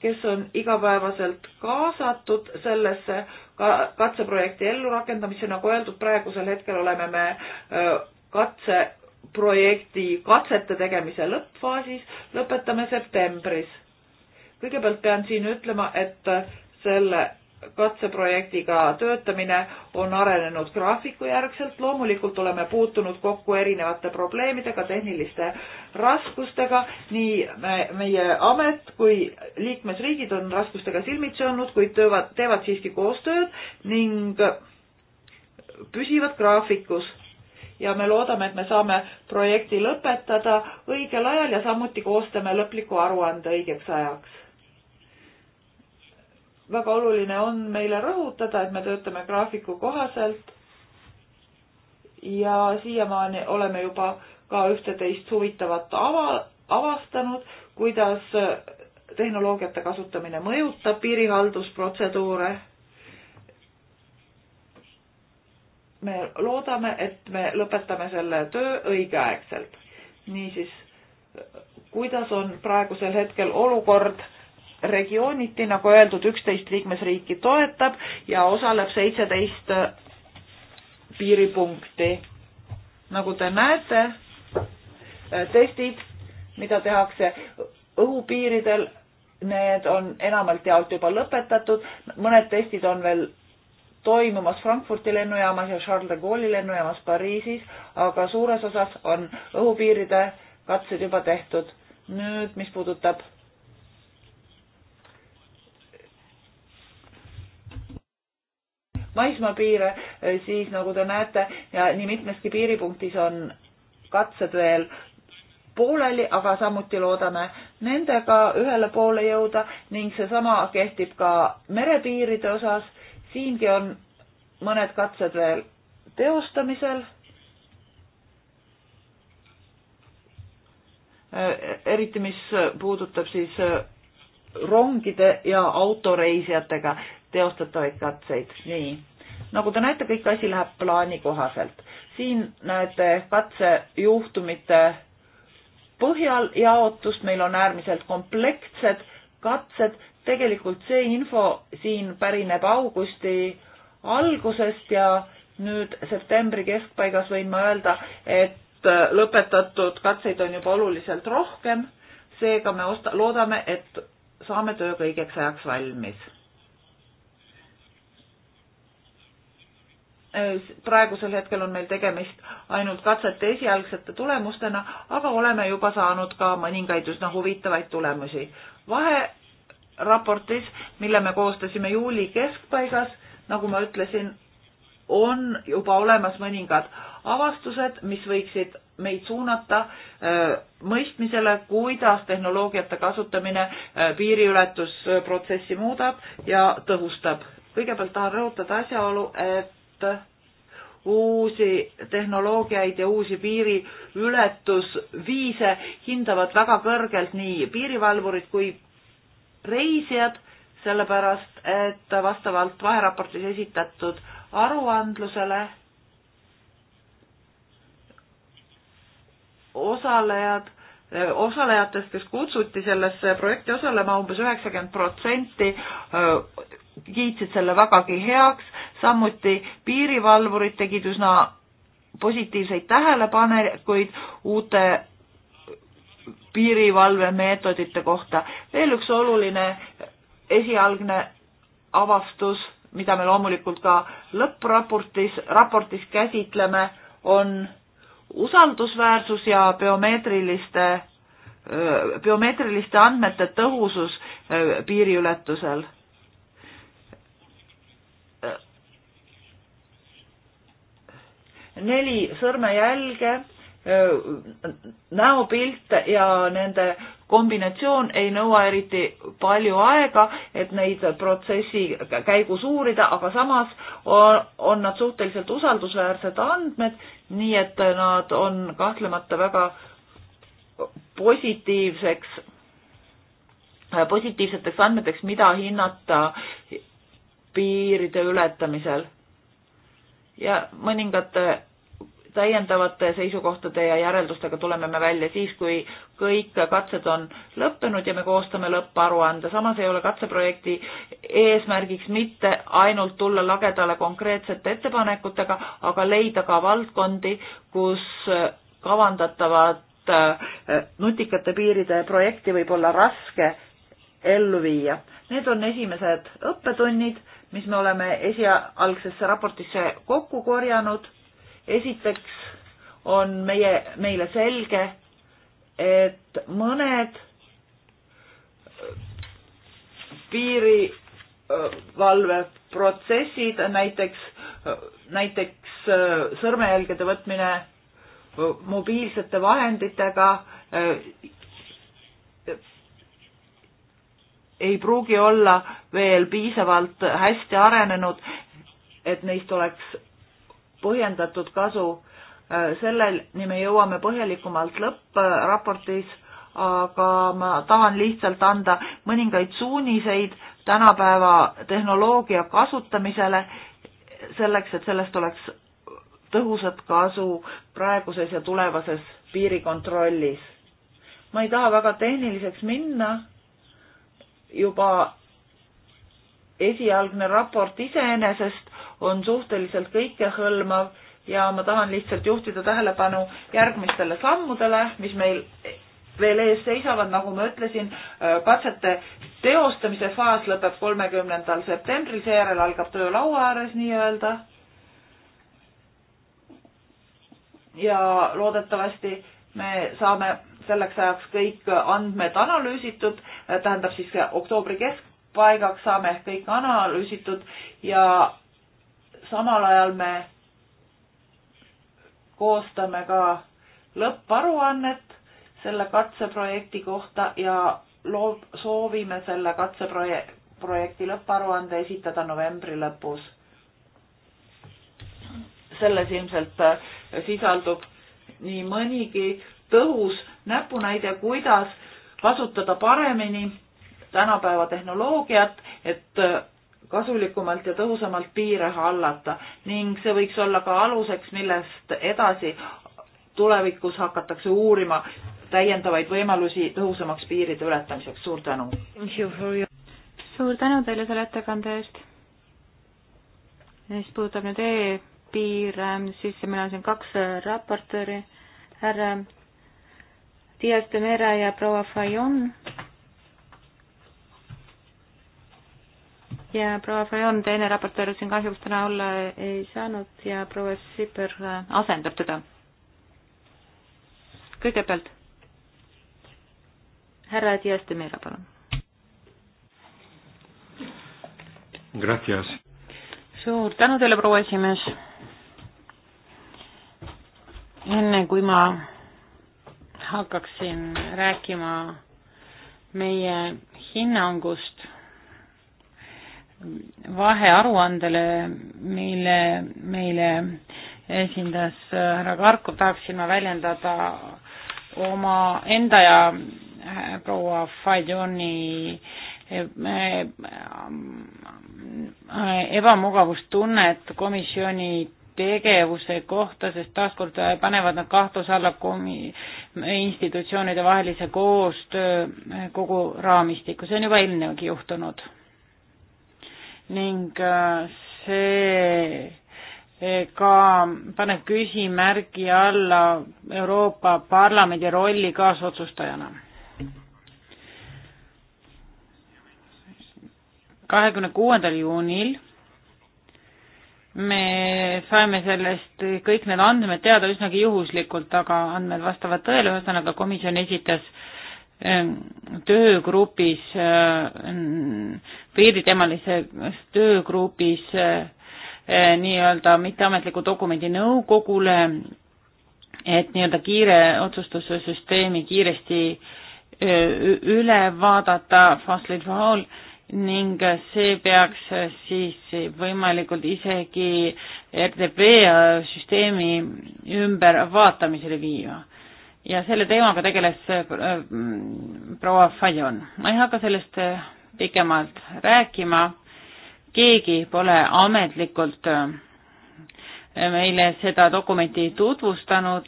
kes on igapäevaselt kaasatud sellesse ka katseprojekti ellurakendamisse, nagu öeldud, praegusel hetkel oleme me äh, katseprojekti katsete tegemise lõppfaasis, lõpetame septembris kõigepealt pean siin ütlema, et selle katseprojektiga töötamine on arenenud graafikujärgselt, loomulikult oleme puutunud kokku erinevate probleemidega, tehniliste raskustega, nii me, meie amet kui liikmesriigid on raskustega silmitsi olnud, kuid töövad, teevad siiski koostööd ning püsivad graafikus ja me loodame, et me saame projekti lõpetada õigel ajal ja samuti koostame lõpliku aruande õigeks ajaks väga oluline on meile rõhutada, et me töötame graafiku kohaselt ja siiamaani oleme juba ka ühte-teist huvitavat ava, avastanud, kuidas tehnoloogiate kasutamine mõjutab piirihaldusprotseduure. me loodame, et me lõpetame selle töö õigeaegselt. niisiis, kuidas on praegusel hetkel olukord regiooniti, nagu öeldud, üksteist liikmesriiki toetab ja osaleb seitseteist äh, piiripunkti. nagu te näete, äh, testid, mida tehakse õhupiiridel, need on enamalt jaolt juba lõpetatud, mõned testid on veel toimumas Frankfurti lennujaamas ja Charles de Gaulle'i lennujaamas Pariisis, aga suures osas on õhupiiride katsed juba tehtud. nüüd, mis puudutab maismaapiire, eh, siis nagu te näete, nii mitmeski piiripunktis on katsed veel pooleli, aga samuti loodame nendega ühele poole jõuda ning seesama kehtib ka merepiiride osas. siingi on mõned katsed veel teostamisel. Eh, eriti, mis puudutab siis eh, rongide ja autoreisijatega teostatavaid katseid. nii, nagu te näete, kõik asi läheb plaani kohaselt. siin näete katsejuhtumite põhjal jaotust, meil on äärmiselt komplekssed katsed, tegelikult see info siin pärineb augusti algusest ja nüüd septembri keskpaigas võin ma öelda, et lõpetatud katseid on juba oluliselt rohkem, seega me osta-, loodame, et saame töö kõigeks ajaks valmis. Äh, praegusel hetkel on meil tegemist ainult katsete esialgsete tulemustena, aga oleme juba saanud ka mõningaid üsna huvitavaid tulemusi. vaheraportis, mille me koostasime juuli keskpaigas, nagu ma ütlesin, on juba olemas mõningad avastused, mis võiksid meid suunata äh, mõistmisele, kuidas tehnoloogiate kasutamine äh, piiriületusprotsessi muudab ja tõhustab. kõigepealt tahan rõhutada asjaolu, et poolt, uusi tehnoloogiaid ja uusi piiriületusviise hindavad väga kõrgelt nii piirivalvurid kui reisijad, sellepärast et vastavalt vaheraportis esitatud aruandlusele osalejad, osalejatest, kes kutsuti sellesse projekti osalema umbes, umbes üheksakümmend protsenti äh, kiitsid selle vägagi heaks, samuti piirivalvurid tegid üsna positiivseid tähelepanekuid uute piirivalvemeetodite kohta. veel üks oluline esialgne avastus, mida me loomulikult ka lõppraportis, raportis käsitleme, on usaldusväärsus ja biomeetriliste, biomeetriliste andmete tõhusus äh, piiriületusel. neli sõrmejälge, näopilt ja nende kombinatsioon ei nõua eriti palju aega, et neid protsessi käigus uurida, aga samas on nad suhteliselt usaldusväärsed andmed, nii et nad on kahtlemata väga positiivseks, positiivseteks andmeteks, mida hinnata piiride ületamisel ja mõningate täiendavate seisukohtade ja järeldustega tuleme me välja siis, kui kõik katsed on lõppenud ja me koostame lõpparuande. samas ei ole katseprojekti eesmärgiks mitte ainult tulla lagedale konkreetsete ettepanekutega, aga leida ka valdkondi, kus kavandatavad äh, nutikate piiride projekti võib olla raske ellu viia. Need on esimesed õppetunnid mis me oleme esialgsesse raportisse kokku korjanud. esiteks on meie, meile selge, et mõned piirivalveprotsessid, näiteks, näiteks äh, sõrmejälgede võtmine äh, mobiilsete vahenditega, äh, ei pruugi olla veel piisavalt hästi arenenud, et neist oleks põhjendatud kasu. Äh, selleni me jõuame põhjalikumalt lõppraportis, aga ma tahan lihtsalt anda mõningaid suuniseid tänapäeva tehnoloogia kasutamisele, selleks et sellest oleks tõhusat kasu praeguses ja tulevases piirikontrollis. ma ei taha väga tehniliseks minna juba esialgne raport iseenesest on suhteliselt kõikehõlmav ja ma tahan lihtsalt juhtida tähelepanu järgmistele sammudele, mis meil veel ees seisavad, nagu ma ütlesin, äh, katsete teostamise faas lõpeb kolmekümnendal septembril, seejärel algab töö laua ääres nii-öelda. ja loodetavasti me saame selleks ajaks kõik andmed analüüsitud, tähendab siis oktoobri keskpaigaks saame ehk kõik analüüsitud ja samal ajal me koostame ka lõpparuannet selle katseprojekti kohta ja loob, soovime selle katseprojekti lõpparuande esitada novembri lõpus. selles ilmselt sisaldub nii mõnigi tõhus näpunäide, kuidas kasutada paremini tänapäeva tehnoloogiat, et äh, kasulikumalt ja tõhusamalt piire hallata ning see võiks olla ka aluseks, millest edasi tulevikus hakatakse uurima täiendavaid võimalusi tõhusamaks piiride ületamiseks. suur tänu! suur tänu teile selle ettekande eest! mis puudutab nüüd e-piire, siis meil on siin kaks raportööri, härra Dias de Mera ja proua Fajon. ja proua Fajon, teine raportöör siin kahjuks täna olla ei saanud ja proua Sipper äh, asendab teda. kõigepealt härra Dias de Mera, palun. Gracias. suur tänu teile, proua esimees. enne kui ma hakkaksin rääkima meie hinnangust vahearuandele, mille meile esindas härra Karkov, tahaksin ma väljendada oma enda ja proua Fajoni eh, eh, ebamugavustunnet komisjoni tegevuse kohta, sest taaskord äh, panevad nad kahtluse alla komi-, institutsioonide vahelise koostöö äh, kogu raamistiku, see on juba eelnevagi juhtunud. ning äh, see ka paneb küsimärgi alla Euroopa Parlamendi rolli kaasotsustajana kahekümne kuuendal juunil me saime sellest kõik need andmed teada üsnagi juhuslikult, aga andmed vastavad tõele, ühesõnaga komisjon esitas ähm, töögrupis, äh, piiriteemalises töögrupis äh, äh, nii-öelda mitteametliku dokumendi nõukogule, et nii-öelda kiire otsustussüsteemi kiiresti üle vaadata, fast lead for all ning see peaks siis võimalikult isegi RDP süsteemi ümbervaatamisele viima. ja selle teemaga tegeles äh, mm, proua Fajon. ma ei hakka sellest äh, pikemalt rääkima, keegi pole ametlikult äh, meile seda dokumenti tutvustanud,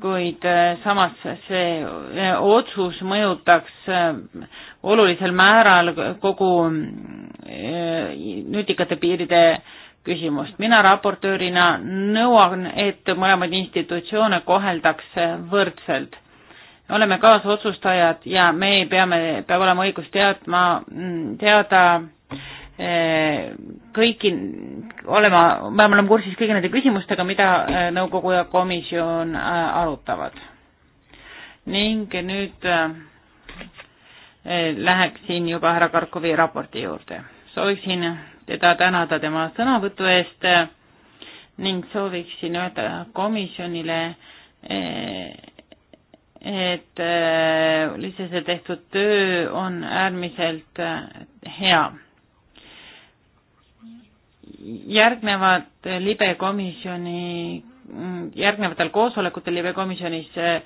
kuid samas see otsus mõjutaks olulisel määral kogu eh, nutikate piiride küsimust. mina raportöörina nõuan, et mõlemaid institutsioone koheldaks võrdselt. me oleme kaasotsustajad ja me peame, peab olema õigus teadma, teada eh, kõiki, olema, me peame olema kursis kõigi nende küsimustega, mida eh, nõukogu ja komisjon arutavad. ning nüüd Eh, läheksin juba härra Karkovi raporti juurde. sooviksin teda tänada tema sõnavõtu eest eh, ning sooviksin öelda komisjonile, eh, et lihtsalt tehtud töö on äärmiselt hea. järgnevad libekomisjoni järgnevatel koosolekutel Liive komisjonis eh,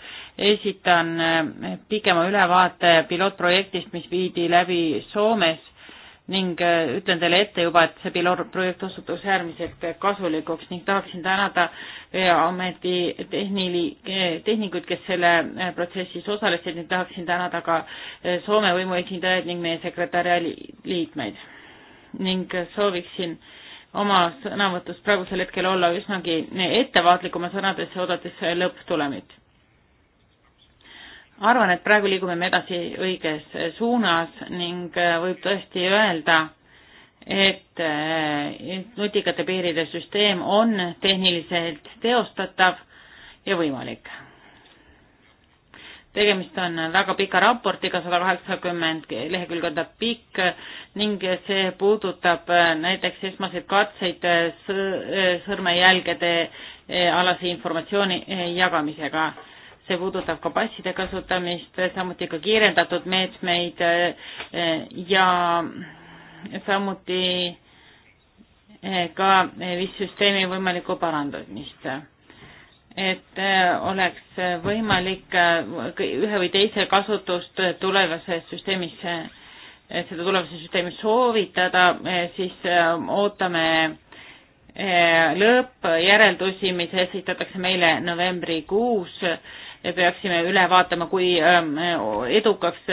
esitan eh, pikema ülevaate pilootprojektist, mis viidi läbi Soomes ning eh, ütlen teile ette juba, et see pilootprojekt osutus äärmiselt kasulikuks ning tahaksin tänada Veeameti tehnili-, tehnikuid, kes selle protsessis osalesid ning tahaksin tänada ka Soome võimuesindajaid ning meie sekretäri liikmeid. ning sooviksin äh, oma sõnavõtust praegusel hetkel olla üsnagi ettevaatlikuma sõnades, oodates lõpptulemit. arvan, et praegu liigume me edasi õiges suunas ning äh, võib tõesti öelda, et äh, nutikate piiride süsteem on tehniliselt teostatav ja võimalik tegemist on väga pika raportiga, sada kaheksakümmend lehekülge on ta pikk ning see puudutab näiteks esmaseid katseid sõrmejälgede alase informatsiooni jagamisega. see puudutab ka passide kasutamist, samuti ka kiirendatud meetmeid ja samuti ka VIS-süsteemi võimalikku parandamist et äh, oleks võimalik äh, ühe või teise kasutust tulevases süsteemis, äh, seda tulevases süsteemis soovitada, siis ootame lõppjäreldusi, mis esitatakse meile novembrikuus ja peaksime üle vaatama, kui ähm, edukaks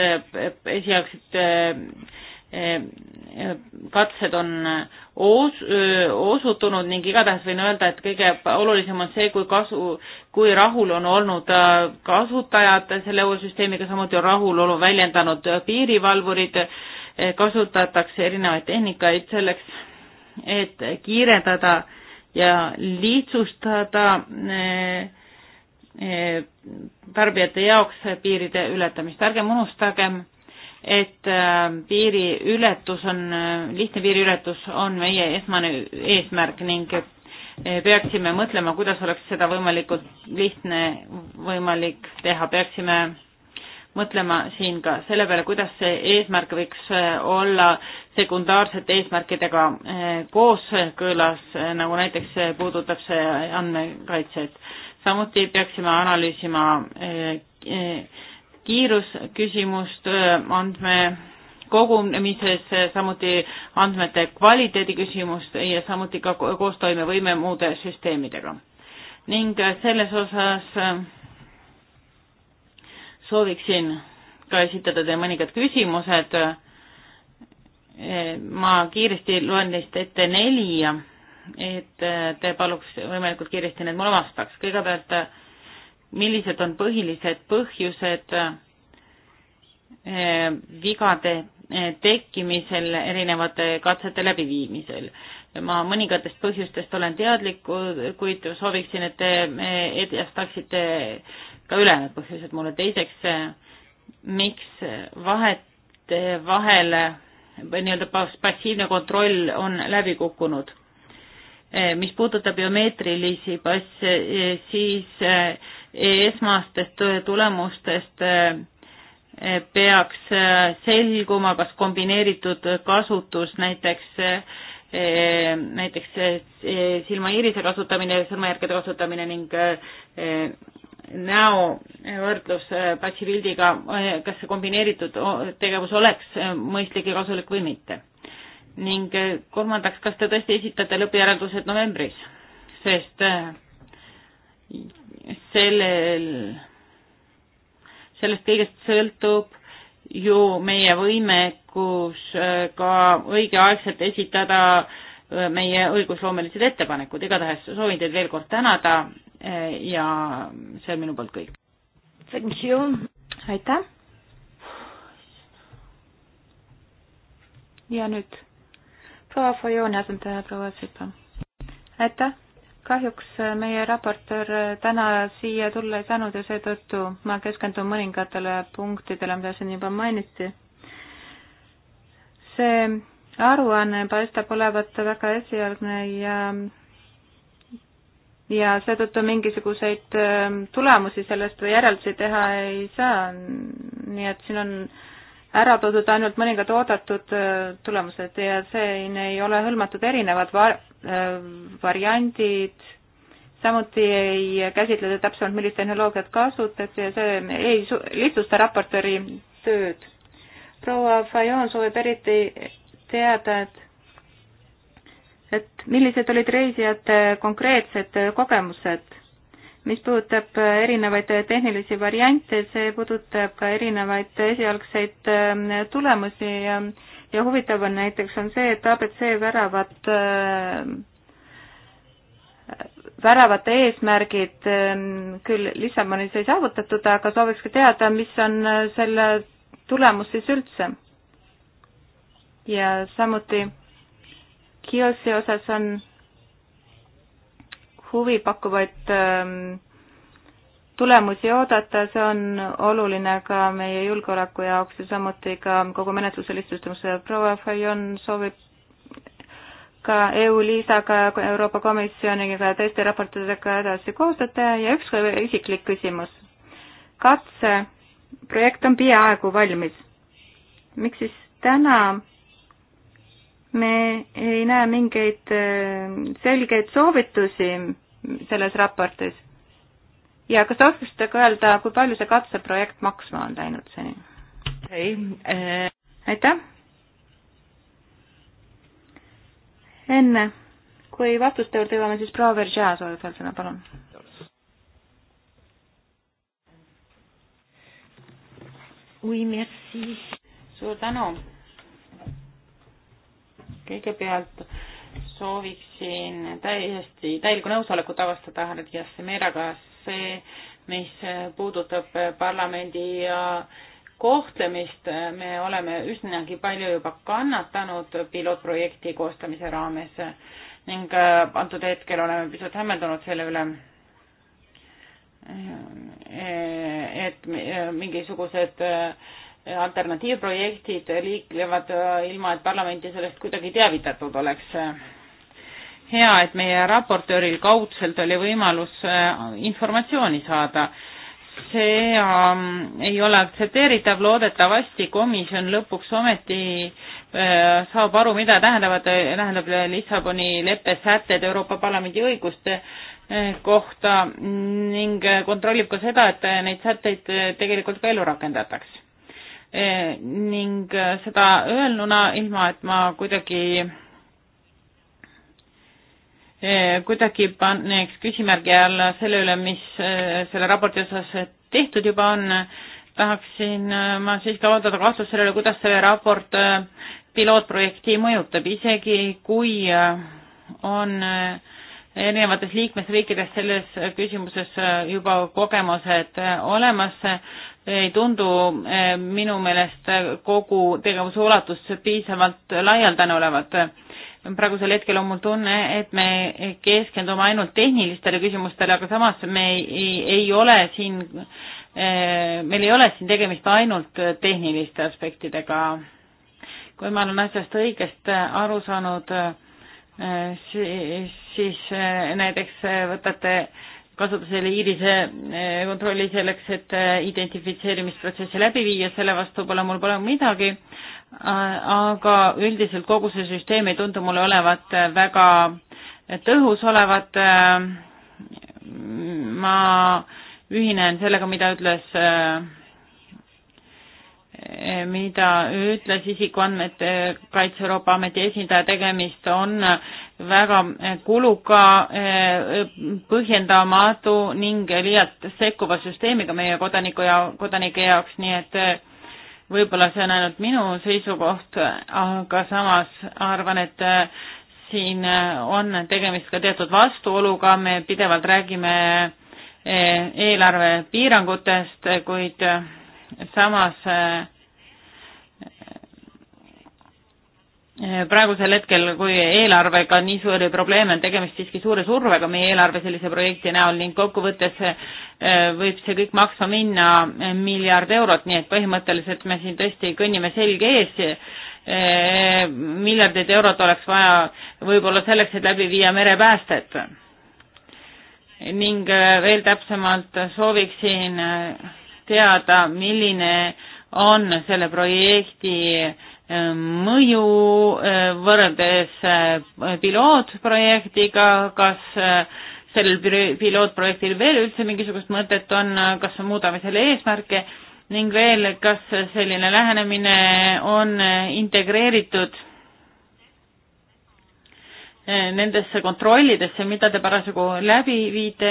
esialgsed katsed on os-, osutunud ning igatahes võin öelda, et kõige olulisem on see, kui kasu, kui rahul on olnud äh, kasutajad selle uue süsteemiga, samuti on rahulolu väljendanud piirivalvurid, äh, kasutatakse erinevaid tehnikaid selleks, et kiirendada ja lihtsustada äh, tarbijate jaoks piiride ületamist, ärgem unustagem et äh, piiriületus on, äh, lihtne piiriületus on meie esmane eesmärk ning äh, peaksime mõtlema, kuidas oleks seda võimalikult lihtne võimalik teha, peaksime mõtlema siin ka selle peale, kuidas see eesmärk võiks olla sekundaarsete eesmärkidega kooskõlas, nagu näiteks puudutab see andmekaitset. samuti peaksime analüüsima kiirusküsimust äh, andmekogumises, äh, samuti andmete kvaliteedi küsimust ja samuti ka koostoimevõime muude süsteemidega. ning äh, selles osas sooviksin ka esitada teile mõningad küsimused. ma kiiresti loen neist ette neli, et te paluks võimalikult kiiresti need mulle vastaks. kõigepealt millised on põhilised põhjused eh, vigade eh, tekkimisel erinevate katsete läbiviimisel. ma mõningatest põhjustest olen teadlik, kuid sooviksin, et te eh, edastaksite ka ülejäänud põhjused mulle. teiseks, miks vahet, vahel nii-öelda passiivne kontroll on läbi kukkunud? mis puudutab biomeetrilisi passe, siis esmastest tulemustest äh, äh, peaks äh, selguma, kas kombineeritud kasutus näiteks näiteks silmaiirise kasutamine, sõrmejärgede kasutamine ning näo võrdlus patsipildiga, kas see kombineeritud tegevus oleks mõistlik ja kasulik või mitte. ning kolmandaks, kas te tõesti esitate lõppjäreldused novembris, sest sellel, sellest kõigest sõltub ju meie võimekus äh, ka õigeaegselt esitada äh, meie õigusloomelised ettepanekud, igatahes soovin teid veel kord tänada äh, ja see on minu poolt kõik. Thank you. aitäh. ja nüüd proua Fajoni asendaja proua Sipa. aitäh kahjuks äh, meie raportöör äh, täna siia tulla ei saanud ja seetõttu ma keskendun mõningatele punktidele, mida siin juba mainiti. see aruanne paistab olevat väga esialgne ja ja seetõttu mingisuguseid äh, tulemusi sellest või järeldusi teha ei saa, nii et siin on ära toodud ainult mõningad oodatud tulemused ja siin ei ole hõlmatud erinevad var-, Äh, variandid, samuti ei käsitleta täpsemalt, millist tehnoloogiat kasutatakse ja see ei lihtsusta raportööri tööd. proua Fajon soovib eriti teada, et et millised olid reisijate konkreetsed kogemused, mis puudutab erinevaid tehnilisi variante, see puudutab ka erinevaid esialgseid ähm, tulemusi ja ja huvitav on näiteks on see, et abc väravat äh, väravate eesmärgid ähm, küll Lissabonis ei saavutatud, aga sooviks ka teada, mis on äh, selle tulemus siis üldse. ja samuti Kiosi osas on huvipakkuvaid ähm, tulemusi oodata, see on oluline ka meie julgeoleku jaoks ja samuti ka kogu menetluse lihtsustamise. proua Fajon soovib ka EU-LISAga, Euroopa Komisjoniga ja teiste raportidega edasi koostada ja üks isiklik küsimus. katseprojekt on peaaegu valmis. miks siis täna me ei näe mingeid äh, selgeid soovitusi selles raportis? ja kas te oskaksite ka öelda, kui palju see katseprojekt maksma on läinud seni? ei äh.... aitäh. enne, kui vastuste juurde jõuame, siis proua Veržea soovib veel sõna, palun. Oui, merci. suur tänu. kõigepealt sooviksin täiesti täielikku nõusolekut avastada härra Dias Meraga see, mis puudutab parlamendi kohtlemist, me oleme üsnagi palju juba kannatanud pilootprojekti koostamise raames ning äh, antud hetkel oleme pisut hämmeldunud selle üle, äh, et äh, mingisugused alternatiivprojektid liiklevad ilma, et parlamenti sellest kuidagi teavitatud oleks hea, et meie raportööril kaudselt oli võimalus äh, informatsiooni saada. see ähm, ei ole aktsepteeritav, loodetavasti komisjon lõpuks ometi äh, saab aru, mida tähendavad, tähendab Lissaboni leppe sätted Euroopa Parlamendi õiguste äh, kohta ning kontrollib ka seda, et neid sätteid tegelikult ka ellu rakendataks. ning seda öelnuna, ilma et ma kuidagi Eh, kuidagi paneks küsimärgi alla selle üle, mis eh, selle raporti osas tehtud juba on, tahaksin eh, ma siiski avaldada kahtlust sellele, kuidas see raport pilootprojekti mõjutab, isegi kui on erinevates liikmesriikides selles küsimuses juba kogemused olemas, ei tundu minu meelest kogu tegevuse ulatus piisavalt laialdane olevat praegusel hetkel on mul tunne, et me keskendume ainult tehnilistele küsimustele, aga samas me ei, ei ole siin, eh, meil ei ole siin tegemist ainult tehniliste aspektidega. kui ma olen asjast õigesti aru saanud, eh, siis eh, näiteks võtate kasutusele iirise eh, kontrolli selleks, et eh, identifitseerimisprotsessi läbi viia, selle vastu pole mul pole midagi, aga üldiselt kogu see süsteem ei tundu mulle olevat eh, väga tõhus olevat, ma ühinen sellega, mida ütles mida ütles isikuandmete kaitse Euroopa Ameti esindaja, tegemist on väga kuluka, eh, põhjendamatu ning liialt sekkuva süsteemiga meie kodaniku ja kodanike jaoks, nii et eh, võib-olla see on ainult minu seisukoht, aga samas arvan, et eh, siin on tegemist ka teatud vastuoluga, me pidevalt räägime eelarve piirangutest, kuid samas Äh, praegusel hetkel, kui eelarvega nii suuri probleeme on, tegemist siiski suure survega meie eelarve sellise projekti näol ning kokkuvõttes äh, võib see kõik maksma minna äh, miljard eurot, nii et põhimõtteliselt me siin tõesti kõnnime selge ees. miljardit eurot oleks vaja võib-olla selleks, et läbi viia merepäästet. ning veel täpsemalt sooviksin teada, milline on selle projekti mõju äh, võrreldes äh, pilootprojektiga, kas äh, sellel pilootprojektil veel üldse mingisugust mõtet on, kas muudame selle eesmärke ning veel, kas selline lähenemine on integreeritud nendesse kontrollidesse, mida te parasjagu läbi viite,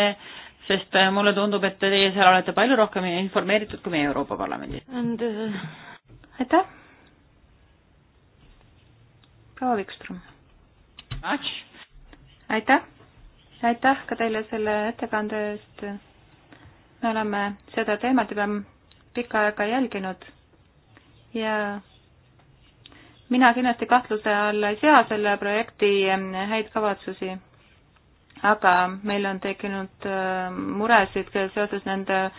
sest mulle tundub, et teie seal olete palju rohkem informeeritud kui meie Euroopa Parlamendis. aitäh! proua Vikström. aitäh, aitäh ka teile selle ettekande eest. me oleme seda teemat juba pikka aega jälginud ja mina kindlasti kahtluse alla ei sea selle projekti häid kavatsusi, aga meil on tekkinud äh, muresid seoses nende äh,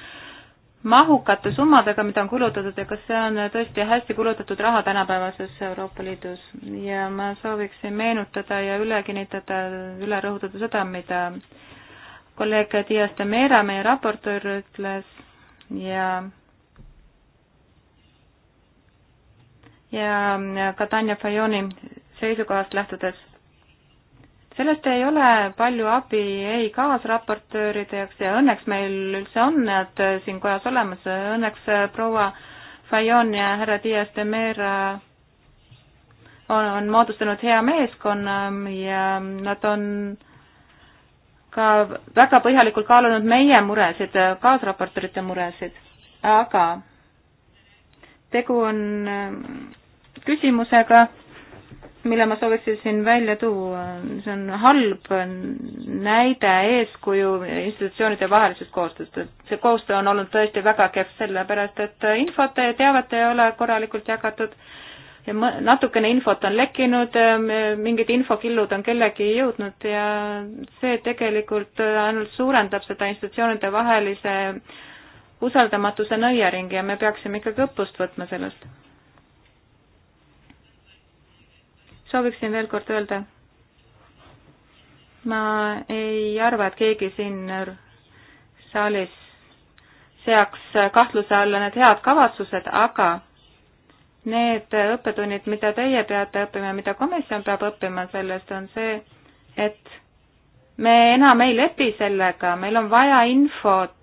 mahukate summadega, mida on kulutatud ja kas see on tõesti hästi kulutatud raha tänapäevases Euroopa Liidus ja ma sooviksin meenutada ja üle kinnitada, üle rõhutada seda, mida kolleeg Dias de Meera, meie raportöör, ütles ja ja ka Tanja Fajoni seisukohast lähtudes sellest ei ole palju abi ei kaasraportööride jaoks ja õnneks meil üldse on need siin kojas olemas, õnneks proua Fajon ja härra Dias de Mera on, on moodustanud hea meeskonna ja nad on ka väga põhjalikult kaalunud meie muresid, kaasraportorite muresid, aga tegu on ähm, küsimusega, mille ma sooviksin siin välja tuua. see on halb näide eeskuju institutsioonide vahelisest koostööst, et see koostöö on olnud tõesti väga kehv, sellepärast et infot ja teavet ei ole korralikult jagatud ja natukene infot on lekkinud, mingid infokillud on kellegi jõudnud ja see tegelikult ainult suurendab seda institutsioonide vahelise usaldamatuse nõiaringi ja me peaksime ikkagi õppust võtma sellest sooviksin veel kord öelda, ma ei arva, et keegi siin saalis seaks kahtluse alla need head kavatsused, aga need õppetunnid, mida teie peate õppima ja mida komisjon peab õppima sellest, on see, et me enam ei lepi sellega, meil on vaja infot.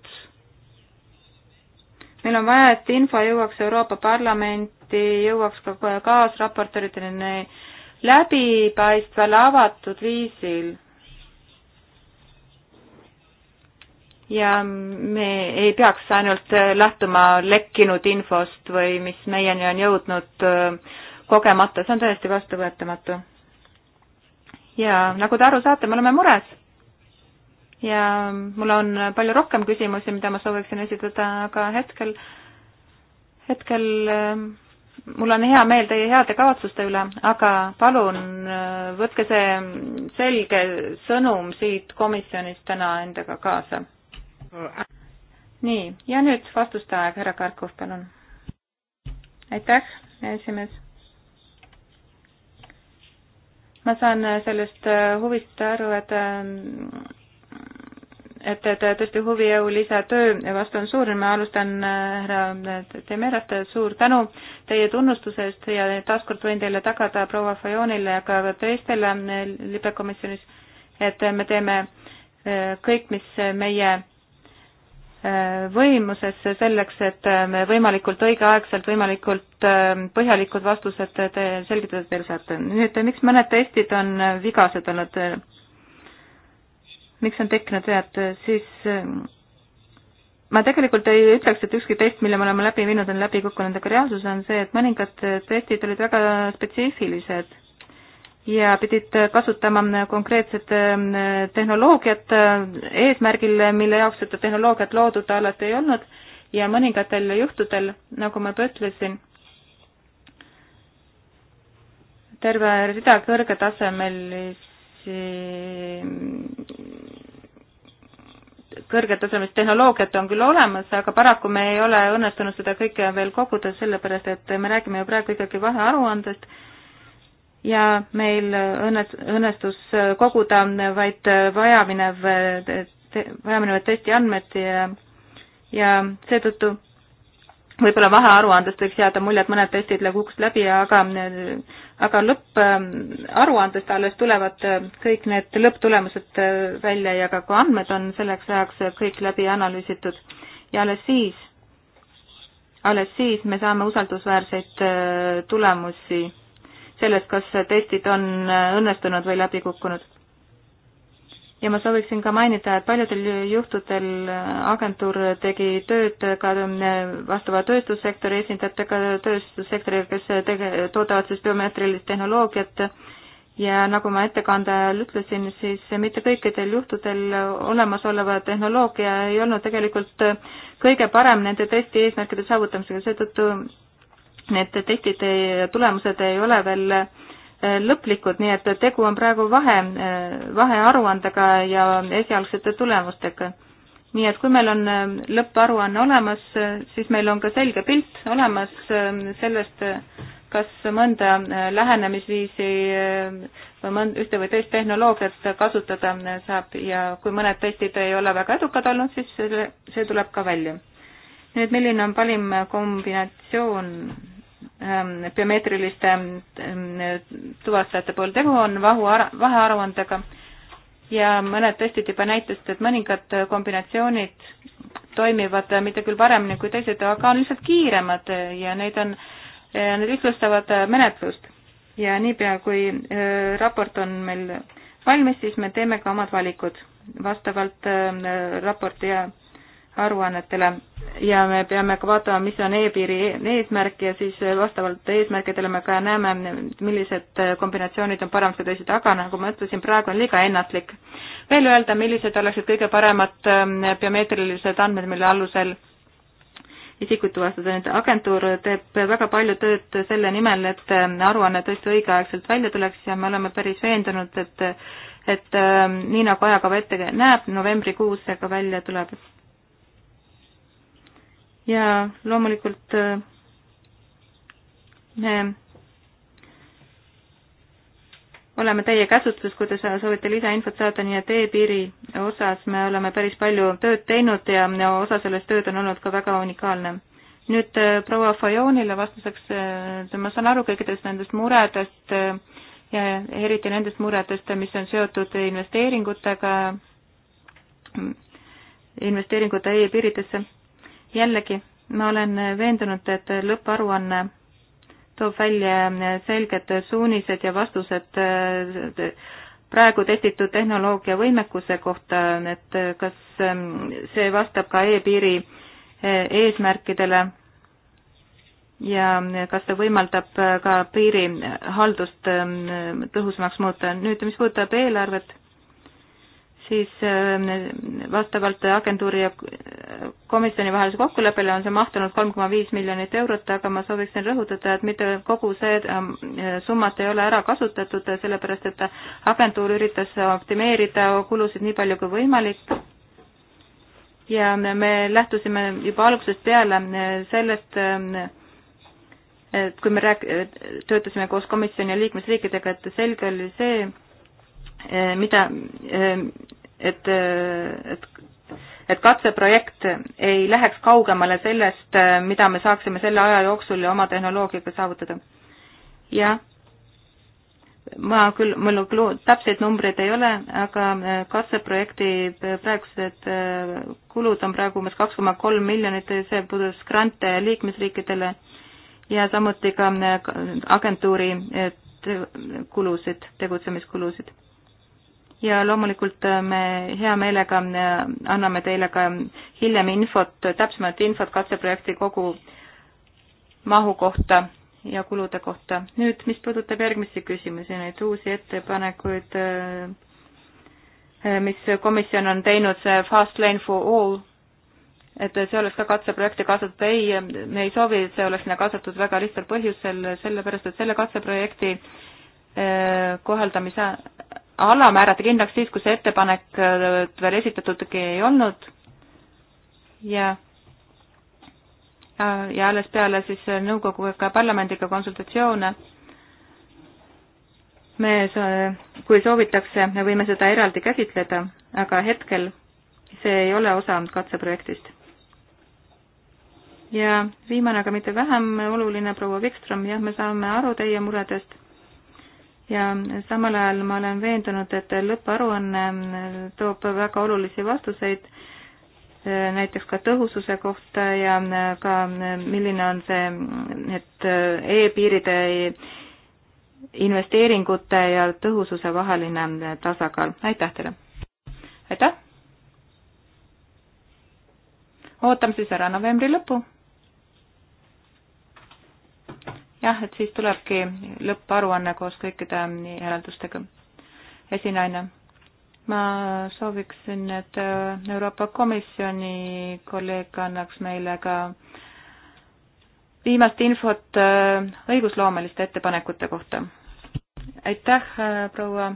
meil on vaja, et info jõuaks Euroopa Parlamenti, jõuaks ka kaasraportöörideni, läbipaistval, avatud viisil. ja me ei peaks ainult äh, lähtuma lekkinud infost või mis meieni on jõudnud äh, kogemata, see on täiesti vastuvõetamatu. ja nagu te aru saate, me oleme mures. ja mul on palju rohkem küsimusi, mida ma sooviksin esitada, aga hetkel, hetkel äh, mul on hea meel teie heade kavatsuste üle, aga palun äh, võtke see selge sõnum siit komisjonist täna endaga kaasa. nii, ja nüüd vastuste aeg, härra Karkov, palun. aitäh, esimees. ma saan sellest äh, huvist aru, et äh, et tõesti huvijõu lisatöö vastu on suur, ma alustan äh, härra äh, Temerat, suur tänu teie tunnustuse eest ja taaskord võin teile tagada proua Fajonile ja ka teistele äh, libekomisjonis, et me teeme kõik, mis meie võimuses selleks, et me võimalikult õigeaegselt, võimalikult põhjalikud vastused te selgitada teil saate. nüüd, miks mõned testid on vigased olnud? miks on tekkinud vead, siis ähm, ma tegelikult ei ütleks, et ükski test, mille me oleme läbi viinud, on läbi kukkunud, aga reaalsus on see, et mõningad äh, testid olid väga spetsiifilised ja pidid äh, kasutama äh, konkreetset ähm, tehnoloogiat eesmärgil, mille jaoks seda tehnoloogiat loodud alati ei olnud ja mõningatel juhtudel, nagu ma juba ütlesin, terve rida kõrgetasemelisi kõrgetasemelist tehnoloogiat on küll olemas, aga paraku me ei ole õnnestunud seda kõike veel koguda, sellepärast et me räägime ju praegu ikkagi vahearuandest ja meil õnnet-, õnnestus koguda vaid vajaminev, vajaminevad testiandmed ja, ja seetõttu võib-olla vahearuandest võiks jääda mulje, et mõned testid kukkusid läbi, aga aga lõpparuandest alles tulevad äh, kõik need lõpptulemused äh, välja ja ka kui andmed on selleks ajaks äh, kõik läbi analüüsitud ja alles siis, alles siis me saame usaldusväärseid tulemusi sellest, kas testid on õnnestunud või läbi kukkunud ja ma sooviksin ka mainida, et paljudel juhtudel agentuur tegi tööd ka vastava tööstussektori esindajatega, tööstussektoriga, kes tege-, toodavad siis biomeetrilist tehnoloogiat ja nagu ma ettekandajal ütlesin, siis mitte kõikidel juhtudel olemasoleva tehnoloogia ei olnud tegelikult kõige parem nende testi eesmärkide saavutamisega, seetõttu need testid ja tulemused ei ole veel äh, Äh, lõplikud, nii et tegu on praegu vahe, äh, vahearuandega ja esialgsete tulemustega. nii et kui meil on äh, lõpparuanne olemas, siis meil on ka selge pilt olemas sellest, kas mõnda lähenemisviisi või mõnd-, ühte või teist tehnoloogiat kasutada saab ja kui mõned testid ei ole väga edukad olnud, siis see, see tuleb ka välja. nüüd milline on parim kombinatsioon Ähm, biomeetriliste ähm, tuvastajate puhul tegu on vahu, vahearuandega ja mõned testid juba näitasid, et mõningad kombinatsioonid toimivad mitte küll paremini kui teised, aga on lihtsalt kiiremad ja neid on, need ühtlustavad menetlust. ja niipea, kui äh, raport on meil valmis, siis me teeme ka omad valikud vastavalt äh, raporti ja aruannetele ja me peame ka vaatama, mis on e-piiri eesmärk ja siis vastavalt eesmärkidele me ka näeme, millised kombinatsioonid on paremad kui teised, aga nagu ma ütlesin, praegu on liiga ennatlik. veel öelda, millised oleksid kõige paremad ähm, biomeetrilised andmed, mille alusel isikut tuvastada, nüüd agentuur teeb väga palju tööd selle nimel, et ähm, aruanne tõesti õigeaegselt välja tuleks ja me oleme päris veendunud, et et ähm, nii, nagu ajakava ette näeb, novembrikuus see ka välja tuleb ja loomulikult äh, me oleme teie käsutuses, kui te soovite lisainfot saada, nii et e-piiri osas me oleme päris palju tööd teinud ja osa sellest tööd on olnud ka väga unikaalne. nüüd äh, proua Fajonile vastuseks, äh, ma saan aru kõikidest nendest muredest ja eriti nendest muredest, mis on seotud investeeringutega, investeeringute e-piiridesse jällegi, ma olen veendunud, et lõpparuanne toob välja selged suunised ja vastused äh, praegu testitud tehnoloogia võimekuse kohta, et kas ähm, see vastab ka e-piiri äh, eesmärkidele ja kas see võimaldab äh, ka piirihaldust ähm, tõhusamaks muuta. nüüd, mis puudutab eelarvet siis ähm, vastavalt agentuuri ja komisjoni vahelise kokkuleppele on see mahtunud kolm koma viis miljonit eurot, aga ma sooviksin rõhutada, et mitte kogu see ähm, summat ei ole ära kasutatud, sellepärast et agentuur üritas optimeerida kulusid nii palju kui võimalik. ja me lähtusime juba algusest peale äh, sellest, ähm, et kui me rääk-, töötasime koos komisjoni ja liikmesriikidega, et selge oli see, Eh, mida, eh, et, eh, et et katseprojekt ei läheks kaugemale sellest, mida me saaksime selle aja jooksul oma tehnoloogiaga saavutada. jah, ma küll, mul täpseid numbreid ei ole, aga katseprojekti praegused kulud on praegu umbes kaks koma kolm miljonit, see puudutas grante liikmesriikidele ja samuti ka agentuuri kulusid, tegutsemiskulusid ja loomulikult äh, me hea meelega äh, anname teile ka hiljem infot, täpsemat infot katseprojekti kogu mahu kohta ja kulude kohta. nüüd, mis puudutab järgmisi küsimusi, neid uusi ettepanekuid, äh, mis komisjon on teinud, see fast lane for all, et see oleks ka katseprojekti kaasatud, ei, me ei soovi, et see oleks sinna kaasatud väga lihtsal põhjusel, sellepärast et selle katseprojekti kohaldamise alamäärata kindlaks siis, kui see ettepanek äh, veel esitatudki ei olnud ja äh, ja alles peale siis äh, nõukoguga ka parlamendiga konsultatsioone me, kui soovitakse, me võime seda eraldi käsitleda, aga hetkel see ei ole osa katseprojektist. ja viimane, aga mitte vähem oluline, proua Vikström, jah, me saame aru teie muredest ja samal ajal ma olen veendunud, et lõpparuanne toob väga olulisi vastuseid e, näiteks ka tõhususe kohta ja ka e, milline on see, et e-piiride investeeringute ja tõhususe vaheline tasakaal, aitäh teile! aitäh! ootame siis ära novembri lõpu jah, et siis tulebki lõpparuanne koos kõikide järeldustega. esinaine, ma sooviksin, et äh, Euroopa Komisjoni kolleeg annaks meile ka viimast infot äh, õigusloomeliste ettepanekute kohta. aitäh, äh, proua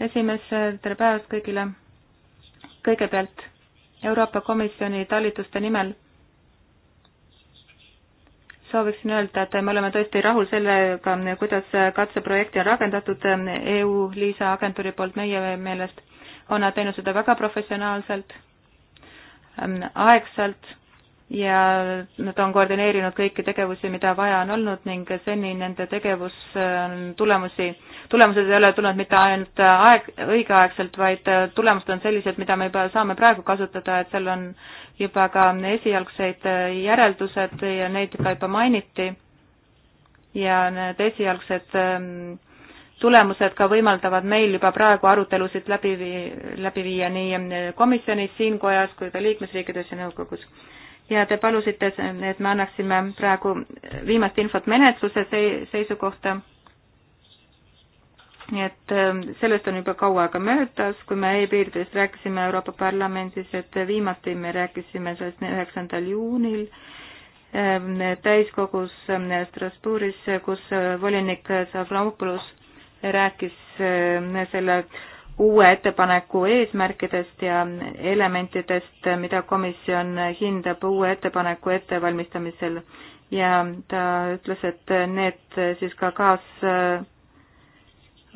esimees, tere päevast kõigile. kõigepealt Euroopa Komisjoni talituste nimel sooviksin öelda, et me oleme tõesti rahul sellega, kuidas katseprojekti on rakendatud EU-LISA agentuuri poolt meie meelest. on nad teinud seda väga professionaalselt, aegsalt ja nad on koordineerinud kõiki tegevusi, mida vaja on olnud ning seni nende tegevus on äh, tulemusi, tulemused ei ole tulnud mitte ainult äh, aeg, õigeaegselt, vaid äh, tulemused on sellised, mida me juba saame praegu kasutada, et seal on juba ka esialgsed järeldused ja neid ka juba mainiti. ja need esialgsed ähm, tulemused ka võimaldavad meil juba praegu arutelusid läbi vii-, läbi viia nii komisjonis, siin kojas kui ka liikmesriikides ja nõukogus ja te palusite, et me annaksime praegu viimast infot menetluse seisukohta. nii et ähm, sellest on juba kaua aega möödas, kui me e-piiridest rääkisime Euroopa Parlamendis, et viimati me rääkisime sellest üheksandal juunil ähm, täiskogus ähm, Strasbourgis, kus äh, volinik Savramopoulos rääkis selle uue ettepaneku eesmärkidest ja elementidest, mida komisjon hindab uue ettepaneku ettevalmistamisel ja ta ütles, et need siis ka kaas äh,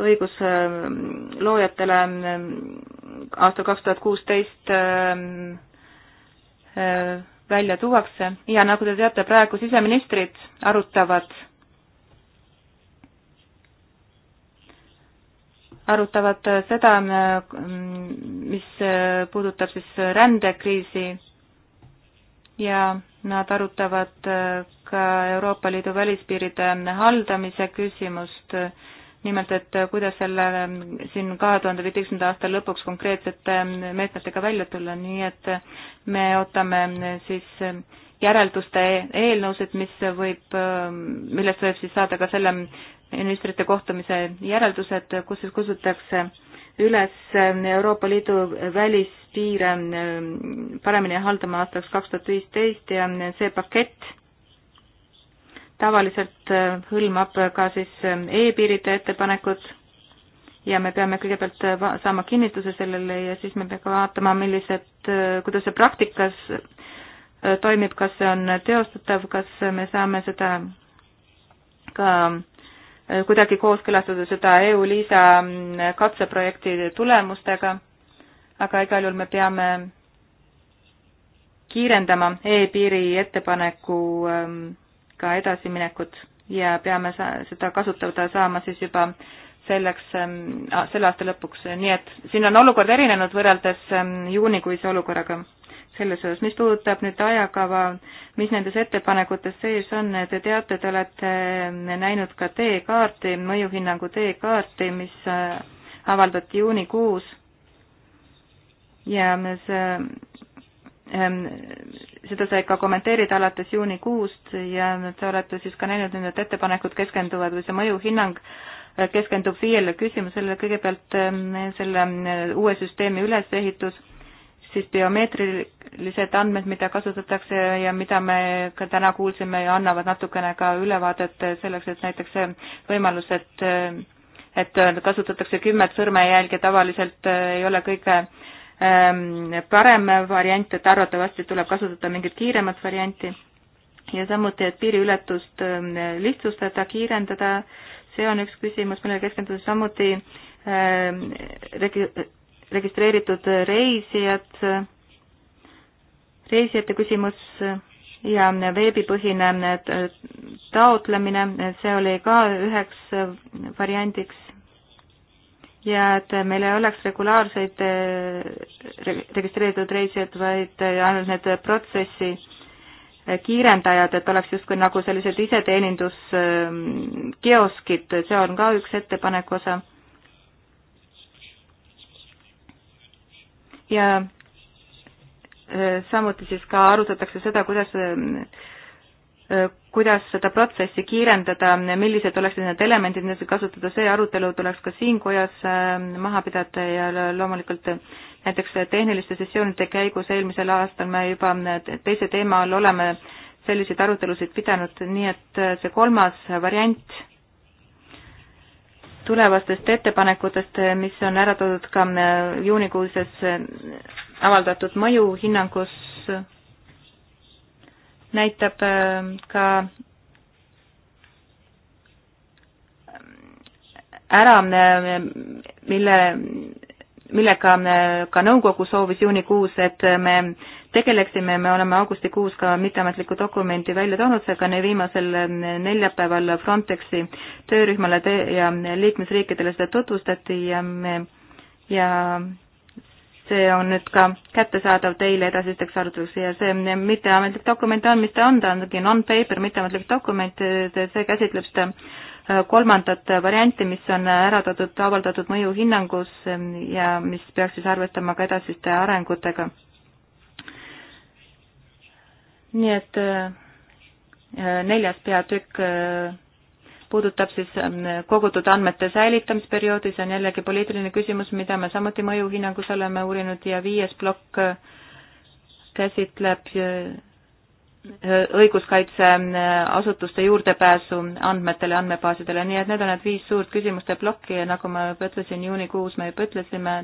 õigusloojatele äh, äh, aastal kaks tuhat kuusteist välja tuuakse ja nagu te teate, praegu siseministrid arutavad arutavad äh, seda, äh, mis äh, puudutab siis rändekriisi ja nad arutavad ka Euroopa Liidu välispiiride haldamise küsimust, nimelt et kuidas selle ähm, siin kahe tuhande viieteistkümnenda aasta lõpuks konkreetsete ähm, meetmetega välja tulla, nii et me ootame siis ähm, järelduste e-, eelnõusid, mis võib, millest võib siis saada ka selle ministrite kohtumise järeldused, kus siis kutsutakse üles Euroopa Liidu välispiire ähm, paremini haldama aastaks kaks tuhat viisteist ja see pakett tavaliselt äh, hõlmab ka siis ähm, e-piiride ettepanekud ja me peame kõigepealt äh, saama kinnituse sellele ja siis me peame ka vaatama, millised, äh, kuidas see praktikas toimib, kas see on teostatav, kas me saame seda ka Äh, kuidagi kooskõlastada seda EU-LISA mm, katseprojekti tulemustega, aga igal juhul me peame kiirendama e-piiri ettepanekuga ähm, edasiminekut ja peame seda kasutada saama siis juba selleks äh,, selle aasta lõpuks, nii et siin on olukord erinenud võrreldes äh, juunikuise olukorraga selles osas, mis puudutab nüüd ajakava, mis nendes ettepanekutes sees on, te teate, te olete näinud ka teekaarti, mõjuhinnangu teekaarti, mis äh, avaldati juunikuus ja see, ähm, seda sai ka kommenteerida alates juunikuust ja te olete siis ka näinud, et need ettepanekud keskenduvad või see mõjuhinnang äh, keskendub viiele küsimusele, kõigepealt ähm, selle äh, uue süsteemi ülesehitus siis biomeetrilised andmed, mida kasutatakse ja mida me ka täna kuulsime, annavad natukene ka ülevaadet selleks, et näiteks see võimalus, et et kasutatakse kümmet sõrmejälge, tavaliselt ei ole kõige ähm, parem variant, et arvatavasti tuleb kasutada mingit kiiremat varianti ja samuti, et piiriületust ähm, lihtsustada, kiirendada, see on üks küsimus, millele keskenduda, samuti ähm, registreeritud reisijad, reisijate küsimus ja veebipõhine taotlemine, see oli ka üheks variandiks ja et meil ei oleks regulaarseid eh, registreeritud reisijaid, vaid eh, ainult need protsessi eh, kiirendajad, et oleks justkui nagu sellised iseteeninduskioskid, see on ka üks ettepaneku osa. ja äh, samuti siis ka arutatakse seda, kuidas äh, kuidas seda protsessi kiirendada, millised oleksid need elemendid, mida kasutada, see arutelu tuleks ka siin kojas äh, maha pidada ja loomulikult näiteks tehniliste sessioonide käigus eelmisel aastal me juba teise teema all oleme selliseid arutelusid pidanud, nii et see kolmas variant tulevastest ettepanekutest, mis on ära toodud ka äh, juunikuuses äh, avaldatud mõjuhinnangus, näitab äh, ka ära, mille, millega ka nõukogu soovis juunikuus, et me tegeleksime, me oleme augustikuus ka mitteametliku dokumenti välja toonud, seega viimasel neljapäeval Frontexi töörühmale te ja liikmesriikidele seda tutvustati ja me ja see on nüüd ka kättesaadav teile edasisteks aruteluks ja see mitteametlik dokument on, mis ta on, ta ongi non-paper mitteametlik dokument, see käsitleb seda äh, kolmandat varianti, mis on ära toodud, avaldatud mõjuhinnangus ja mis peaks siis arvestama ka edasiste arengutega nii et äh, äh, neljas peatükk äh, puudutab siis ähm, kogutud andmete säilitamisperioodi, see on jällegi poliitiline küsimus, mida me samuti mõjuhinnangus oleme uurinud ja viies plokk käsitleb õiguskaitseasutuste juurdepääsu andmetele, andmebaasidele, nii et need on need viis suurt küsimuste plokki ja nagu ma juba ütlesin, juunikuus me juba ütlesime,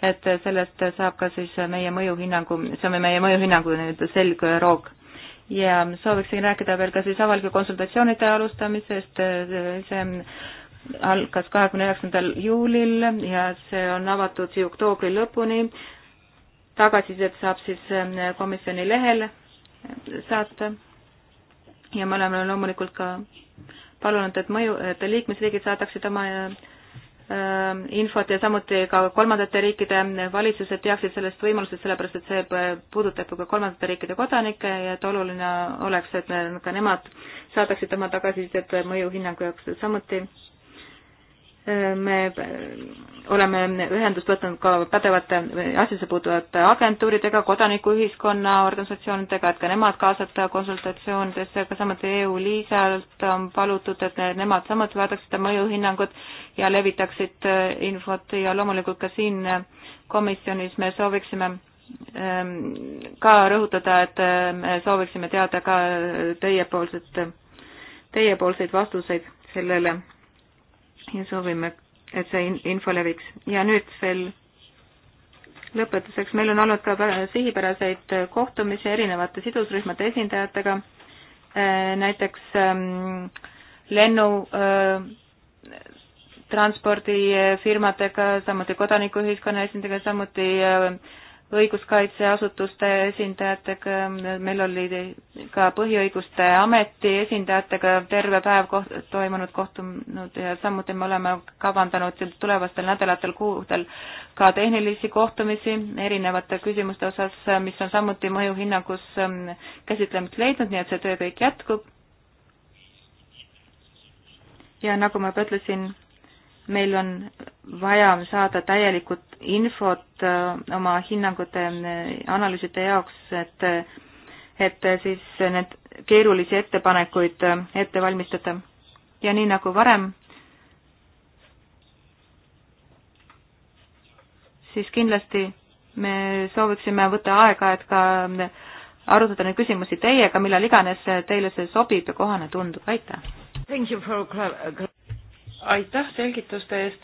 et et sellest saab ka siis meie mõjuhinnangu, see on meie mõjuhinnangu nüüd selgroog ja sooviksin rääkida veel ka siis avalike konsultatsioonide alustamisest, see algas kahekümne üheksandal juulil ja see on avatud siis oktoobri lõpuni. tagasisidet saab siis eh, komisjoni lehel saata ja me oleme loomulikult ka palunud, et mõju, et liikmesriigid saadaksid oma eh, Ähm, infot ja samuti ka kolmandate riikide valitsused teaksid sellest võimalusest, sellepärast et see puudutab ju ka kolmandate riikide kodanikke ja et oluline oleks, et ka nemad saadaksid oma tagasisidet mõjuhinnangu jaoks. samuti me oleme ühendust võtnud ka pädevate asjasse puutuvate agentuuridega, kodanikuühiskonna organisatsioonidega, et ka nemad kaasata konsultatsioonidesse, aga samuti EU-Liisalt on palutud, et nemad samuti vaadaksid mõjuhinnangut ja levitaksid äh, infot ja loomulikult ka siin äh, komisjonis me sooviksime ähm, ka rõhutada, et äh, me sooviksime teada ka teiepoolset, teiepoolseid vastuseid sellele ja soovime, et see info leviks. ja nüüd veel lõpetuseks, meil on olnud ka sihipäraseid kohtumisi erinevate sidusrühmade esindajatega, äh, näiteks ähm, lennu äh, transpordifirmadega, äh, samuti kodanikuühiskonna esindajatega, samuti õiguskaitseasutuste esindajatega, meil oli ka Põhiõiguste Ameti esindajatega terve päev koht-, toimunud kohtunud ja samuti me oleme kavandanud tulevastel nädalatel, kuudel ka tehnilisi kohtumisi erinevate küsimuste osas, mis on samuti mõjuhinnangus ähm, käsitlemist leidnud, nii et see töö kõik jätkub. ja nagu ma juba ütlesin, meil on vaja saada täielikult infot äh, oma hinnangute, äh, analüüside jaoks, et, et siis need keerulisi ettepanekuid äh, ette valmistada. ja nii nagu varem, siis kindlasti me sooviksime võtta aega, et ka arutada neid küsimusi teiega, millal iganes teile see sobib ja kohane tundub, aitäh! aitäh selgituste eest.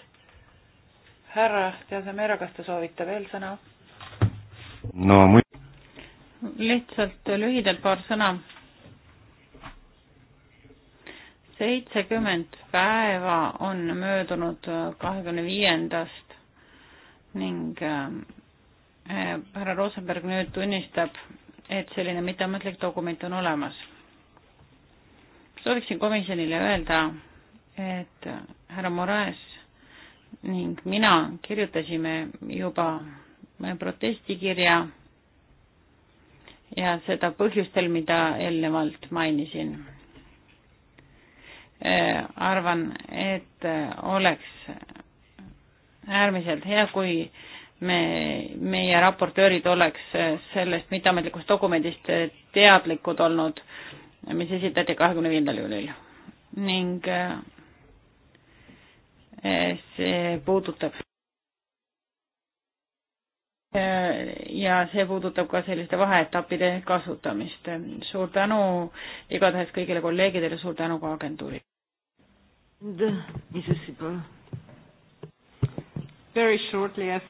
härra Teasemere, kas te soovite veel sõna? no mu-. lihtsalt lühidalt paar sõna. seitsekümmend päeva on möödunud kahekümne viiendast ning äh, härra Rosenberg nüüd tunnistab, et selline mitteametlik dokument on olemas. sooviksin komisjonile öelda, et härra Moraes ning mina kirjutasime juba protestikirja ja seda põhjustel, mida eelnevalt mainisin. Äh, arvan, et oleks äärmiselt hea, kui me, meie raportöörid oleks sellest mitteametlikust dokumendist teadlikud olnud, mis esitati kahekümne viiendal juulil ning äh, Eh, see puudutab ja see puudutab ka selliste vaheetappide kasutamist. suur tänu igatahes kõigile kolleegidele, suur tänu ka agentuurile. Very shortly yes..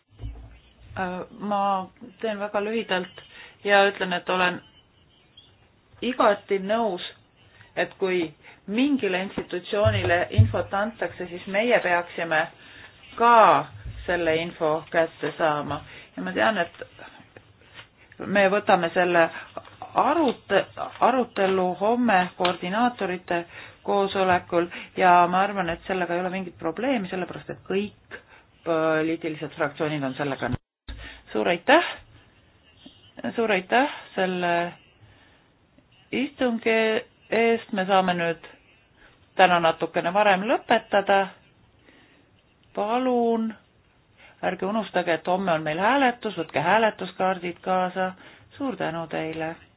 Uh, ma teen väga lühidalt ja ütlen, et olen igati nõus, et kui mingile institutsioonile infot antakse, siis meie peaksime ka selle info kätte saama ja ma tean, et me võtame selle arut-, arutelu homme koordinaatorite koosolekul ja ma arvan, et sellega ei ole mingit probleemi, sellepärast et kõik poliitilised fraktsioonid on sellega nõus. suur aitäh, suur aitäh selle istungi eest, me saame nüüd täna natukene varem lõpetada. palun ärge unustage, et homme on meil hääletus, võtke hääletuskaardid kaasa. suur tänu teile!